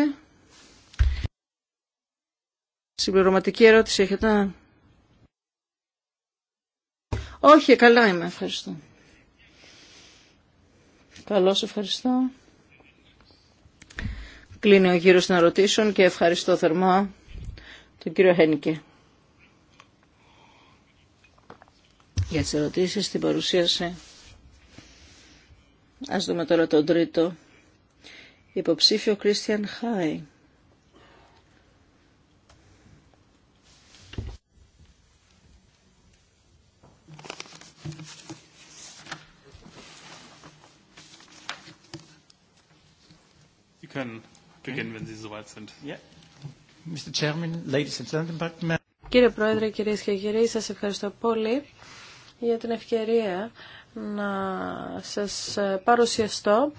Συμπληρωματική ερώτηση έχετε. Όχι, καλά είμαι, ευχαριστώ. Καλώς ευχαριστώ. Κλείνει ο γύρος των ερωτήσεων και ευχαριστώ θερμά τον κύριο Χένικε για τις ερωτήσεις, την παρουσίαση. Ας δούμε τώρα τον τρίτο. Υποψήφιο Κρίστιαν Χάι. Sie Κύριε Πρόεδρε, κυρίες και κύριοι, σας ευχαριστώ πολύ για την ευκαιρία να σας ε, παρουσιαστώ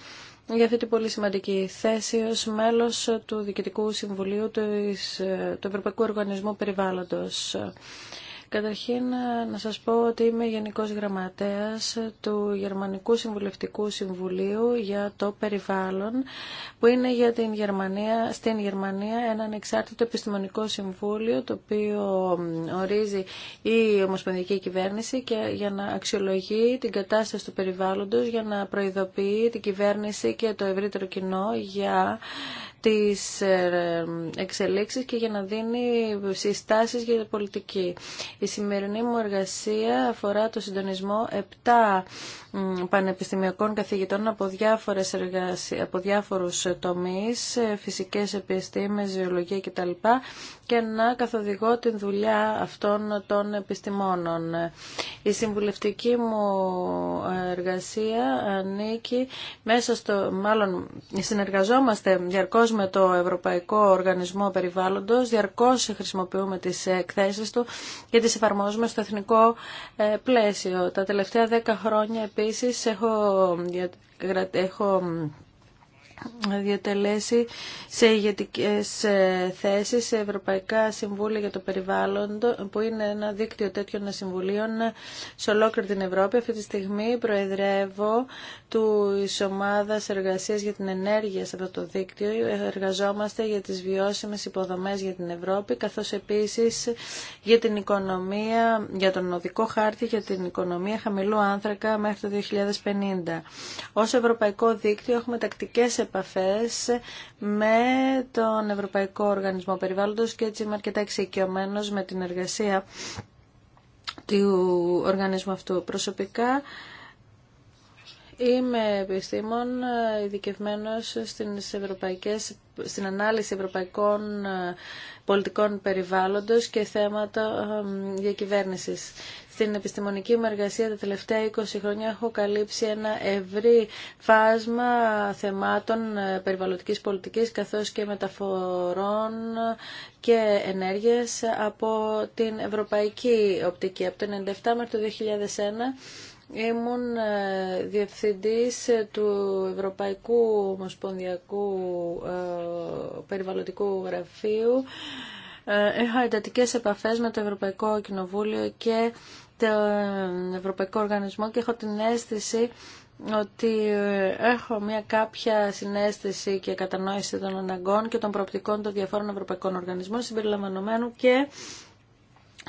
για αυτή την πολύ σημαντική θέση ως μέλος του Διοικητικού Συμβουλίου ε, του Ευρωπαϊκού Οργανισμού Περιβάλλοντος. Καταρχήν ε, να σας πω ότι είμαι Γενικός Γραμματέας του Γερμανικού Συμβουλευτικού Συμβουλίου για το Περιβάλλον που είναι για την Γερμανία, στην Γερμανία ένα ανεξάρτητο επιστημονικό συμβούλιο το οποίο ορίζει η Ομοσπονδιακή Κυβέρνηση και για να αξιολογεί την κατάσταση του περιβάλλοντος για να προειδοποιεί την κυβέρνηση και το ευρύτερο κοινό για τις ε, εξελίξεις και για να δίνει συστάσεις για πολιτική. Η σημερινή μου εργασία αφορά το συντονισμό 7 πανεπιστημιακών καθηγητών από, διάφορες εργασίες, από διάφορους τομείς, ε, φυσικές επιστήμες, ζωολογία κτλ. και να καθοδηγώ την δουλειά αυτών των επιστημόνων. Η συμβουλευτική μου εργασία ανήκει μέσα στο, μάλλον συνεργαζόμαστε διαρκώς με το Ευρωπαϊκό Οργανισμό Περιβάλλοντος, διαρκώς χρησιμοποιούμε τις εκθέσεις του και τις εφαρμόζουμε στο εθνικό ε, πλαίσιο. Τα τελευταία δέκα χρόνια επίσης έχω, έχω διατελέσει σε ηγετικέ ε, θέσεις σε Ευρωπαϊκά Συμβούλια για το Περιβάλλον, που είναι ένα δίκτυο τέτοιων συμβουλίων ε, σε ολόκληρη την Ευρώπη. Αυτή τη στιγμή προεδρεύω του ομάδα Εργασίας για την Ενέργεια σε αυτό το δίκτυο. Εργαζόμαστε για τις βιώσιμες υποδομές για την Ευρώπη, καθώς επίσης για την οικονομία, για τον οδικό χάρτη για την οικονομία χαμηλού άνθρακα μέχρι το 2050. Ως Ευρωπαϊκό Δίκτυο έχουμε τακτικές επαφές με τον Ευρωπαϊκό Οργανισμό Περιβάλλοντος και έτσι είμαι αρκετά εξοικειωμένος με την εργασία του οργανισμού αυτού. Προσωπικά Είμαι επιστήμων ειδικευμένος στις ευρωπαϊκές, στην ανάλυση ευρωπαϊκών ε, πολιτικών περιβάλλοντος και θέματα ε, διακυβέρνησης στην επιστημονική μου εργασία τα τελευταία 20 χρόνια έχω καλύψει ένα ευρύ φάσμα θεμάτων ε, περιβαλλοντικής πολιτικής καθώς και μεταφορών και ενέργειας από την ευρωπαϊκή οπτική. Από το 1997 μέχρι το 2001 ήμουν ε, διευθυντής του Ευρωπαϊκού Ομοσπονδιακού ε, Περιβαλλοντικού Γραφείου είχα εντατικέ επαφές με το Ευρωπαϊκό Κοινοβούλιο και τον Ευρωπαϊκό Οργανισμό και έχω την αίσθηση ότι έχω μια κάποια συνέστηση και κατανόηση των αναγκών και των προοπτικών των διαφόρων ευρωπαϊκών οργανισμών συμπεριλαμβανομένου και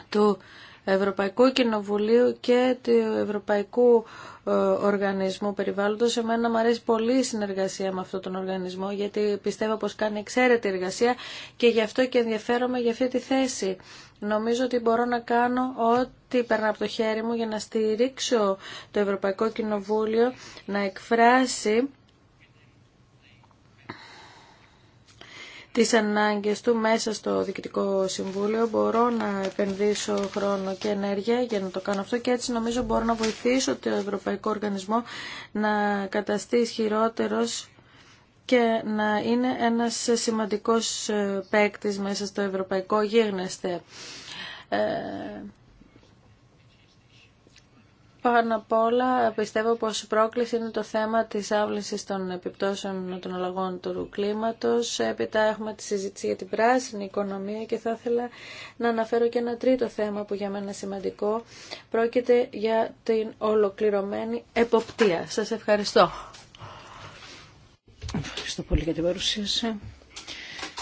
του Ευρωπαϊκού Κοινοβουλίου και του Ευρωπαϊκού ε, Οργανισμού Περιβάλλοντος. Εμένα μου αρέσει πολύ η συνεργασία με αυτόν τον οργανισμό γιατί πιστεύω πως κάνει εξαίρετη εργασία και γι' αυτό και ενδιαφέρομαι για αυτή τη θέση. Νομίζω ότι μπορώ να κάνω ό,τι περνά από το χέρι μου για να στηρίξω το Ευρωπαϊκό Κοινοβούλιο να εκφράσει τις ανάγκες του μέσα στο Διοικητικό Συμβούλιο. Μπορώ να επενδύσω χρόνο και ενέργεια για να το κάνω αυτό και έτσι νομίζω μπορώ να βοηθήσω το Ευρωπαϊκό Οργανισμό να καταστεί ισχυρότερος και να είναι ένας σημαντικός ε, παίκτη μέσα στο Ευρωπαϊκό γίγνεσθε. Ε, πάνω απ' όλα πιστεύω πως η πρόκληση είναι το θέμα της άβλησης των επιπτώσεων των αλλαγών του κλίματος. Έπειτα έχουμε τη συζήτηση για την πράσινη οικονομία και θα ήθελα να αναφέρω και ένα τρίτο θέμα που για μένα σημαντικό. Πρόκειται για την ολοκληρωμένη εποπτεία. Σας ευχαριστώ. Ευχαριστώ πολύ για την παρουσίαση.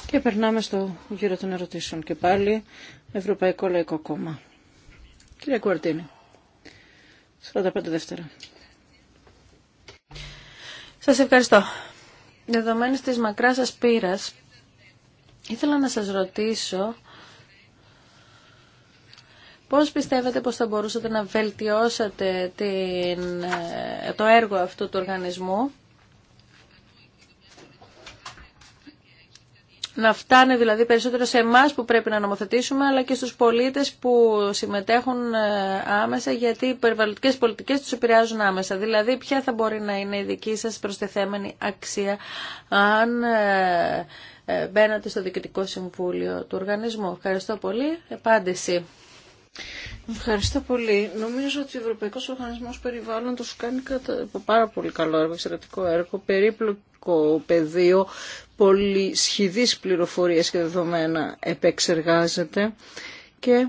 Και περνάμε στο γύρο των ερωτήσεων και πάλι Ευρωπαϊκό Λαϊκό Κόμμα. Κύριε Κουαρτίνη. Σα Σας ευχαριστώ. Δεδομένης της μακράς σας ήθελα να σας ρωτήσω πώς πιστεύετε πως θα μπορούσατε να βελτιώσετε την, το έργο αυτού του οργανισμού να φτάνει δηλαδή περισσότερο σε εμά που πρέπει να νομοθετήσουμε, αλλά και στους πολίτες που συμμετέχουν ε, άμεσα, γιατί οι περιβαλλοντικές πολιτικές τους επηρεάζουν άμεσα. Δηλαδή, ποια θα μπορεί να είναι η δική σας προστεθέμενη αξία, αν ε, ε, μπαίνατε στο Διοικητικό Συμβούλιο του Οργανισμού. Ευχαριστώ πολύ. Επάντηση. Ευχαριστώ πολύ. Νομίζω ότι ο Ευρωπαϊκός Οργανισμός Περιβάλλοντος κάνει κατα... πάρα πολύ καλό έργο, εξαιρετικό έργο, περίπλοκο πεδίο πολυσχηδείς πληροφορίες και δεδομένα επεξεργάζεται και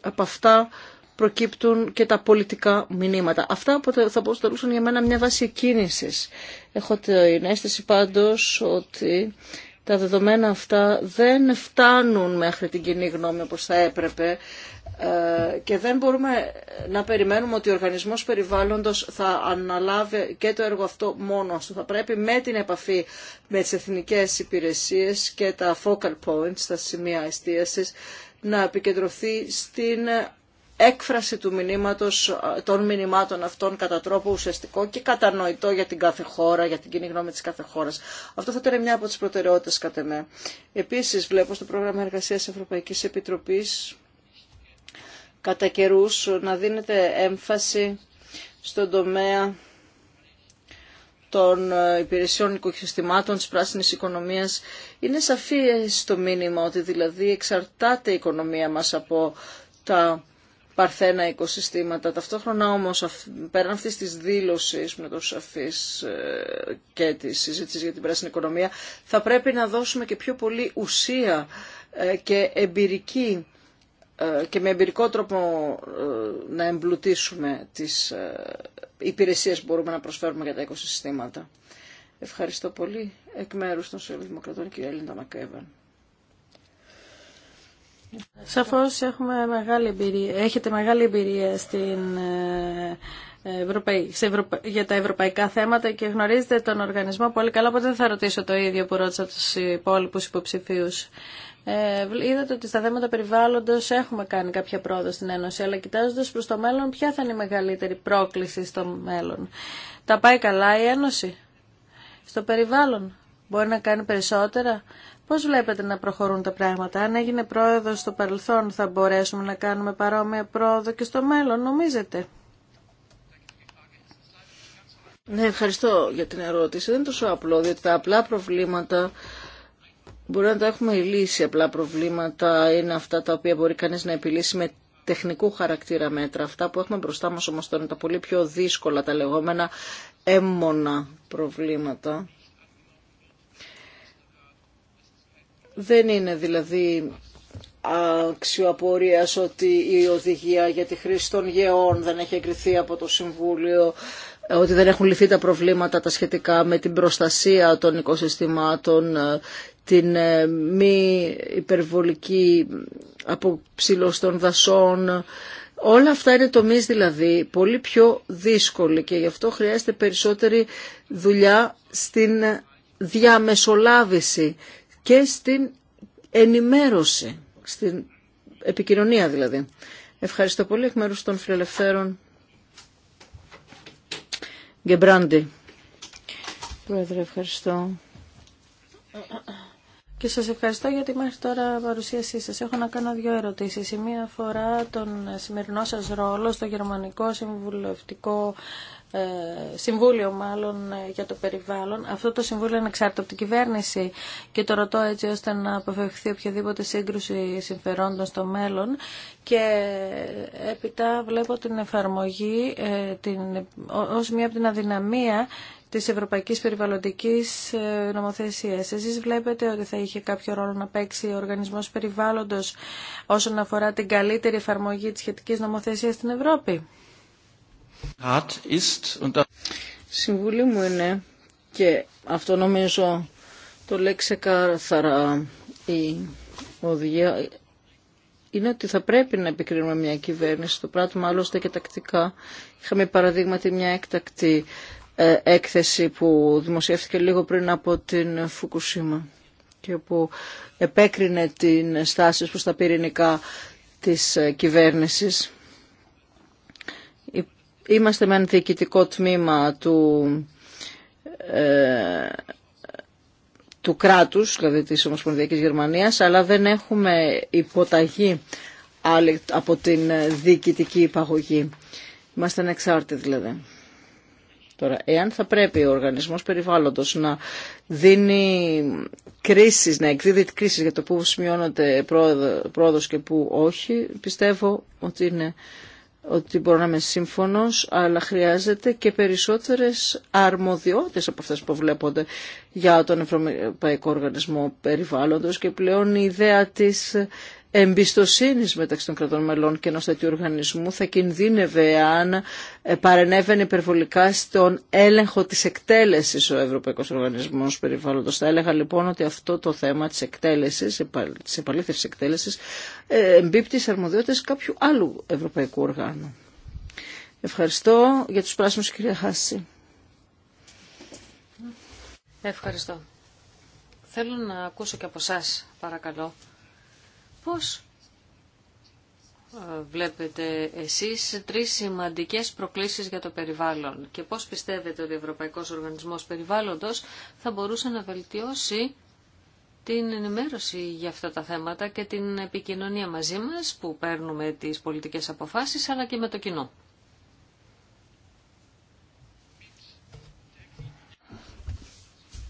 από αυτά προκύπτουν και τα πολιτικά μηνύματα. Αυτά θα αποστολούσαν για μένα μια βάση κίνησης. Έχω την αίσθηση πάντως ότι τα δεδομένα αυτά δεν φτάνουν μέχρι την κοινή γνώμη όπως θα έπρεπε ε, και δεν μπορούμε να περιμένουμε ότι ο οργανισμός περιβάλλοντος θα αναλάβει και το έργο αυτό μόνος του. Θα πρέπει με την επαφή με τις εθνικές υπηρεσίες και τα focal points, τα σημεία εστίασης, να επικεντρωθεί στην έκφραση του μηνύματος, ε, των μηνυμάτων αυτών κατά τρόπο ουσιαστικό και κατανοητό για την κάθε χώρα, για την κοινή γνώμη της κάθε χώρας. Αυτό θα ήταν μια από τις προτεραιότητες κατά με. Επίσης βλέπω στο πρόγραμμα εργασίας Ευρωπαϊκής Επιτροπής κατά καιρού να δίνεται έμφαση στον τομέα των ε, υπηρεσιών οικοσυστημάτων της πράσινης οικονομίας. Είναι σαφής το μήνυμα ότι δηλαδή εξαρτάται η οικονομία μας από τα παρθένα οικοσυστήματα. Ταυτόχρονα όμως πέραν αυτής της δήλωσης με το σαφής ε, και τη συζήτηση για την πράσινη οικονομία θα πρέπει να δώσουμε και πιο πολύ ουσία ε, και εμπειρική ε, και με εμπειρικό τρόπο ε, να εμπλουτίσουμε τις ε, υπηρεσίες που μπορούμε να προσφέρουμε για τα οικοσυστήματα. Ευχαριστώ πολύ εκ μέρους των Σοσιαλδημοκρατών και Ελληντά Μακέβαν. Σαφώς έχουμε μεγάλη εμπειρία, έχετε μεγάλη εμπειρία στην Ευρωπαϊ... για τα ευρωπαϊκά θέματα και γνωρίζετε τον οργανισμό πολύ καλά, οπότε δεν θα ρωτήσω το ίδιο που ρώτησα τους υπόλοιπους υποψηφίους. Ε, είδατε ότι στα θέματα περιβάλλοντο έχουμε κάνει κάποια πρόοδο στην Ένωση, αλλά κοιτάζοντα προ το μέλλον, ποια θα είναι η μεγαλύτερη πρόκληση στο μέλλον. Τα πάει καλά η Ένωση στο περιβάλλον. Μπορεί να κάνει περισσότερα. Πώ βλέπετε να προχωρούν τα πράγματα. Αν έγινε πρόοδο στο παρελθόν θα μπορέσουμε να κάνουμε παρόμοια πρόοδο και στο μέλλον, νομίζετε. Ναι, ευχαριστώ για την ερώτηση. Δεν είναι τόσο απλό, διότι τα απλά προβλήματα Μπορεί να τα έχουμε λύσει απλά προβλήματα, είναι αυτά τα οποία μπορεί κανείς να επιλύσει με τεχνικού χαρακτήρα μέτρα. Αυτά που έχουμε μπροστά μας όμως τώρα είναι τα πολύ πιο δύσκολα, τα λεγόμενα έμμονα προβλήματα. Δεν είναι δηλαδή αξιοαπορίας ότι η οδηγία για τη χρήση των γεών δεν έχει εγκριθεί από το Συμβούλιο, ότι δεν έχουν λυθεί τα προβλήματα τα σχετικά με την προστασία των οικοσυστημάτων, την ε, μη υπερβολική αποψήλωση των δασών. Όλα αυτά είναι τομείς δηλαδή πολύ πιο δύσκολοι και γι' αυτό χρειάζεται περισσότερη δουλειά στην διαμεσολάβηση και στην ενημέρωση, στην επικοινωνία δηλαδή. Ευχαριστώ πολύ εκ μέρους των φιλελευθέρων. Γκεμπράντι. Πρόεδρε, ευχαριστώ. Και σας ευχαριστώ για τη μέχρι τώρα παρουσίασή σας. Έχω να κάνω δύο ερωτήσεις. Η μία αφορά τον σημερινό σας ρόλο στο Γερμανικό Συμβουλευτικό ε, Συμβούλιο μάλλον ε, για το περιβάλλον. Αυτό το Συμβούλιο είναι εξάρτητο από την κυβέρνηση και το ρωτώ έτσι ώστε να αποφευχθεί οποιαδήποτε σύγκρουση συμφερόντων στο μέλλον και ε, έπειτα βλέπω την εφαρμογή την, ως μία από την αδυναμία της Ευρωπαϊκής Περιβαλλοντικής ε, Νομοθεσίας. Εσείς βλέπετε ότι θα είχε κάποιο ρόλο να παίξει ο Οργανισμός Περιβάλλοντος όσον αφορά την καλύτερη εφαρμογή της σχετικής νομοθεσίας στην Ευρώπη. Συμβουλή μου είναι και αυτό νομίζω το λέξε καθαρά η οδηγία είναι ότι θα πρέπει να επικρίνουμε μια κυβέρνηση. Το πράγμα άλλωστε και τακτικά. Είχαμε παραδείγματι μια έκτακτη ε, έκθεση που δημοσιεύτηκε λίγο πριν από την Φουκουσίμα και που επέκρινε την στάση προς τα πυρηνικά της ε, κυβέρνησης. Είμαστε με ένα διοικητικό τμήμα του, ε, του κράτους, δηλαδή της Ομοσπονδιακής Γερμανίας, αλλά δεν έχουμε υποταγή από την διοικητική υπαγωγή. Είμαστε ανεξάρτητοι δηλαδή. Τώρα, εάν θα πρέπει ο οργανισμός περιβάλλοντος να δίνει κρίσεις, να εκδίδει κρίσεις για το που σημειώνονται πρόοδος και που όχι, πιστεύω ότι είναι ότι μπορώ να είμαι σύμφωνος, αλλά χρειάζεται και περισσότερες αρμοδιότητες από αυτές που βλέπονται για τον Ευρωπαϊκό Οργανισμό Περιβάλλοντος και πλέον η ιδέα της εμπιστοσύνης μεταξύ των κρατών μελών και ενός τέτοιου οργανισμού θα κινδύνευε αν ε, παρενέβαινε υπερβολικά στον έλεγχο της εκτέλεσης ο Ευρωπαϊκός Οργανισμός Περιβάλλοντος. Θα έλεγα λοιπόν ότι αυτό το θέμα της εκτέλεσης, της επαλήθευσης εκτέλεσης ε, εμπίπτει σε αρμοδιότητες κάποιου άλλου ευρωπαϊκού οργάνου. Ευχαριστώ για τους πράσινους κυρία Χάση. Ευχαριστώ. Θέλω να ακούσω και από εσά, παρακαλώ, Πώς ε, βλέπετε εσείς τρεις σημαντικές προκλήσεις για το περιβάλλον και πώς πιστεύετε ότι ο Ευρωπαϊκός Οργανισμός Περιβάλλοντος θα μπορούσε να βελτιώσει την ενημέρωση για αυτά τα θέματα και την επικοινωνία μαζί μας που παίρνουμε τις πολιτικές αποφάσεις αλλά και με το κοινό.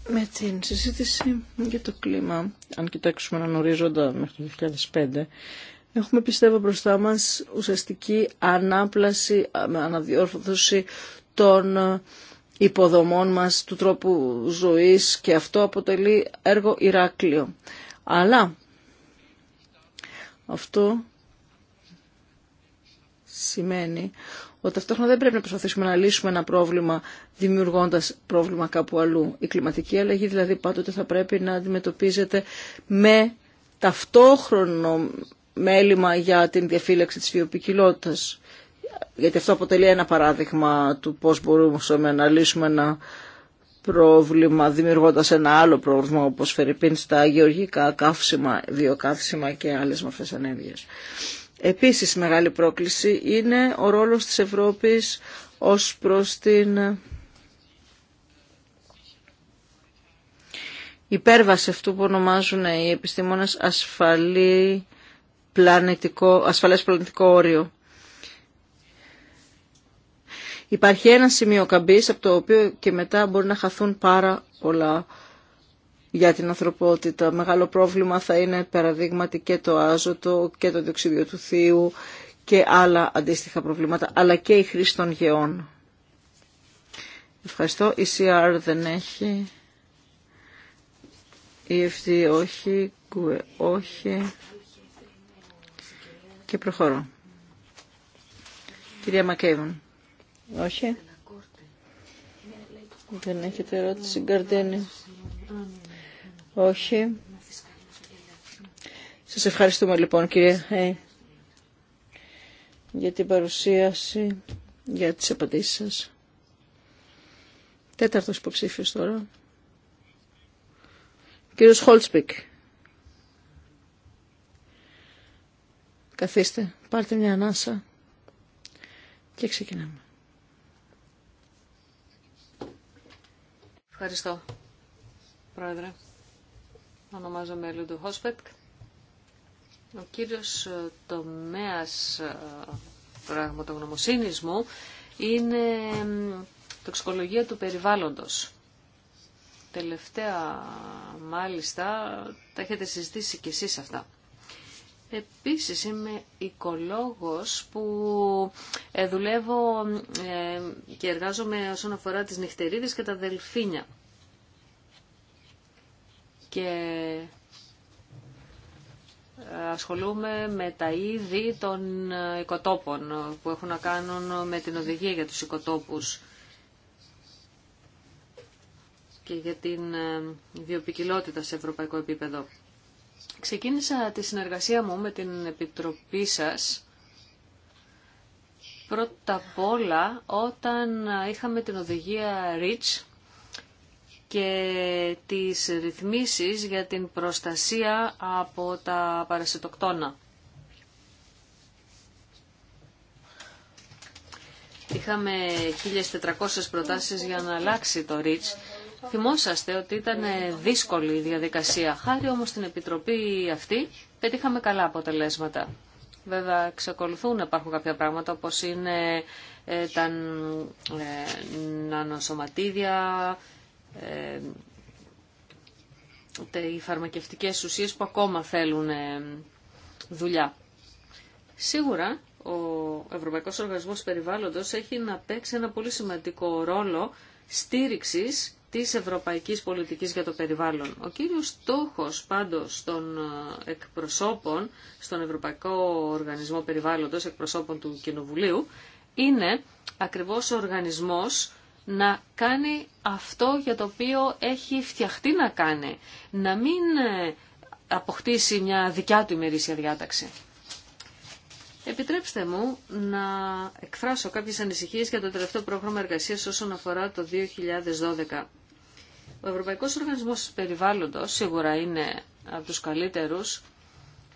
Με την συζήτηση για το κλίμα, αν κοιτάξουμε έναν ορίζοντα μέχρι το 2005, έχουμε πιστεύω μπροστά μας ουσιαστική ανάπλαση, αναδιόρθωση των υποδομών μας, του τρόπου ζωής και αυτό αποτελεί έργο Ηράκλειο. Αλλά αυτό σημαίνει ότι ταυτόχρονα δεν πρέπει να προσπαθήσουμε να λύσουμε ένα πρόβλημα δημιουργώντας πρόβλημα κάπου αλλού. Η κλιματική αλλαγή δηλαδή πάντοτε θα πρέπει να αντιμετωπίζεται με ταυτόχρονο μέλημα για την διαφύλαξη της βιοποικιλότητας. Γιατί αυτό αποτελεί ένα παράδειγμα του πώς μπορούμε να λύσουμε ένα πρόβλημα δημιουργώντας ένα άλλο πρόβλημα όπως φερειπίν στα γεωργικά καύσιμα, βιοκαύσιμα και άλλες μορφές ενέργειας. Επίσης μεγάλη πρόκληση είναι ο ρόλος της Ευρώπης ως προς την υπέρβαση αυτού που ονομάζουν οι επιστήμονες ασφαλή πλανητικό, ασφαλές πλανητικό όριο. Υπάρχει ένα σημείο καμπής από το οποίο και μετά μπορεί να χαθούν πάρα πολλά για την ανθρωπότητα. Μεγάλο πρόβλημα θα είναι παραδείγματι και το άζωτο και το διοξίδιο του θείου και άλλα αντίστοιχα προβλήματα, αλλά και η χρήση των γεών. Ευχαριστώ. Η CR δεν έχει. Η FD όχι. Κουε όχι. Και προχωρώ. Κυρία Μακέιβον. Όχι. Δεν έχετε ερώτηση. Γκαρντένι. Όχι. Σας ευχαριστούμε λοιπόν κύριε για την παρουσίαση, για τις απαντήσεις σας. Τέταρτος υποψήφιος τώρα. Κύριος Χολτσπικ. Καθίστε, πάρτε μια ανάσα και ξεκινάμε. Ευχαριστώ, Πρόεδρε. Ονομάζομαι του Χόσπετ, Ο κύριος ε, τομέας ε, πραγματογνωμοσύνης μου είναι τοξικολογία του περιβάλλοντος. Τελευταία μάλιστα τα έχετε συζητήσει κι εσείς αυτά. Επίσης είμαι οικολόγος που ε, δουλεύω και εργάζομαι όσον αφορά τις νυχτερίδες και τα δελφίνια και ασχολούμαι με τα είδη των οικοτόπων που έχουν να κάνουν με την οδηγία για τους οικοτόπους και για την ε, βιοπικιλότητα σε ευρωπαϊκό επίπεδο. Ξεκίνησα τη συνεργασία μου με την Επιτροπή σας πρώτα απ' όλα όταν είχαμε την οδηγία REACH και τις ρυθμίσεις για την προστασία από τα παρασιτοκτόνα. Είχαμε 1.400 προτάσεις για να αλλάξει το REACH. Θυμόσαστε ότι ήταν δύσκολη η διαδικασία. Χάρη όμως στην Επιτροπή αυτή πετύχαμε καλά αποτελέσματα. Βέβαια, εξακολουθούν να υπάρχουν κάποια πράγματα όπως είναι ε, τα ε, νανοσωματίδια, ε, οι φαρμακευτικές ουσίες που ακόμα θέλουν ε, δουλειά. Σίγουρα ο Ευρωπαϊκός Οργανισμός Περιβάλλοντος έχει να παίξει ένα πολύ σημαντικό ρόλο στήριξης της ευρωπαϊκής πολιτικής για το περιβάλλον. Ο κύριος στόχος πάντως των ε, εκπροσώπων στον Ευρωπαϊκό Οργανισμό Περιβάλλοντος, εκπροσώπων του Κοινοβουλίου, είναι ακριβώς ο οργανισμός να κάνει αυτό για το οποίο έχει φτιαχτεί να κάνει. Να μην ε, αποκτήσει μια δικιά του ημερήσια διάταξη. Επιτρέψτε μου να εκφράσω κάποιες ανησυχίες για το τελευταίο πρόγραμμα εργασίας όσον αφορά το 2012. Ο Ευρωπαϊκός Οργανισμός Περιβάλλοντος σίγουρα είναι από τους καλύτερους.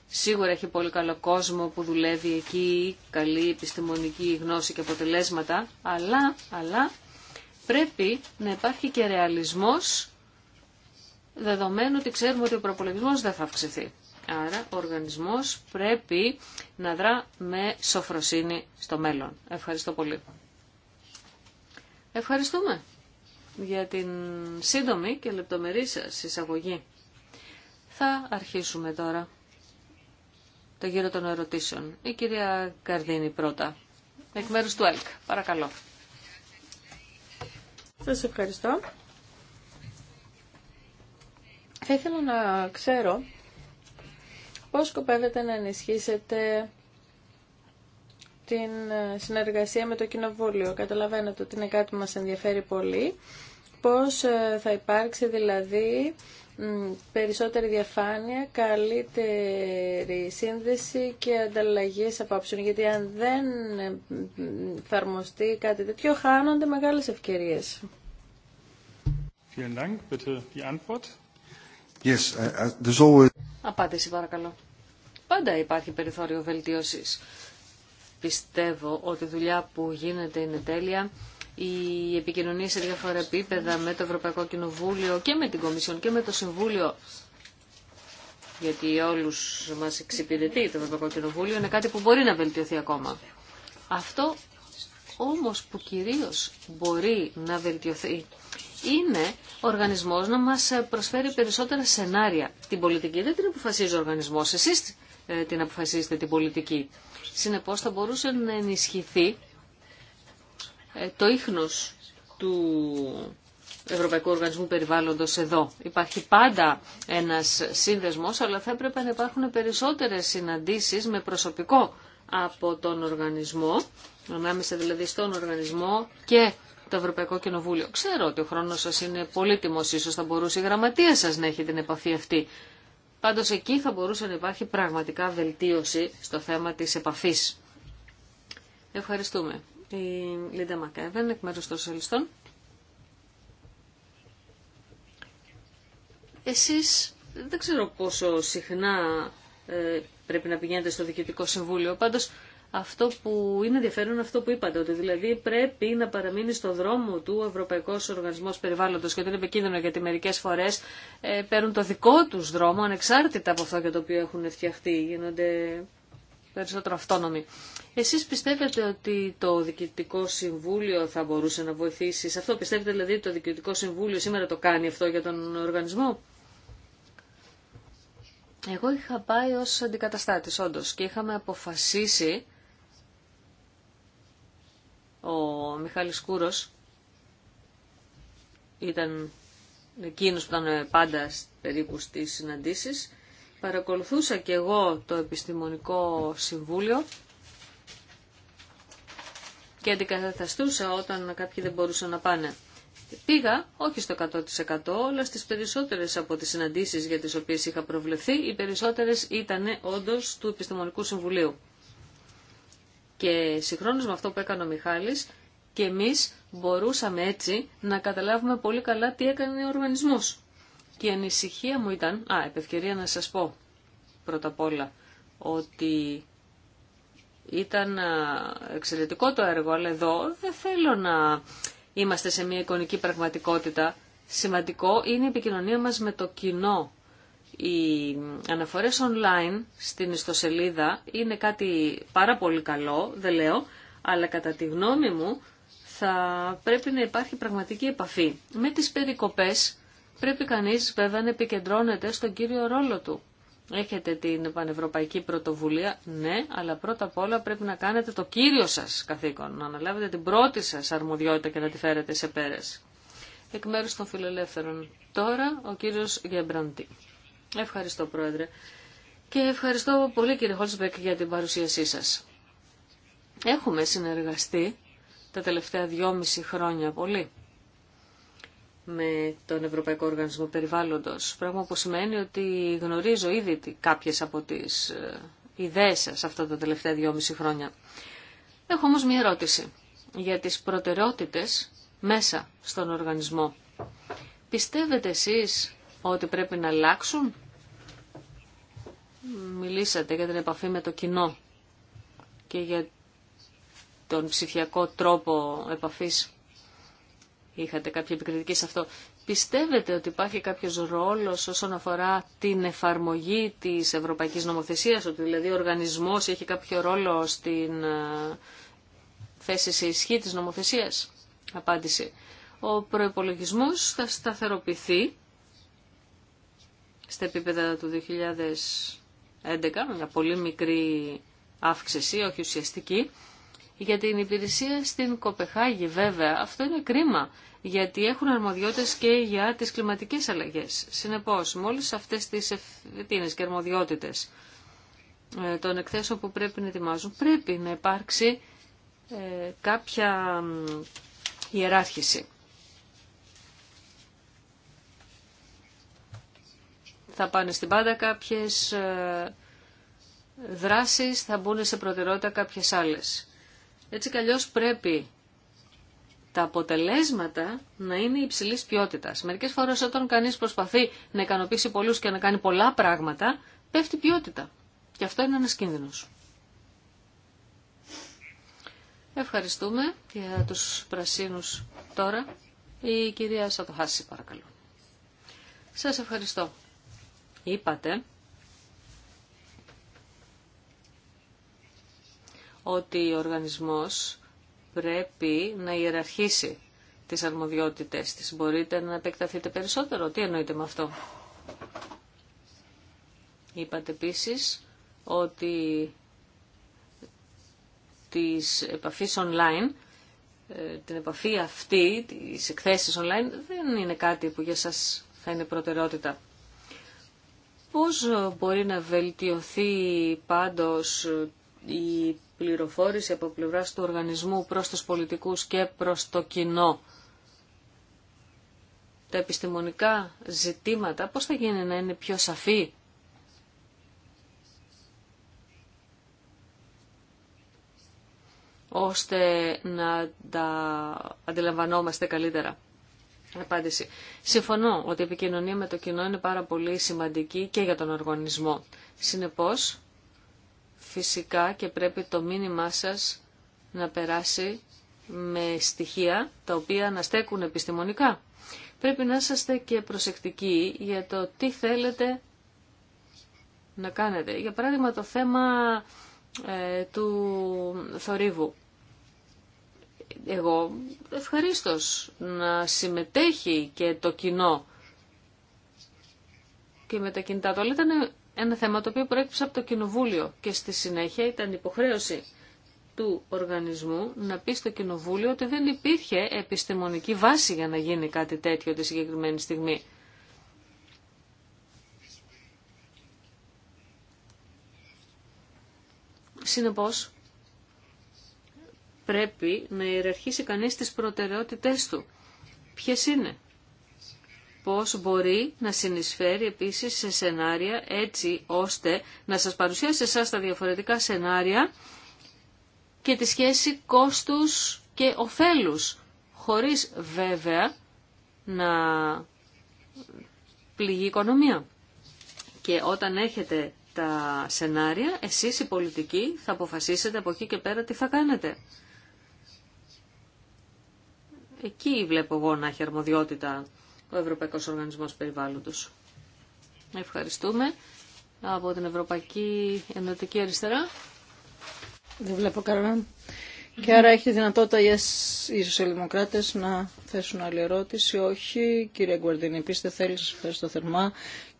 Σίγουρα έχει πολύ καλό κόσμο που δουλεύει εκεί, καλή επιστημονική γνώση και αποτελέσματα, αλλά, αλλά πρέπει να υπάρχει και ρεαλισμός δεδομένου ότι ξέρουμε ότι ο προπολογισμό δεν θα αυξηθεί. Άρα ο οργανισμός πρέπει να δρά με σοφροσύνη στο μέλλον. Ευχαριστώ πολύ. Ευχαριστούμε για την σύντομη και λεπτομερή σας εισαγωγή. Θα αρχίσουμε τώρα το γύρο των ερωτήσεων. Η κυρία Καρδίνη πρώτα, εκ μέρους του ΕΛΚ. Παρακαλώ. Σας ευχαριστώ. Θα ήθελα να ξέρω πώς σκοπεύετε να ενισχύσετε την συνεργασία με το Κοινοβούλιο. Καταλαβαίνετε ότι είναι κάτι που μας ενδιαφέρει πολύ. Πώς ε, θα υπάρξει δηλαδή περισσότερη διαφάνεια, καλύτερη σύνδεση και ανταλλαγές απόψεων. Γιατί αν δεν εφαρμοστεί κάτι τέτοιο, χάνονται μεγάλες ευκαιρίες. Απάντηση παρακαλώ. Πάντα υπάρχει περιθώριο βελτιωση. Πιστεύω ότι η δουλειά που γίνεται είναι τέλεια η επικοινωνία σε διάφορα επίπεδα με το Ευρωπαϊκό Κοινοβούλιο και με την Κομισιόν και με το Συμβούλιο γιατί όλους μας εξυπηρετεί το Ευρωπαϊκό Κοινοβούλιο, είναι κάτι που μπορεί να βελτιωθεί ακόμα. Αυτό όμως που κυρίως μπορεί να βελτιωθεί είναι ο οργανισμός να μας προσφέρει περισσότερα σενάρια. Την πολιτική δεν την αποφασίζει ο οργανισμός, εσείς ε, την αποφασίζετε την πολιτική. Συνεπώς θα μπορούσε να ενισχυθεί ε, το ίχνος του Ευρωπαϊκού Οργανισμού Περιβάλλοντος εδώ. Υπάρχει πάντα ένας σύνδεσμος, αλλά θα έπρεπε να υπάρχουν περισσότερες συναντήσεις με προσωπικό από τον οργανισμό, ανάμεσα δηλαδή στον οργανισμό και το Ευρωπαϊκό Κοινοβούλιο. Ξέρω ότι ο χρόνος σας είναι πολύτιμος, ίσως θα μπορούσε η γραμματεία σας να έχει την επαφή αυτή. Πάντως εκεί θα μπορούσε να υπάρχει πραγματικά βελτίωση στο θέμα της επαφής. Ευχαριστούμε. Η Λίντα Μακέβεν εκ μέρους των Εσείς δεν ξέρω πόσο συχνά ε, πρέπει να πηγαίνετε στο Διοικητικό Συμβούλιο, πάντως αυτό που είναι ενδιαφέρον αυτό που είπατε, ότι δηλαδή πρέπει να παραμείνει στο δρόμο του Ευρωπαϊκό Οργανισμό Περιβάλλοντος και ότι είναι επικίνδυνο γιατί μερικές φορές ε, παίρνουν το δικό τους δρόμο ανεξάρτητα από αυτό για το οποίο έχουν φτιαχτεί, γίνονται περισσότερο αυτόνομοι. Εσείς πιστεύετε ότι το Διοικητικό Συμβούλιο θα μπορούσε να βοηθήσει σε αυτό. Πιστεύετε δηλαδή ότι το Διοικητικό Συμβούλιο σήμερα το κάνει αυτό για τον οργανισμό. Εγώ είχα πάει ως αντικαταστάτης όντως και είχαμε αποφασίσει ο Μιχάλης Κούρος ήταν εκείνος που ήταν πάντα περίπου στις συναντήσεις παρακολουθούσα και εγώ το Επιστημονικό Συμβούλιο και αντικαταστούσα όταν κάποιοι δεν μπορούσαν να πάνε. Πήγα, όχι στο 100%, αλλά στις περισσότερες από τις συναντήσεις για τις οποίες είχα προβλεφθεί, οι περισσότερες ήταν όντως του Επιστημονικού Συμβουλίου. Και συγχρόνως με αυτό που έκανε ο Μιχάλης, και εμείς μπορούσαμε έτσι να καταλάβουμε πολύ καλά τι έκανε ο οργανισμός. Και η ανησυχία μου ήταν, α, επευκαιρία να σας πω πρώτα απ' όλα, ότι ήταν εξαιρετικό το έργο, αλλά εδώ δεν θέλω να είμαστε σε μια εικονική πραγματικότητα. Σημαντικό είναι η επικοινωνία μας με το κοινό. Οι αναφορές online στην ιστοσελίδα είναι κάτι πάρα πολύ καλό, δεν λέω, αλλά κατά τη γνώμη μου θα πρέπει να υπάρχει πραγματική επαφή. Με τις περικοπές Πρέπει κανείς βέβαια να επικεντρώνεται στον κύριο ρόλο του. Έχετε την πανευρωπαϊκή πρωτοβουλία, ναι, αλλά πρώτα απ' όλα πρέπει να κάνετε το κύριο σας καθήκον, να αναλάβετε την πρώτη σας αρμοδιότητα και να τη φέρετε σε πέρες. Εκ μέρους των φιλελεύθερων τώρα, ο κύριος Γεμπραντή. Ευχαριστώ Πρόεδρε. Και ευχαριστώ πολύ κύριε Χόλσμπεκ για την παρουσίασή σας. Έχουμε συνεργαστεί τα τελευταία δυόμιση χρόνια πολύ με τον Ευρωπαϊκό Οργανισμό Περιβάλλοντος. Πράγμα που σημαίνει ότι γνωρίζω ήδη κάποιες από τις ε, ιδέες σας αυτά τα τελευταία δυόμιση χρόνια. Έχω όμως μία ερώτηση για τις προτεραιότητες μέσα στον οργανισμό. Πιστεύετε εσείς ότι πρέπει να αλλάξουν? Μιλήσατε για την επαφή με το κοινό και για τον ψηφιακό τρόπο επαφής είχατε κάποια επικριτική σε αυτό. Πιστεύετε ότι υπάρχει κάποιος ρόλος όσον αφορά την εφαρμογή της ευρωπαϊκής νομοθεσίας, ότι δηλαδή ο οργανισμός έχει κάποιο ρόλο στην ε, θέση σε ισχύ της νομοθεσίας. Απάντηση. Ο προϋπολογισμός θα σταθεροποιηθεί στα επίπεδα του 2011, μια πολύ μικρή αύξηση, όχι ουσιαστική, για την υπηρεσία στην Κοπεχάγη βέβαια. Αυτό είναι κρίμα γιατί έχουν αρμοδιότητες και για τις κλιματικές αλλαγές. Συνεπώς, με αυτές τις ευθύνες και αρμοδιότητες ε, των εκθέσεων που πρέπει να ετοιμάζουν, πρέπει να υπάρξει ε, κάποια ιεράρχηση. Θα πάνε στην πάντα κάποιες ε, δράσεις, θα μπουν σε προτεραιότητα κάποιες άλλες. Έτσι κι αλλιώς πρέπει τα αποτελέσματα να είναι υψηλής ποιότητας. Μερικές φορές όταν κανείς προσπαθεί να ικανοποιήσει πολλούς και να κάνει πολλά πράγματα, πέφτει ποιότητα. Και αυτό είναι ένας κίνδυνος. Ευχαριστούμε για τους πρασίνους τώρα. Η κυρία Σατοχάση παρακαλώ. Σας ευχαριστώ. Είπατε ότι ο οργανισμός πρέπει να ιεραρχήσει τις αρμοδιότητες της. Μπορείτε να επεκταθείτε περισσότερο. Τι εννοείτε με αυτό. Είπατε επίσης ότι τις επαφής online, ε, την επαφή αυτή, τις εκθέσεις online, δεν είναι κάτι που για σας θα είναι προτεραιότητα. Πώς μπορεί να βελτιωθεί πάντως η πληροφόρηση από πλευρά του οργανισμού προς τους πολιτικούς και προς το κοινό. Τα επιστημονικά ζητήματα πώς θα γίνει να είναι πιο σαφή. ώστε να τα αντιλαμβανόμαστε καλύτερα. Απάντηση. Συμφωνώ ότι η επικοινωνία με το κοινό είναι πάρα πολύ σημαντική και για τον οργανισμό. Συνεπώς, φυσικά και πρέπει το μήνυμά σας να περάσει με στοιχεία τα οποία να στέκουν επιστημονικά. Πρέπει να είσαστε και προσεκτικοί για το τι θέλετε να κάνετε. Για παράδειγμα το θέμα ε, του θορύβου. Εγώ ευχαρίστως να συμμετέχει και το κοινό και με τα κινητά Το ένα θέμα το οποίο προέκυψε από το Κοινοβούλιο και στη συνέχεια ήταν υποχρέωση του οργανισμού να πει στο Κοινοβούλιο ότι δεν υπήρχε επιστημονική βάση για να γίνει κάτι τέτοιο τη συγκεκριμένη στιγμή. Συνεπώς, πρέπει να ιεραρχήσει κανείς τις προτεραιότητές του. Ποιες είναι πώς μπορεί να συνεισφέρει επίσης σε σενάρια έτσι ώστε να σας παρουσιάσει εσά τα διαφορετικά σενάρια και τη σχέση κόστους και ωφέλους, χωρίς βέβαια να πληγεί η οικονομία. Και όταν έχετε τα σενάρια, εσείς οι πολιτικοί θα αποφασίσετε από εκεί και πέρα τι θα κάνετε. Εκεί βλέπω εγώ να έχει αρμοδιότητα ο Ευρωπαϊκός Οργανισμός Περιβάλλοντος. Ευχαριστούμε. Από την Ευρωπαϊκή Ενωτική Αριστερά. Δεν βλέπω κανέναν. Και άρα έχει δυνατότητα οι σοσιαλδημοκράτε να θέσουν άλλη ερώτηση. Όχι. Κύριε Γκουαρδίνη, επίση θέλει. Σα ευχαριστώ θερμά.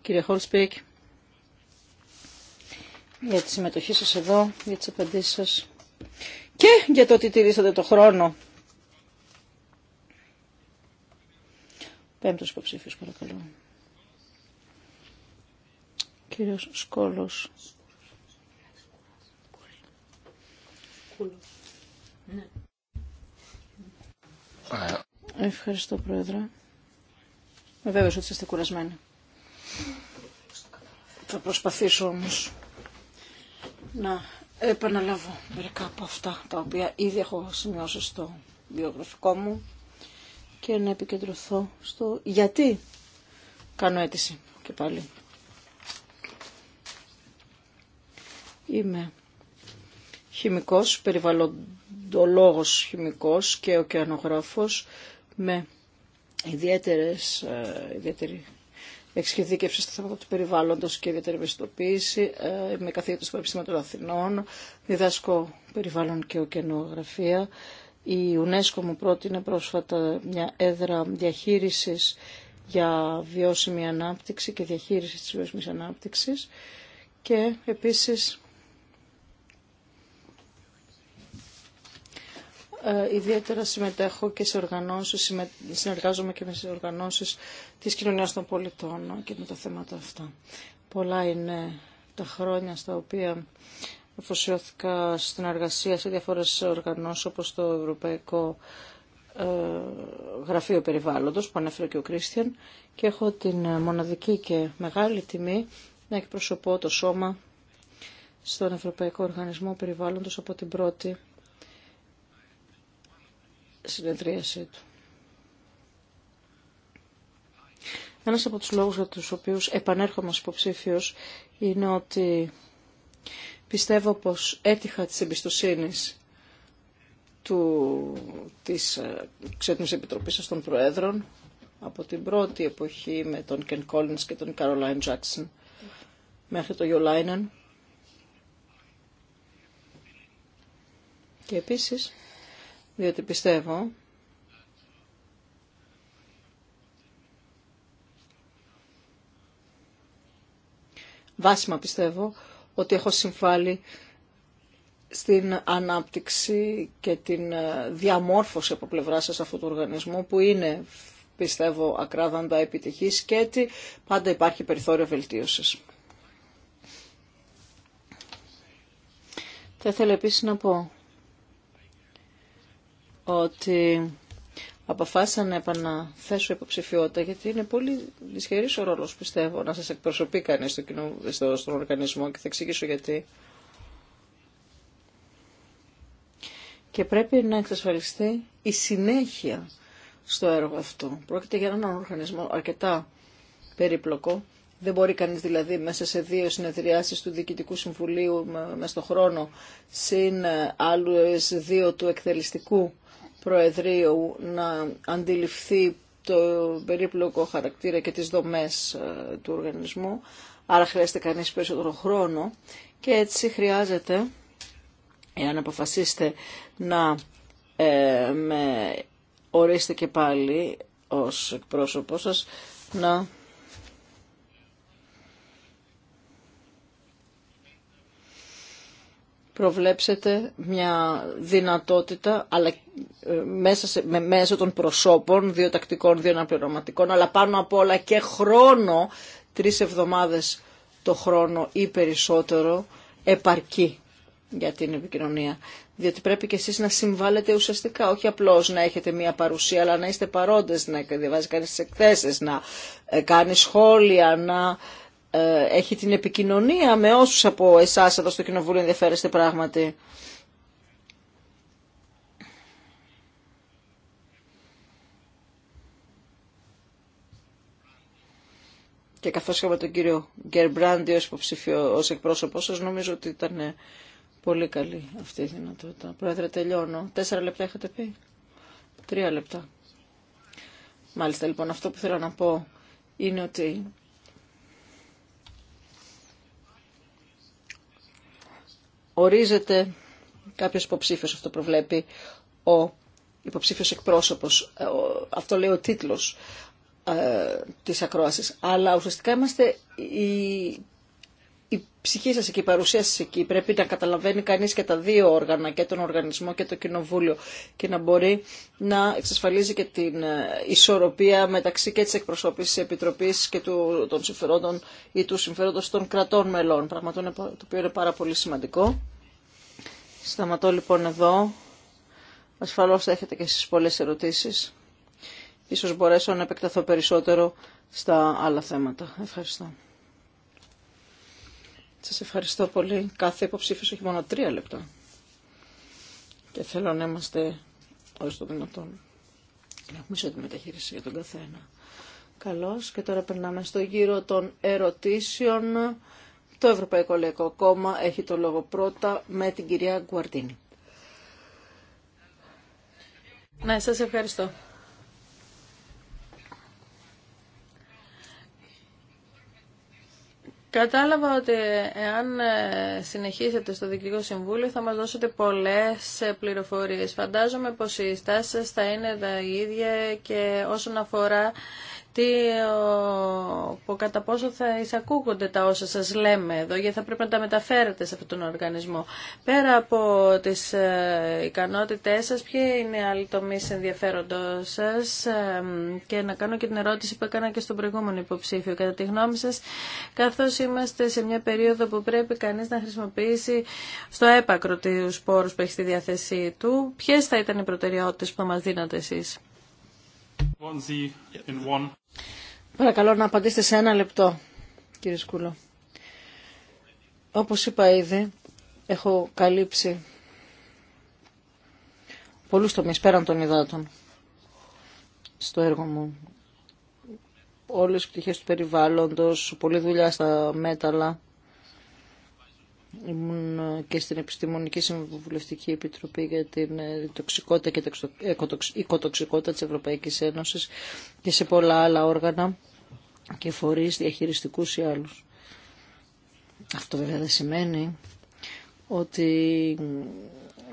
Κύριε Χολσπίκ, για τη συμμετοχή σα εδώ, για τι απαντήσει σα και για το ότι τηρήσατε το χρόνο Πέμπτος υποψήφιος, παρακαλώ. Κύριος Σκόλος. Ευχαριστώ, Πρόεδρε. Βέβαια ότι είστε κουρασμένοι. Θα προσπαθήσω όμως να επαναλάβω μερικά από αυτά τα οποία ήδη έχω σημειώσει στο βιογραφικό μου και να επικεντρωθώ στο γιατί κάνω αίτηση και πάλι. Είμαι χημικός, περιβαλλοντολόγος χημικός και ωκεανογράφος με ιδιαίτερες, ε, ιδιαίτερη εξειδίκευση στο θέμα του περιβάλλοντος και ιδιαίτερη ευαισθητοποίηση. Ε, είμαι καθηγητής του Πανεπιστήμιου των Αθηνών, διδάσκω περιβάλλον και ωκεανογραφία η UNESCO μου πρότεινε πρόσφατα μια έδρα διαχείρισης για βιώσιμη ανάπτυξη και διαχείριση της βιώσιμης ανάπτυξης και επίσης ε, ιδιαίτερα συμμετέχω και σε οργανώσεις, συνεργάζομαι και με τις οργανώσεις της κοινωνίας των πολιτών και με τα θέματα αυτά. Πολλά είναι τα χρόνια στα οποία αφοσιώθηκα στην εργασία σε διάφορες οργανώσεις όπως το Ευρωπαϊκό ε, Γραφείο Περιβάλλοντος που ανέφερε και ο Κρίστιαν και έχω την μοναδική και μεγάλη τιμή να εκπροσωπώ το σώμα στον Ευρωπαϊκό Οργανισμό Περιβάλλοντος από την πρώτη συνεδρίασή του. Ένας από τους λόγους για τους οποίους επανέρχομαι ως υποψήφιος είναι ότι Πιστεύω πως έτυχα της εμπιστοσύνης του, της Επιτροπή Επιτροπής των Προέδρων από την πρώτη εποχή με τον Κεν Collins και τον Καρολάιν Jackson μέχρι το Γιολάινεν. Και επίσης, διότι πιστεύω βάσιμα πιστεύω ότι έχω συμβάλει στην ανάπτυξη και την ε, διαμόρφωση από πλευρά σας αυτού του οργανισμού που είναι πιστεύω ακράδαντα επιτυχής και ότι πάντα υπάρχει περιθώριο βελτίωσης. Θα ήθελα επίσης να πω ότι αποφάσισα να επαναθέσω υποψηφιότητα, γιατί είναι πολύ δυσχερή ο ρόλο, πιστεύω, να σα εκπροσωπεί κανεί στο κοινό, στο, στον οργανισμό και θα εξηγήσω γιατί. Και πρέπει να εξασφαλιστεί η συνέχεια στο έργο αυτό. Πρόκειται για έναν οργανισμό αρκετά περίπλοκο. Δεν μπορεί κανείς δηλαδή μέσα σε δύο συνεδριάσεις του Διοικητικού Συμβουλίου μέσα στον χρόνο συν άλλες δύο του εκτελεστικού Προεδρείου να αντιληφθεί το περίπλοκο χαρακτήρα και τις δομές ε, του οργανισμού, άρα χρειάζεται κανείς περισσότερο χρόνο και έτσι χρειάζεται, εάν αποφασίσετε να ε, με ορίσετε και πάλι ως εκπρόσωπό σας, να προβλέψετε μια δυνατότητα αλλά ε, μέσα σε, με, μέσω των προσώπων, δύο τακτικών, δύο αναπληρωματικών, αλλά πάνω απ' όλα και χρόνο, τρεις εβδομάδες το χρόνο ή περισσότερο, επαρκεί για την επικοινωνία. Διότι πρέπει και εσείς να συμβάλλετε ουσιαστικά, όχι απλώς να έχετε μία παρουσία, αλλά να είστε παρόντες, να διαβάζει κανείς τις εκθέσεις, να ε, κάνει σχόλια, να ε, έχει την επικοινωνία με όσους από εσάς εδώ στο Κοινοβούλιο ενδιαφέρεστε πράγματι. Και καθώς είχαμε τον κύριο Γκερμπράντι ως υποψηφίο, ως εκπρόσωπό σας, νομίζω ότι ήταν πολύ καλή αυτή η δυνατότητα. Πρόεδρε, τελειώνω. Τέσσερα λεπτά είχατε πει. Τρία λεπτά. Μάλιστα, λοιπόν, αυτό που θέλω να πω είναι ότι ορίζεται κάποιος υποψήφιος, αυτό προβλέπει ο υποψήφιος εκπρόσωπος, ε, αυτό λέει ο τίτλος ε, της ακρόασης, αλλά ουσιαστικά είμαστε οι η ψυχή σας εκεί, η παρουσία σας εκεί πρέπει να καταλαβαίνει κανείς και τα δύο όργανα, και τον οργανισμό και το κοινοβούλιο και να μπορεί να εξασφαλίζει και την ε, ισορροπία μεταξύ και της εκπροσώπησης της Επιτροπής και του, των συμφερόντων ή του συμφερόντος των κρατών μελών, πράγμα το οποίο είναι πάρα πολύ σημαντικό. Σταματώ λοιπόν εδώ. Ασφαλώς θα έχετε και εσείς πολλές ερωτήσεις. Ίσως μπορέσω να επεκταθώ περισσότερο στα άλλα θέματα. Ευχαριστώ. Σας ευχαριστώ πολύ. Κάθε υποψήφιος έχει μόνο τρία λεπτά. Και θέλω να είμαστε όσο δυνατόν. Να έχουμε ισότητα μεταχείριση για τον καθένα. Καλώς. Και τώρα περνάμε στο γύρο των ερωτήσεων. Το Ευρωπαϊκό Λαϊκό Κόμμα έχει το λόγο πρώτα με την κυρία Γκουαρτίνη. Ναι, σας ευχαριστώ. Κατάλαβα ότι εάν ε, συνεχίσετε στο Διοικητικό Συμβούλιο θα μας δώσετε πολλές ε, πληροφορίες. Φαντάζομαι πως οι στάσεις θα είναι τα ίδια και όσον αφορά τι, που κατά πόσο θα εισακούγονται τα όσα σας λέμε εδώ, γιατί θα πρέπει να τα μεταφέρετε σε αυτόν τον οργανισμό. Πέρα από τις ε, ικανότητές σας, ποια είναι άλλη τομή ενδιαφέροντο σας και να κάνω και την ερώτηση που έκανα και στον προηγούμενο υποψήφιο. Κατά τη γνώμη σας, καθώς είμαστε σε μια περίοδο που πρέπει κανείς να χρησιμοποιήσει στο έπακρο τους πόρους που έχει στη διάθεσή του, ποιες θα ήταν οι προτεραιότητες που θα μας δίνατε εσείς. Παρακαλώ να απαντήσετε σε ένα λεπτό, κύριε Σκούλο. Όπως είπα ήδη, έχω καλύψει πολλούς τομείς πέραν των υδάτων στο έργο μου. Όλες τις πτυχές του περιβάλλοντος, πολλή δουλειά στα μέταλλα, ήμουν και στην Επιστημονική Συμβουλευτική Επιτροπή για την ε, τοξικότητα και οικοτοξικότητα της Ευρωπαϊκής Ένωσης και σε πολλά άλλα όργανα και φορείς διαχειριστικούς ή άλλους. Αυτό βέβαια δεν σημαίνει ότι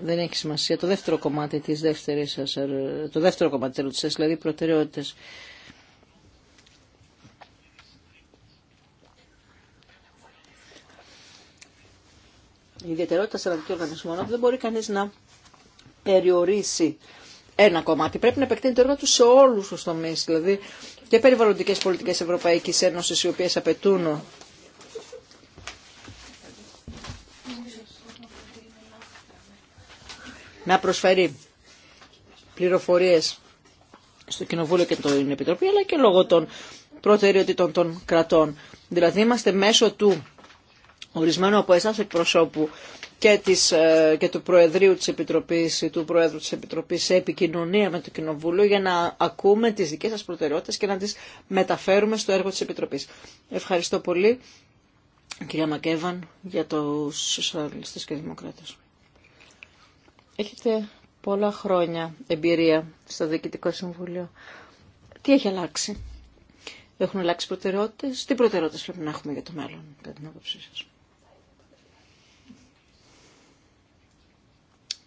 δεν έχει σημασία το δεύτερο κομμάτι της δεύτερης σας, ε, το δεύτερο κομμάτι της δηλαδή προτεραιότητες. η ιδιαιτερότητα είναι ότι δεν μπορεί κανείς να περιορίσει ένα κομμάτι. Πρέπει να επεκτείνει το έργο του σε όλους τους τομείς, δηλαδή και περιβαλλοντικές πολιτικές Ευρωπαϊκής Ένωσης οι οποίες απαιτούν να προσφέρει πληροφορίες στο Κοινοβούλιο και την Επιτροπή, αλλά και λόγω των προτεραιοτήτων των κρατών. Δηλαδή είμαστε μέσω του ορισμένο από εσάς εκπροσώπου και, της, ε, και του Προεδρείου της Επιτροπής ή του Προέδρου της Επιτροπής σε επικοινωνία με το Κοινοβούλιο για να ακούμε τις δικές σας προτεραιότητες και να τις μεταφέρουμε στο έργο της Επιτροπής. Ευχαριστώ πολύ, κυρία Μακέβαν, για τους σοσιαλιστές και δημοκράτες. Έχετε πολλά χρόνια εμπειρία στο Διοικητικό Συμβούλιο. Τι έχει αλλάξει. Έχουν αλλάξει προτεραιότητες. Τι προτεραιότητες πρέπει να έχουμε για το μέλλον, κατά την άποψή σας.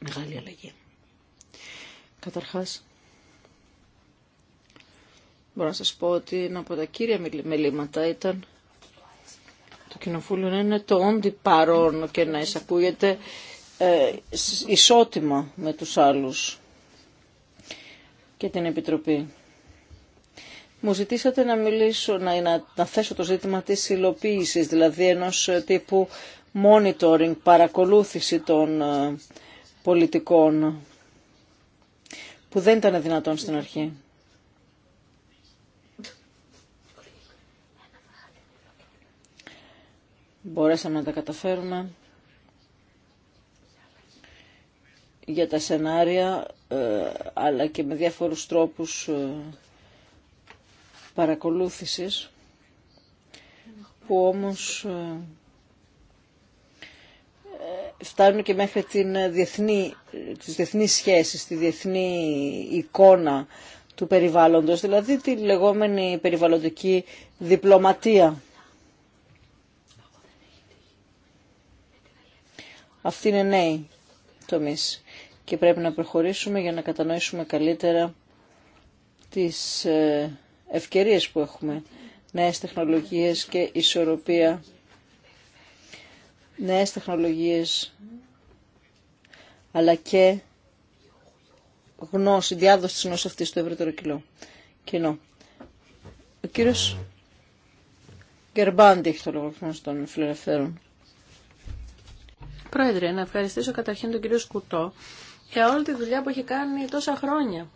μεγάλη αλλαγή. Καταρχάς, μπορώ να σας πω ότι ένα από τα κύρια μελήματα ήταν το κοινοβούλιο να είναι το όντι παρόν και να εισακούγεται ε, ισότιμα με τους άλλους και την Επιτροπή. Μου ζητήσατε να μιλήσω, να, θέσω το ζήτημα της υλοποίησης, δηλαδή ενός τύπου monitoring, παρακολούθηση των ε, πολιτικών που δεν ήταν δυνατόν στην αρχή. Μπορέσαμε να τα καταφέρουμε. για τα σενάρια ε, αλλά και με διάφορους τρόπους ε, παρακολούθησης που όμως ε, φτάνουν και μέχρι την ε, διεθνή, τις διεθνείς σχέσεις, τη διεθνή εικόνα του περιβάλλοντος, δηλαδή τη λεγόμενη περιβαλλοντική διπλωματία. Αυτή είναι νέη τομείς και πρέπει να προχωρήσουμε για να κατανοήσουμε καλύτερα τις ε, ευκαιρίες που έχουμε, νέες τεχνολογίες και ισορροπία νέες τεχνολογίες αλλά και γνώση, διάδοση της γνώσης αυτής στο ευρύτερο κοινό. κοινό. Ο κύριος Γκερμπάντη έχει το λόγο των φιλελευθέρων. Πρόεδρε, να ευχαριστήσω καταρχήν τον κύριο Σκουτό για όλη τη δουλειά που έχει κάνει τόσα χρόνια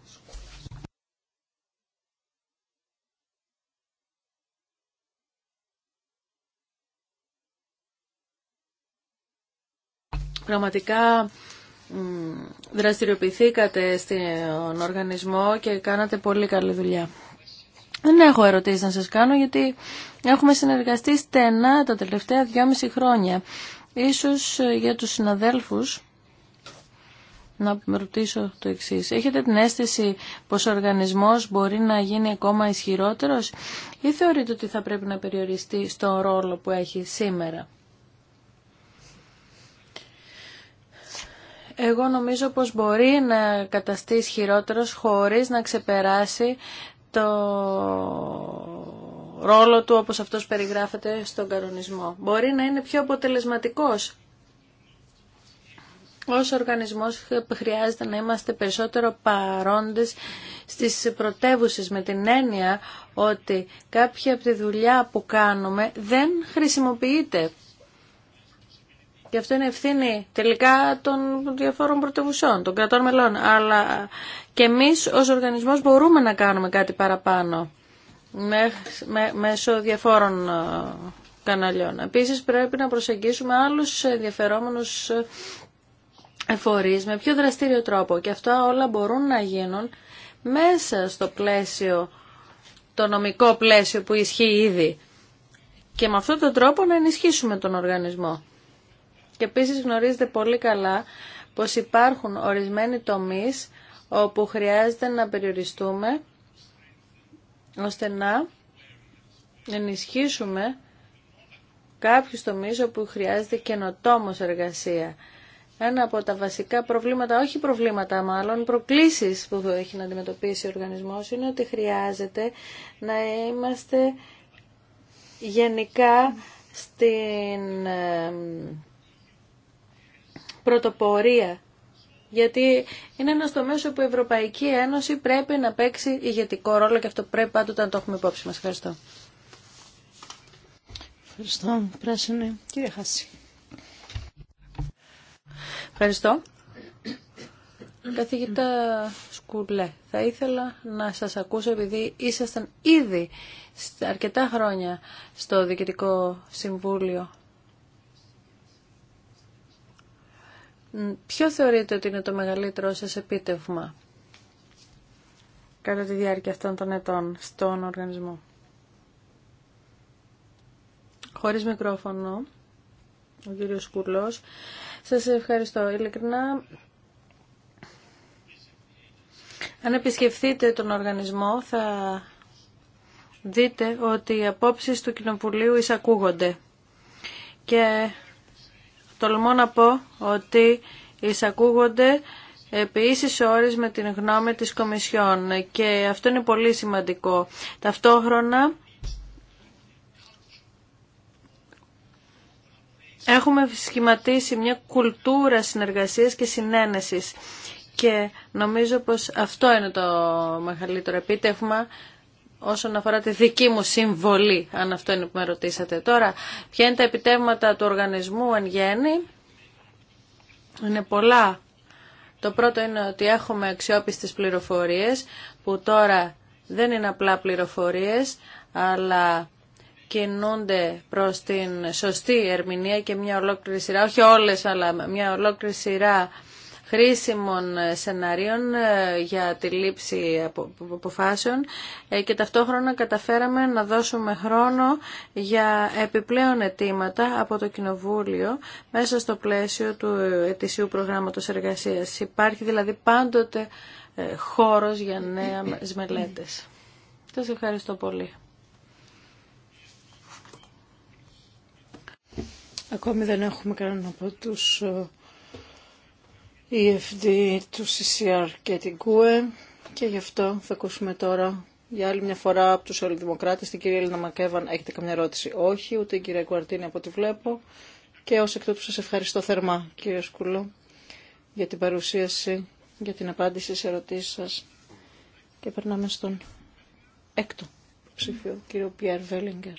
Πραγματικά δραστηριοποιηθήκατε στον οργανισμό και κάνατε πολύ καλή δουλειά. Δεν έχω ερωτήσεις να σας κάνω γιατί έχουμε συνεργαστεί στενά τα τελευταία δυόμιση χρόνια. Ίσως ε, για τους συναδέλφους να ρωτήσω το εξή. Έχετε την αίσθηση πως ο οργανισμός μπορεί να γίνει ακόμα ισχυρότερος ή θεωρείτε ότι θα πρέπει να περιοριστεί στον ρόλο που έχει σήμερα. εγώ νομίζω πως μπορεί να καταστεί ισχυρότερος χωρίς να ξεπεράσει το ρόλο του όπως αυτός περιγράφεται στον καρονισμό. Μπορεί να είναι πιο αποτελεσματικός. Ως οργανισμός χρειάζεται να είμαστε περισσότερο παρόντες στις πρωτεύουσε με την έννοια ότι κάποια από τη δουλειά που κάνουμε δεν χρησιμοποιείται και αυτό είναι ευθύνη τελικά των διαφόρων πρωτευουσών, των κρατών μελών. Αλλά και εμείς ως οργανισμός μπορούμε να κάνουμε κάτι παραπάνω μέσω διαφόρων ε, καναλιών. Επίσης πρέπει να προσεγγίσουμε άλλους ενδιαφερόμενους ε, εφορείς με πιο δραστήριο τρόπο και αυτά όλα μπορούν να γίνουν μέσα στο πλαίσιο, το νομικό πλαίσιο που ισχύει ήδη και με αυτόν τον τρόπο να ενισχύσουμε τον οργανισμό. Και επίσης γνωρίζετε πολύ καλά πως υπάρχουν ορισμένοι τομείς όπου χρειάζεται να περιοριστούμε ώστε να ενισχύσουμε κάποιους τομείς όπου χρειάζεται καινοτόμως εργασία. Ένα από τα βασικά προβλήματα, όχι προβλήματα μάλλον, προκλήσεις που έχει να αντιμετωπίσει ο οργανισμός είναι ότι χρειάζεται να είμαστε γενικά στην ε, πρωτοπορία. Γιατί είναι ένα τομέα όπου η Ευρωπαϊκή Ένωση πρέπει να παίξει ηγετικό ρόλο και αυτό πρέπει πάντοτε να το έχουμε υπόψη μα. Ευχαριστώ. Ευχαριστώ. Πράσινη. Κύριε Χάση. Ευχαριστώ. Καθηγητά Σκουλέ, θα ήθελα να σας ακούσω επειδή ήσασταν ήδη αρκετά χρόνια στο Διοικητικό Συμβούλιο Ποιο θεωρείτε ότι είναι το μεγαλύτερό σας επίτευγμα κατά τη διάρκεια αυτών των ετών στον οργανισμό. Χωρίς μικρόφωνο, ο κύριος Κουρλός. Σας ευχαριστώ. Ειλικρινά, αν επισκεφθείτε τον οργανισμό θα δείτε ότι οι απόψεις του Κοινοβουλίου εισακούγονται. Και τολμώ να πω ότι εισακούγονται επί ίσης ώρες με την γνώμη της Κομισιόν και αυτό είναι πολύ σημαντικό. Ταυτόχρονα έχουμε σχηματίσει μια κουλτούρα συνεργασίας και συνένεσης και νομίζω πως αυτό είναι το μεγαλύτερο επίτευγμα όσον αφορά τη δική μου συμβολή, αν αυτό είναι που με ρωτήσατε τώρα. Ποια είναι τα επιτεύγματα του οργανισμού εν γέννη. Είναι πολλά. Το πρώτο είναι ότι έχουμε αξιόπιστες πληροφορίες, που τώρα δεν είναι απλά πληροφορίες, αλλά κινούνται προς την σωστή ερμηνεία και μια ολόκληρη σειρά, όχι όλες, αλλά μια ολόκληρη σειρά χρήσιμων σενάριων ε, για τη λήψη αποφάσεων ε, και ταυτόχρονα καταφέραμε να δώσουμε χρόνο για επιπλέον αιτήματα από το Κοινοβούλιο μέσα στο πλαίσιο του ετησίου προγράμματος εργασίας. Υπάρχει δηλαδή πάντοτε ε, χώρος για νέα μελέτες. Σας ευχαριστώ πολύ. Ακόμη δεν έχουμε κανέναν από τους η EFD, του CCR και την ΚΟΕ και γι' αυτό θα ακούσουμε τώρα για άλλη μια φορά από τους Ολυδημοκράτες την κυρία Ελίνα Μακέβαν. Έχετε καμιά ερώτηση. Όχι, ούτε η κυρία Κουαρτίνη από ό,τι βλέπω. Και ως εκ τούτου σας ευχαριστώ θερμά κύριε Σκουλό για την παρουσίαση, για την απάντηση σε ερωτήσεις σας. Και περνάμε στον έκτο ψήφιο, κύριο Πιέρ Βέλιγκερ.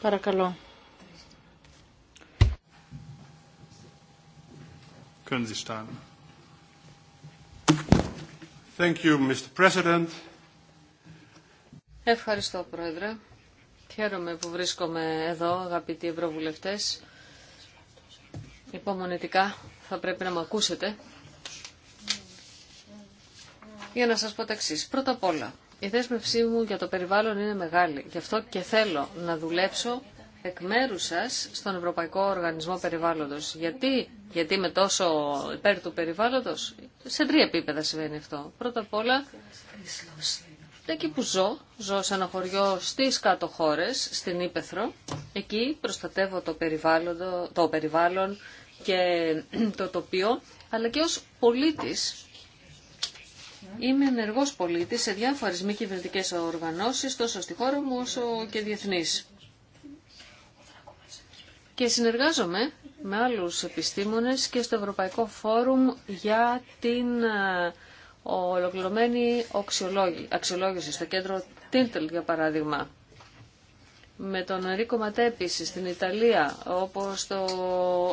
Παρακαλώ. Ευχαριστώ, Πρόεδρε. Χαίρομαι που βρίσκομαι εδώ, αγαπητοί Ευρωβουλευτές. Υπομονετικά θα πρέπει να με ακούσετε. Για να σας πω τα Πρώτα απ' όλα, η δέσμευσή μου για το περιβάλλον είναι μεγάλη. Γι' αυτό και θέλω να δουλέψω εκ μέρου σα στον Ευρωπαϊκό Οργανισμό Περιβάλλοντος. Γιατί, γιατί είμαι τόσο υπέρ του περιβάλλοντος. Σε τρία επίπεδα συμβαίνει αυτό. Πρώτα απ' όλα, εκεί που ζω, ζω σε ένα χωριό στι κάτω χώρε στην Ήπεθρο, εκεί προστατεύω το, το περιβάλλον και το τοπίο, αλλά και ως πολίτης Είμαι ενεργός πολίτης σε διάφορες μη κυβερνητικέ οργανώσεις, τόσο στη χώρα μου όσο και διεθνής. Και συνεργάζομαι με άλλους επιστήμονες και στο Ευρωπαϊκό Φόρουμ για την ε, ολοκληρωμένη αξιολόγηση στο κέντρο Τίντελ, για παράδειγμα. Με τον Ρίκο Ματέπιση στην Ιταλία, όπως το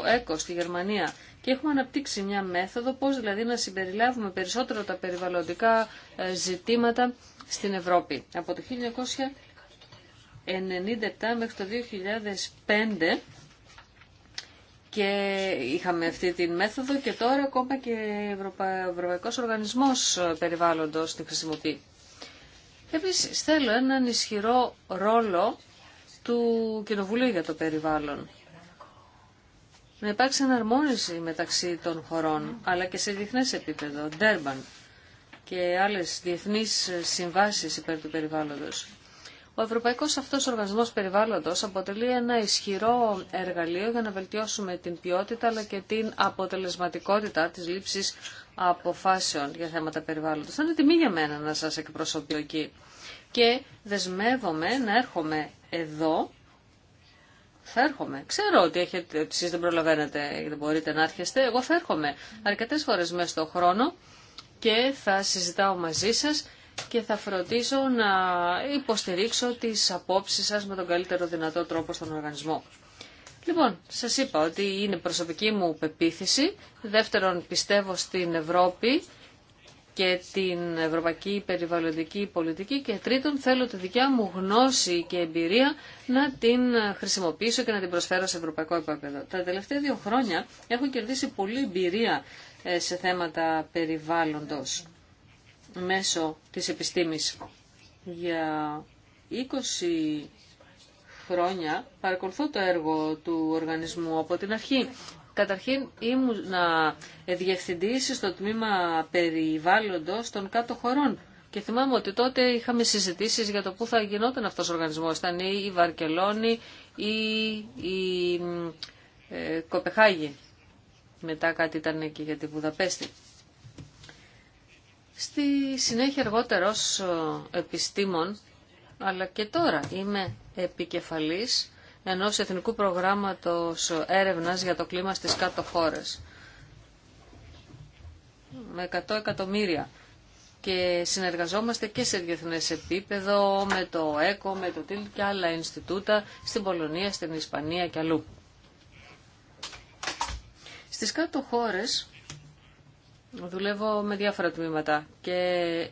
ΕΚΟ στη Γερμανία. Και έχουμε αναπτύξει μια μέθοδο πώς δηλαδή να συμπεριλάβουμε περισσότερο τα περιβαλλοντικά ε, ζητήματα στην Ευρώπη. Από το 1997 μέχρι το 2005 και είχαμε αυτή την μέθοδο και τώρα ακόμα και ο Ευρωπαϊκός Οργανισμός Περιβάλλοντος την χρησιμοποιεί. Επίσης θέλω έναν ισχυρό ρόλο του Κοινοβουλίου για το Περιβάλλον. Να υπάρξει εναρμόνιση μεταξύ των χωρών, αλλά και σε διεθνέ επίπεδο, Ντέρμπαν και άλλες διεθνείς συμβάσεις υπέρ του περιβάλλοντος. Ο Ευρωπαϊκός Αυτός Οργανισμός Περιβάλλοντος αποτελεί ένα ισχυρό εργαλείο για να βελτιώσουμε την ποιότητα αλλά και την αποτελεσματικότητα της λήψης αποφάσεων για θέματα περιβάλλοντος. Θα είναι τιμή για μένα να σας εκπροσωπεί εκεί. Και δεσμεύομαι να έρχομαι εδώ θα έρχομαι. Ξέρω ότι έχετε, εσείς δεν προλαβαίνετε δεν μπορείτε να έρχεστε. Εγώ θα έρχομαι αρκετές φορές μέσα στον χρόνο και θα συζητάω μαζί σας και θα φροντίσω να υποστηρίξω τις απόψεις σας με τον καλύτερο δυνατό τρόπο στον οργανισμό. Λοιπόν, σας είπα ότι είναι προσωπική μου πεποίθηση. Δεύτερον, πιστεύω στην Ευρώπη και την ευρωπαϊκή περιβαλλοντική πολιτική και τρίτον θέλω τη δικιά μου γνώση και εμπειρία να την χρησιμοποιήσω και να την προσφέρω σε ευρωπαϊκό επίπεδο. Τα τελευταία δύο χρόνια έχω κερδίσει πολλή εμπειρία ε, σε θέματα περιβάλλοντος μέσω της επιστήμης. Για 20 χρόνια παρακολουθώ το έργο του οργανισμού από την αρχή. Καταρχήν ήμουν διευθυντής στο τμήμα περιβάλλοντος των κάτω χωρών. Και θυμάμαι ότι τότε είχαμε συζητήσεις για το πού θα γινόταν αυτός ο οργανισμός. Ήταν ή η Βαρκελόνη ή η ε, Κοπεχάγη. Μετά κάτι ήταν και για τη Βουδαπέστη. Στη συνέχεια αργότερα ε, επιστήμων, αλλά και τώρα είμαι επικεφαλής ενός Εθνικού Προγράμματος Έρευνας για το κλίμα στις κάτω χώρες. Με 100 εκατομμύρια. Και συνεργαζόμαστε και σε διεθνές επίπεδο, με το ΕΚΟ, με το ΤΙΛ και άλλα Ινστιτούτα, στην Πολωνία, στην Ισπανία και αλλού. Στις κάτω χώρες Δουλεύω με διάφορα τμήματα και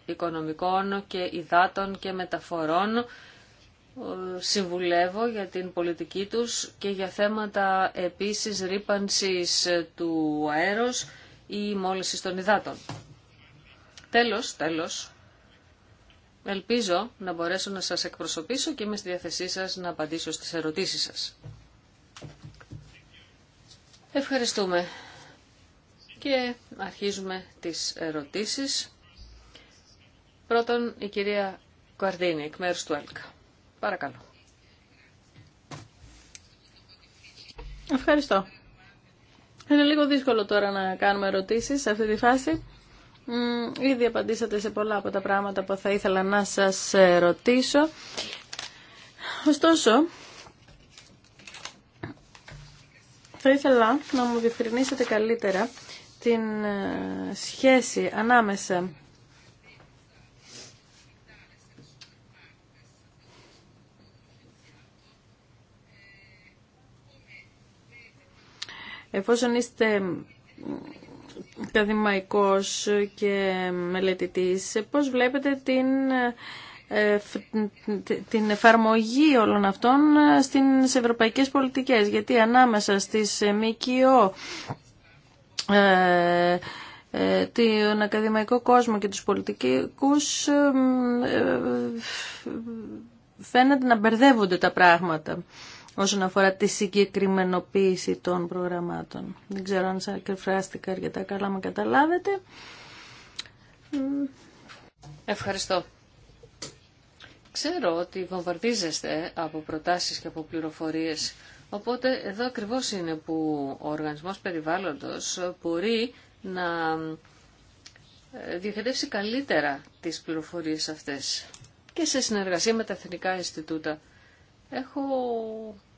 οικονομικών και υδάτων και μεταφορών. Ε, συμβουλεύω για την πολιτική τους και για θέματα επίσης ρήπανσης του αέρος ή μόλυνσης των υδάτων. Τέλος, τέλος, ελπίζω να μπορέσω να σας εκπροσωπήσω και είμαι στη διάθεσή σας να απαντήσω στις ερωτήσεις σας. Ευχαριστούμε και αρχίζουμε τις ερωτήσεις. Πρώτον, η κυρία Κουαρδίνη, εκ μέρους του ΕΛΚΑ. Παρακαλώ. Ευχαριστώ. Είναι λίγο δύσκολο τώρα να κάνουμε ερωτήσεις σε αυτή τη φάση. Ήδη απαντήσατε σε πολλά από τα πράγματα που θα ήθελα να σας ρωτήσω. Ωστόσο, θα ήθελα να μου διευκρινίσετε καλύτερα την ε, σχέση ανάμεσα εφόσον είστε καδημαϊκός και μελετητής, πώς βλέπετε την, ε, την εφαρμογή όλων αυτών ε, στις ευρωπαϊκές πολιτικές. Γιατί ανάμεσα στις ΜΚΟ, ε, ε, τον ακαδημαϊκό κόσμο και τους πολιτικούς ε, φαίνεται να μπερδεύονται τα πράγματα όσον αφορά τη συγκεκριμενοποίηση των προγραμμάτων. Δεν ξέρω αν σας εκφράστηκα αρκετά καλά με καταλάβετε. Ευχαριστώ. Ξέρω ότι βομβαρδίζεστε από προτάσεις και από πληροφορίες Οπότε εδώ ακριβώς είναι που ο οργανισμός περιβάλλοντος μπορεί να ε, διοχετεύσει καλύτερα τις πληροφορίες αυτές και σε συνεργασία με τα Εθνικά Ινστιτούτα. Έχω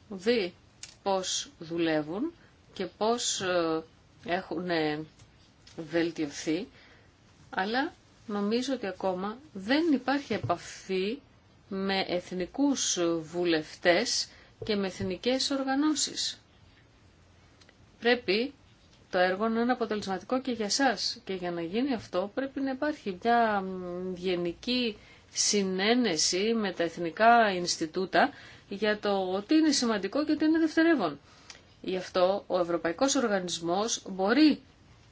δει πώς δουλεύουν και πώς ε, έχουν ε, βελτιωθεί, αλλά νομίζω ότι ακόμα δεν υπάρχει επαφή με εθνικούς βουλευτές και με εθνικέ οργανώσεις. Πρέπει το έργο να είναι αποτελεσματικό και για σας και για να γίνει αυτό πρέπει να υπάρχει μια γενική συνένεση με τα εθνικά Ινστιτούτα για το ότι είναι σημαντικό και τι είναι δευτερεύον. Γι' αυτό ο Ευρωπαϊκός Οργανισμός μπορεί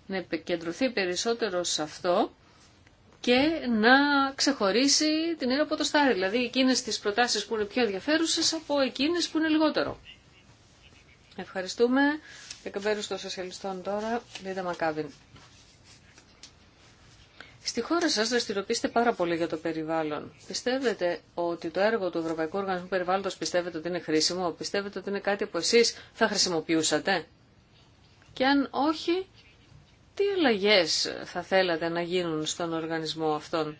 να επικεντρωθεί περισσότερο σε αυτό και να ξεχωρίσει την ύρα από το στάρι. Δηλαδή εκείνες τις προτάσεις που είναι πιο ενδιαφέρουσες από εκείνες που είναι λιγότερο. Ευχαριστούμε. Εκπέρους των Σοσιαλιστών τώρα, Λίδα Μακάβιν. Στη χώρα σας δραστηριοποιήσετε πάρα πολύ για το περιβάλλον. Πιστεύετε ότι το έργο του Ευρωπαϊκού Οργανισμού Περιβάλλοντος πιστεύετε ότι είναι χρήσιμο, πιστεύετε ότι είναι κάτι που εσείς θα χρησιμοποιούσατε. Και αν όχι, τι αλλαγές θα θέλατε να γίνουν στον οργανισμό αυτόν.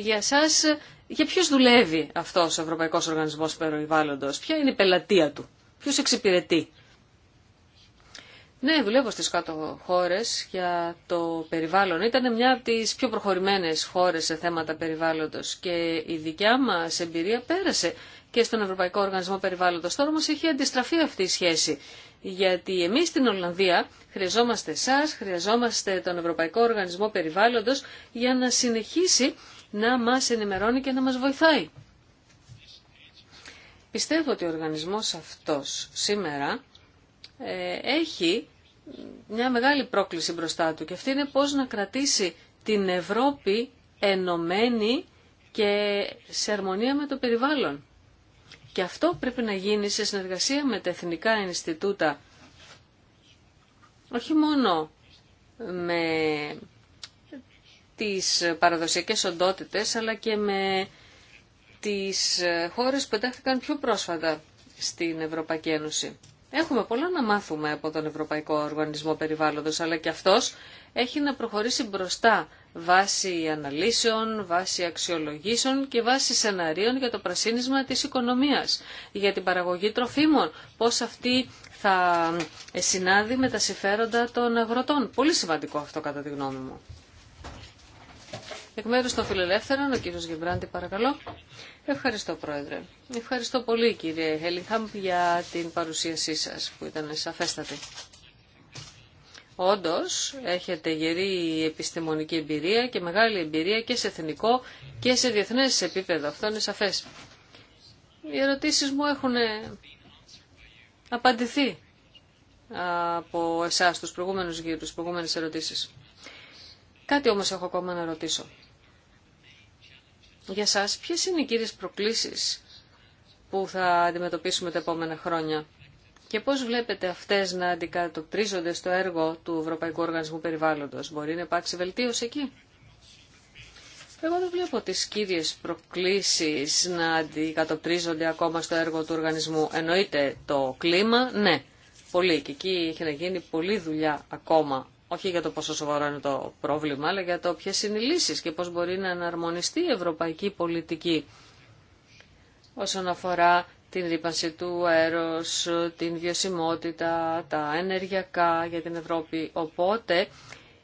Για σας, για ποιος δουλεύει αυτός ο Ευρωπαϊκός Οργανισμός Περιβάλλοντος, ποια είναι η πελατεία του, ποιος εξυπηρετεί. Ναι, δουλεύω στις κάτω χώρες για το περιβάλλον. Ήταν μια από τις πιο προχωρημένες χώρες σε θέματα περιβάλλοντος και η δικιά μας εμπειρία πέρασε και στον Ευρωπαϊκό Οργανισμό Περιβάλλοντος. Τώρα όμω έχει αντιστραφεί αυτή η σχέση γιατί εμείς στην Ολλανδία χρειαζόμαστε σας χρειαζόμαστε τον Ευρωπαϊκό Οργανισμό Περιβάλλοντος για να συνεχίσει να μας ενημερώνει και να μας βοηθάει. Πιστεύω ότι ο οργανισμός αυτός σήμερα ε, έχει μια μεγάλη πρόκληση μπροστά του και αυτή είναι πώς να κρατήσει την Ευρώπη ενωμένη και σε αρμονία με το περιβάλλον. Και αυτό πρέπει να γίνει σε συνεργασία με τα εθνικά Ινστιτούτα. Όχι μόνο με τις παραδοσιακές οντότητες, αλλά και με τις χώρες που εντάχθηκαν πιο πρόσφατα στην Ευρωπαϊκή Ένωση. Έχουμε πολλά να μάθουμε από τον Ευρωπαϊκό Οργανισμό Περιβάλλοντος, αλλά και αυτός έχει να προχωρήσει μπροστά βάσει αναλύσεων, βάσει αξιολογήσεων και βάσει σεναρίων για το πρασίνισμα της οικονομίας, για την παραγωγή τροφίμων, πώς αυτή θα ε, συνάδει με τα συμφέροντα των αγροτών. Πολύ σημαντικό αυτό κατά τη γνώμη μου. Εκ μέρους των φιλελεύθερων, ο κύριος Γεμπράντη παρακαλώ. Ευχαριστώ Πρόεδρε. Ευχαριστώ πολύ κύριε Χέλιγχαμπ για την παρουσίασή σας που ήταν σαφέστατη. Όντω έχετε γερή επιστημονική εμπειρία και μεγάλη εμπειρία και σε εθνικό και σε διεθνέ επίπεδο. Αυτό είναι σαφέ. Οι ερωτήσεις μου έχουν ε, απαντηθεί από εσά, τους προηγούμενους γύρους, τι προηγούμενες ερωτήσεις. Κάτι όμως έχω ακόμα να ρωτήσω. Για σας, ποιες είναι οι κύριες προκλήσεις που θα αντιμετωπίσουμε τα επόμενα χρόνια. Και πώς βλέπετε αυτές να αντικατοπτρίζονται στο έργο του Ευρωπαϊκού Οργανισμού Περιβάλλοντος. Μπορεί να υπάρξει βελτίωση εκεί. Εγώ δεν βλέπω τις κύριες προκλήσεις να αντικατοπτρίζονται ακόμα στο έργο του οργανισμού. Εννοείται το κλίμα, ναι, πολύ. Και εκεί έχει να γίνει πολλή δουλειά ακόμα. Όχι για το πόσο σοβαρό είναι το πρόβλημα, αλλά για το ποιε είναι οι λύσεις και πώς μπορεί να αναρμονιστεί η ευρωπαϊκή πολιτική όσον αφορά την ρήπανση του αέρος, την βιωσιμότητα, τα ενεργειακά για την Ευρώπη. Οπότε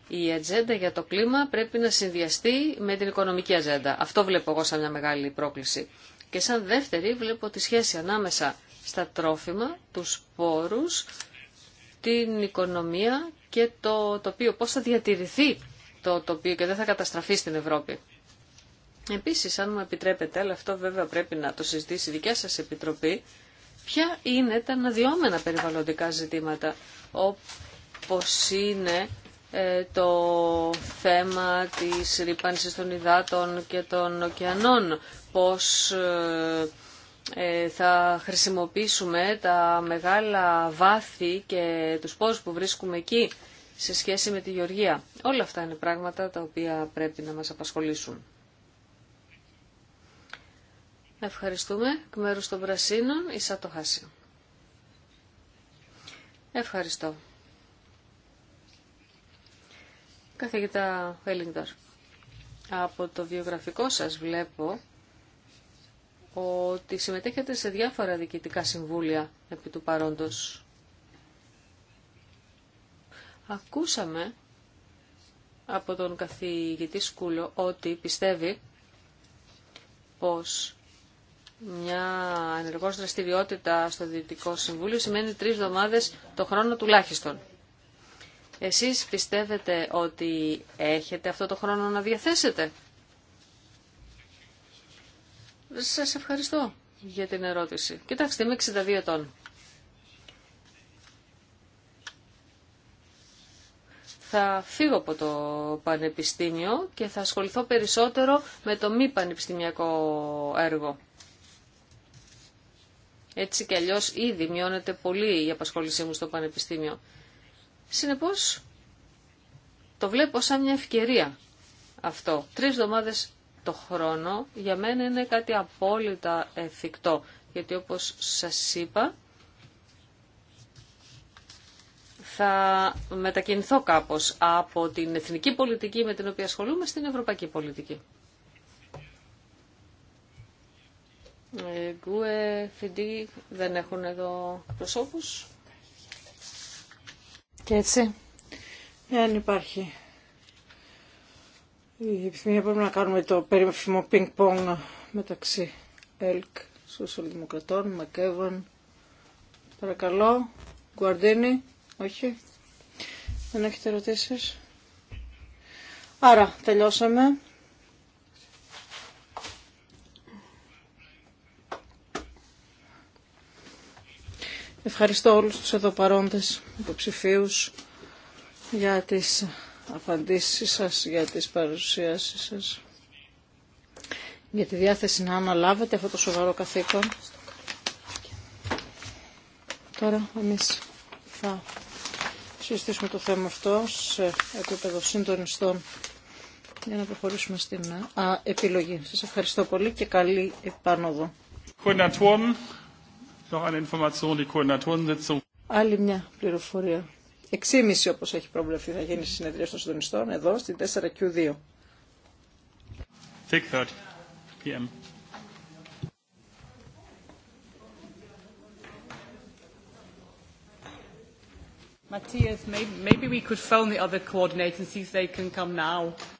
η ατζέντα για το κλίμα πρέπει να συνδυαστεί με την οικονομική ατζέντα. Αυτό βλέπω εγώ σαν μια μεγάλη πρόκληση. Και σαν δεύτερη βλέπω τη σχέση ανάμεσα στα τρόφιμα, τους πόρους, την οικονομία και το τοπίο. Πώς θα διατηρηθεί το τοπίο και δεν θα καταστραφεί στην Ευρώπη. Επίσης, αν μου επιτρέπετε, αλλά αυτό βέβαια πρέπει να το συζητήσει η δικιά σας επιτροπή, ποια είναι τα αναδυόμενα περιβαλλοντικά ζητήματα, όπως είναι ε, το θέμα της ρήπανση των υδάτων και των ωκεανών, πώς ε, ε, θα χρησιμοποιήσουμε τα μεγάλα βάθη και τους πόρους που βρίσκουμε εκεί σε σχέση με τη Γεωργία. Όλα αυτά είναι πράγματα τα οποία πρέπει να μας απασχολήσουν. Ευχαριστούμε. Εκ μέρους των Πρασίνων, ή Σατοχάση. Ευχαριστώ. Καθηγητά Βέλιγκτορ, από το βιογραφικό σας βλέπω ότι συμμετέχετε σε διάφορα διοικητικά συμβούλια επί του παρόντος. Ακούσαμε από τον καθηγητή Σκούλο ότι πιστεύει πως μια ενεργό δραστηριότητα στο Δυτικό Συμβούλιο σημαίνει τρεις εβδομάδε το χρόνο τουλάχιστον. Εσείς πιστεύετε ότι έχετε αυτό το χρόνο να διαθέσετε. Σας ευχαριστώ για την ερώτηση. Κοιτάξτε, είμαι 62 ετών. θα φύγω από το πανεπιστήμιο και θα ασχοληθώ περισσότερο με το μη πανεπιστημιακό έργο. Έτσι κι αλλιώς ήδη μειώνεται πολύ η απασχόλησή μου στο Πανεπιστήμιο. Συνεπώς, το βλέπω σαν μια ευκαιρία αυτό. Τρεις εβδομάδες το χρόνο για μένα είναι κάτι απόλυτα εφικτό. Γιατί όπως σας είπα, θα μετακινηθώ κάπως από την εθνική πολιτική με την οποία ασχολούμαι στην ευρωπαϊκή πολιτική. Ε, Γκουε, Φιντί δεν έχουν εδώ προσώπους. Και έτσι, εάν υπάρχει η επιθυμία μπορούμε να κάνουμε το περίφημο πινκ-πονγκ μεταξύ ΕΛΚ, Σοσιαλδημοκρατών, Μακέβων. Παρακαλώ, Γκουαρντίνη, όχι, δεν έχετε ερωτήσεις. Άρα, τελειώσαμε. Ευχαριστώ όλους τους εδώ παρόντες υποψηφίου, για τις απαντήσεις σας, για τις παρουσιάσεις σας, για τη διάθεση να αναλάβετε αυτό το σοβαρό καθήκον. Τώρα εμείς θα συζητήσουμε το θέμα αυτό σε επίπεδο συντονιστών για να προχωρήσουμε στην α, επιλογή. Σας ευχαριστώ πολύ και καλή επάνωδο. Άλλη μια πληροφορία. 6.30 όπως έχει προβλεφθεί θα γίνει συνεδρία των συντονιστών εδώ στην 4Q2.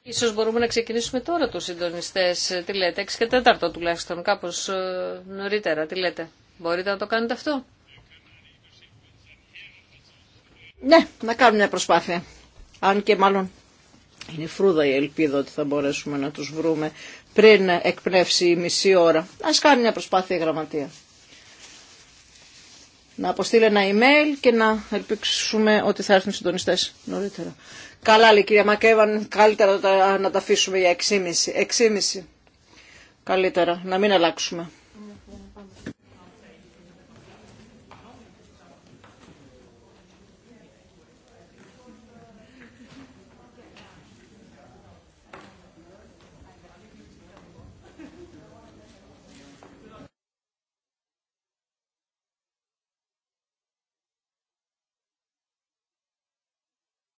Ίσως μπορούμε να ξεκινήσουμε τώρα τους συντονιστές, τι λέτε, 6 και 4 τουλάχιστον, κάπως ε, νωρίτερα, τι λέτε. Μπορείτε να το κάνετε αυτό. Ναι, να κάνουμε μια προσπάθεια. Αν και μάλλον είναι φρούδα η ελπίδα ότι θα μπορέσουμε να τους βρούμε πριν εκπνεύσει η μισή ώρα. Ας κάνει μια προσπάθεια η γραμματεία. Να αποστείλει ένα email και να ελπίξουμε ότι θα έρθουν οι συντονιστές νωρίτερα. Καλά λέει κυρία Μακέβαν, καλύτερα να τα αφήσουμε για 6.30. 6.30. Καλύτερα, να μην αλλάξουμε.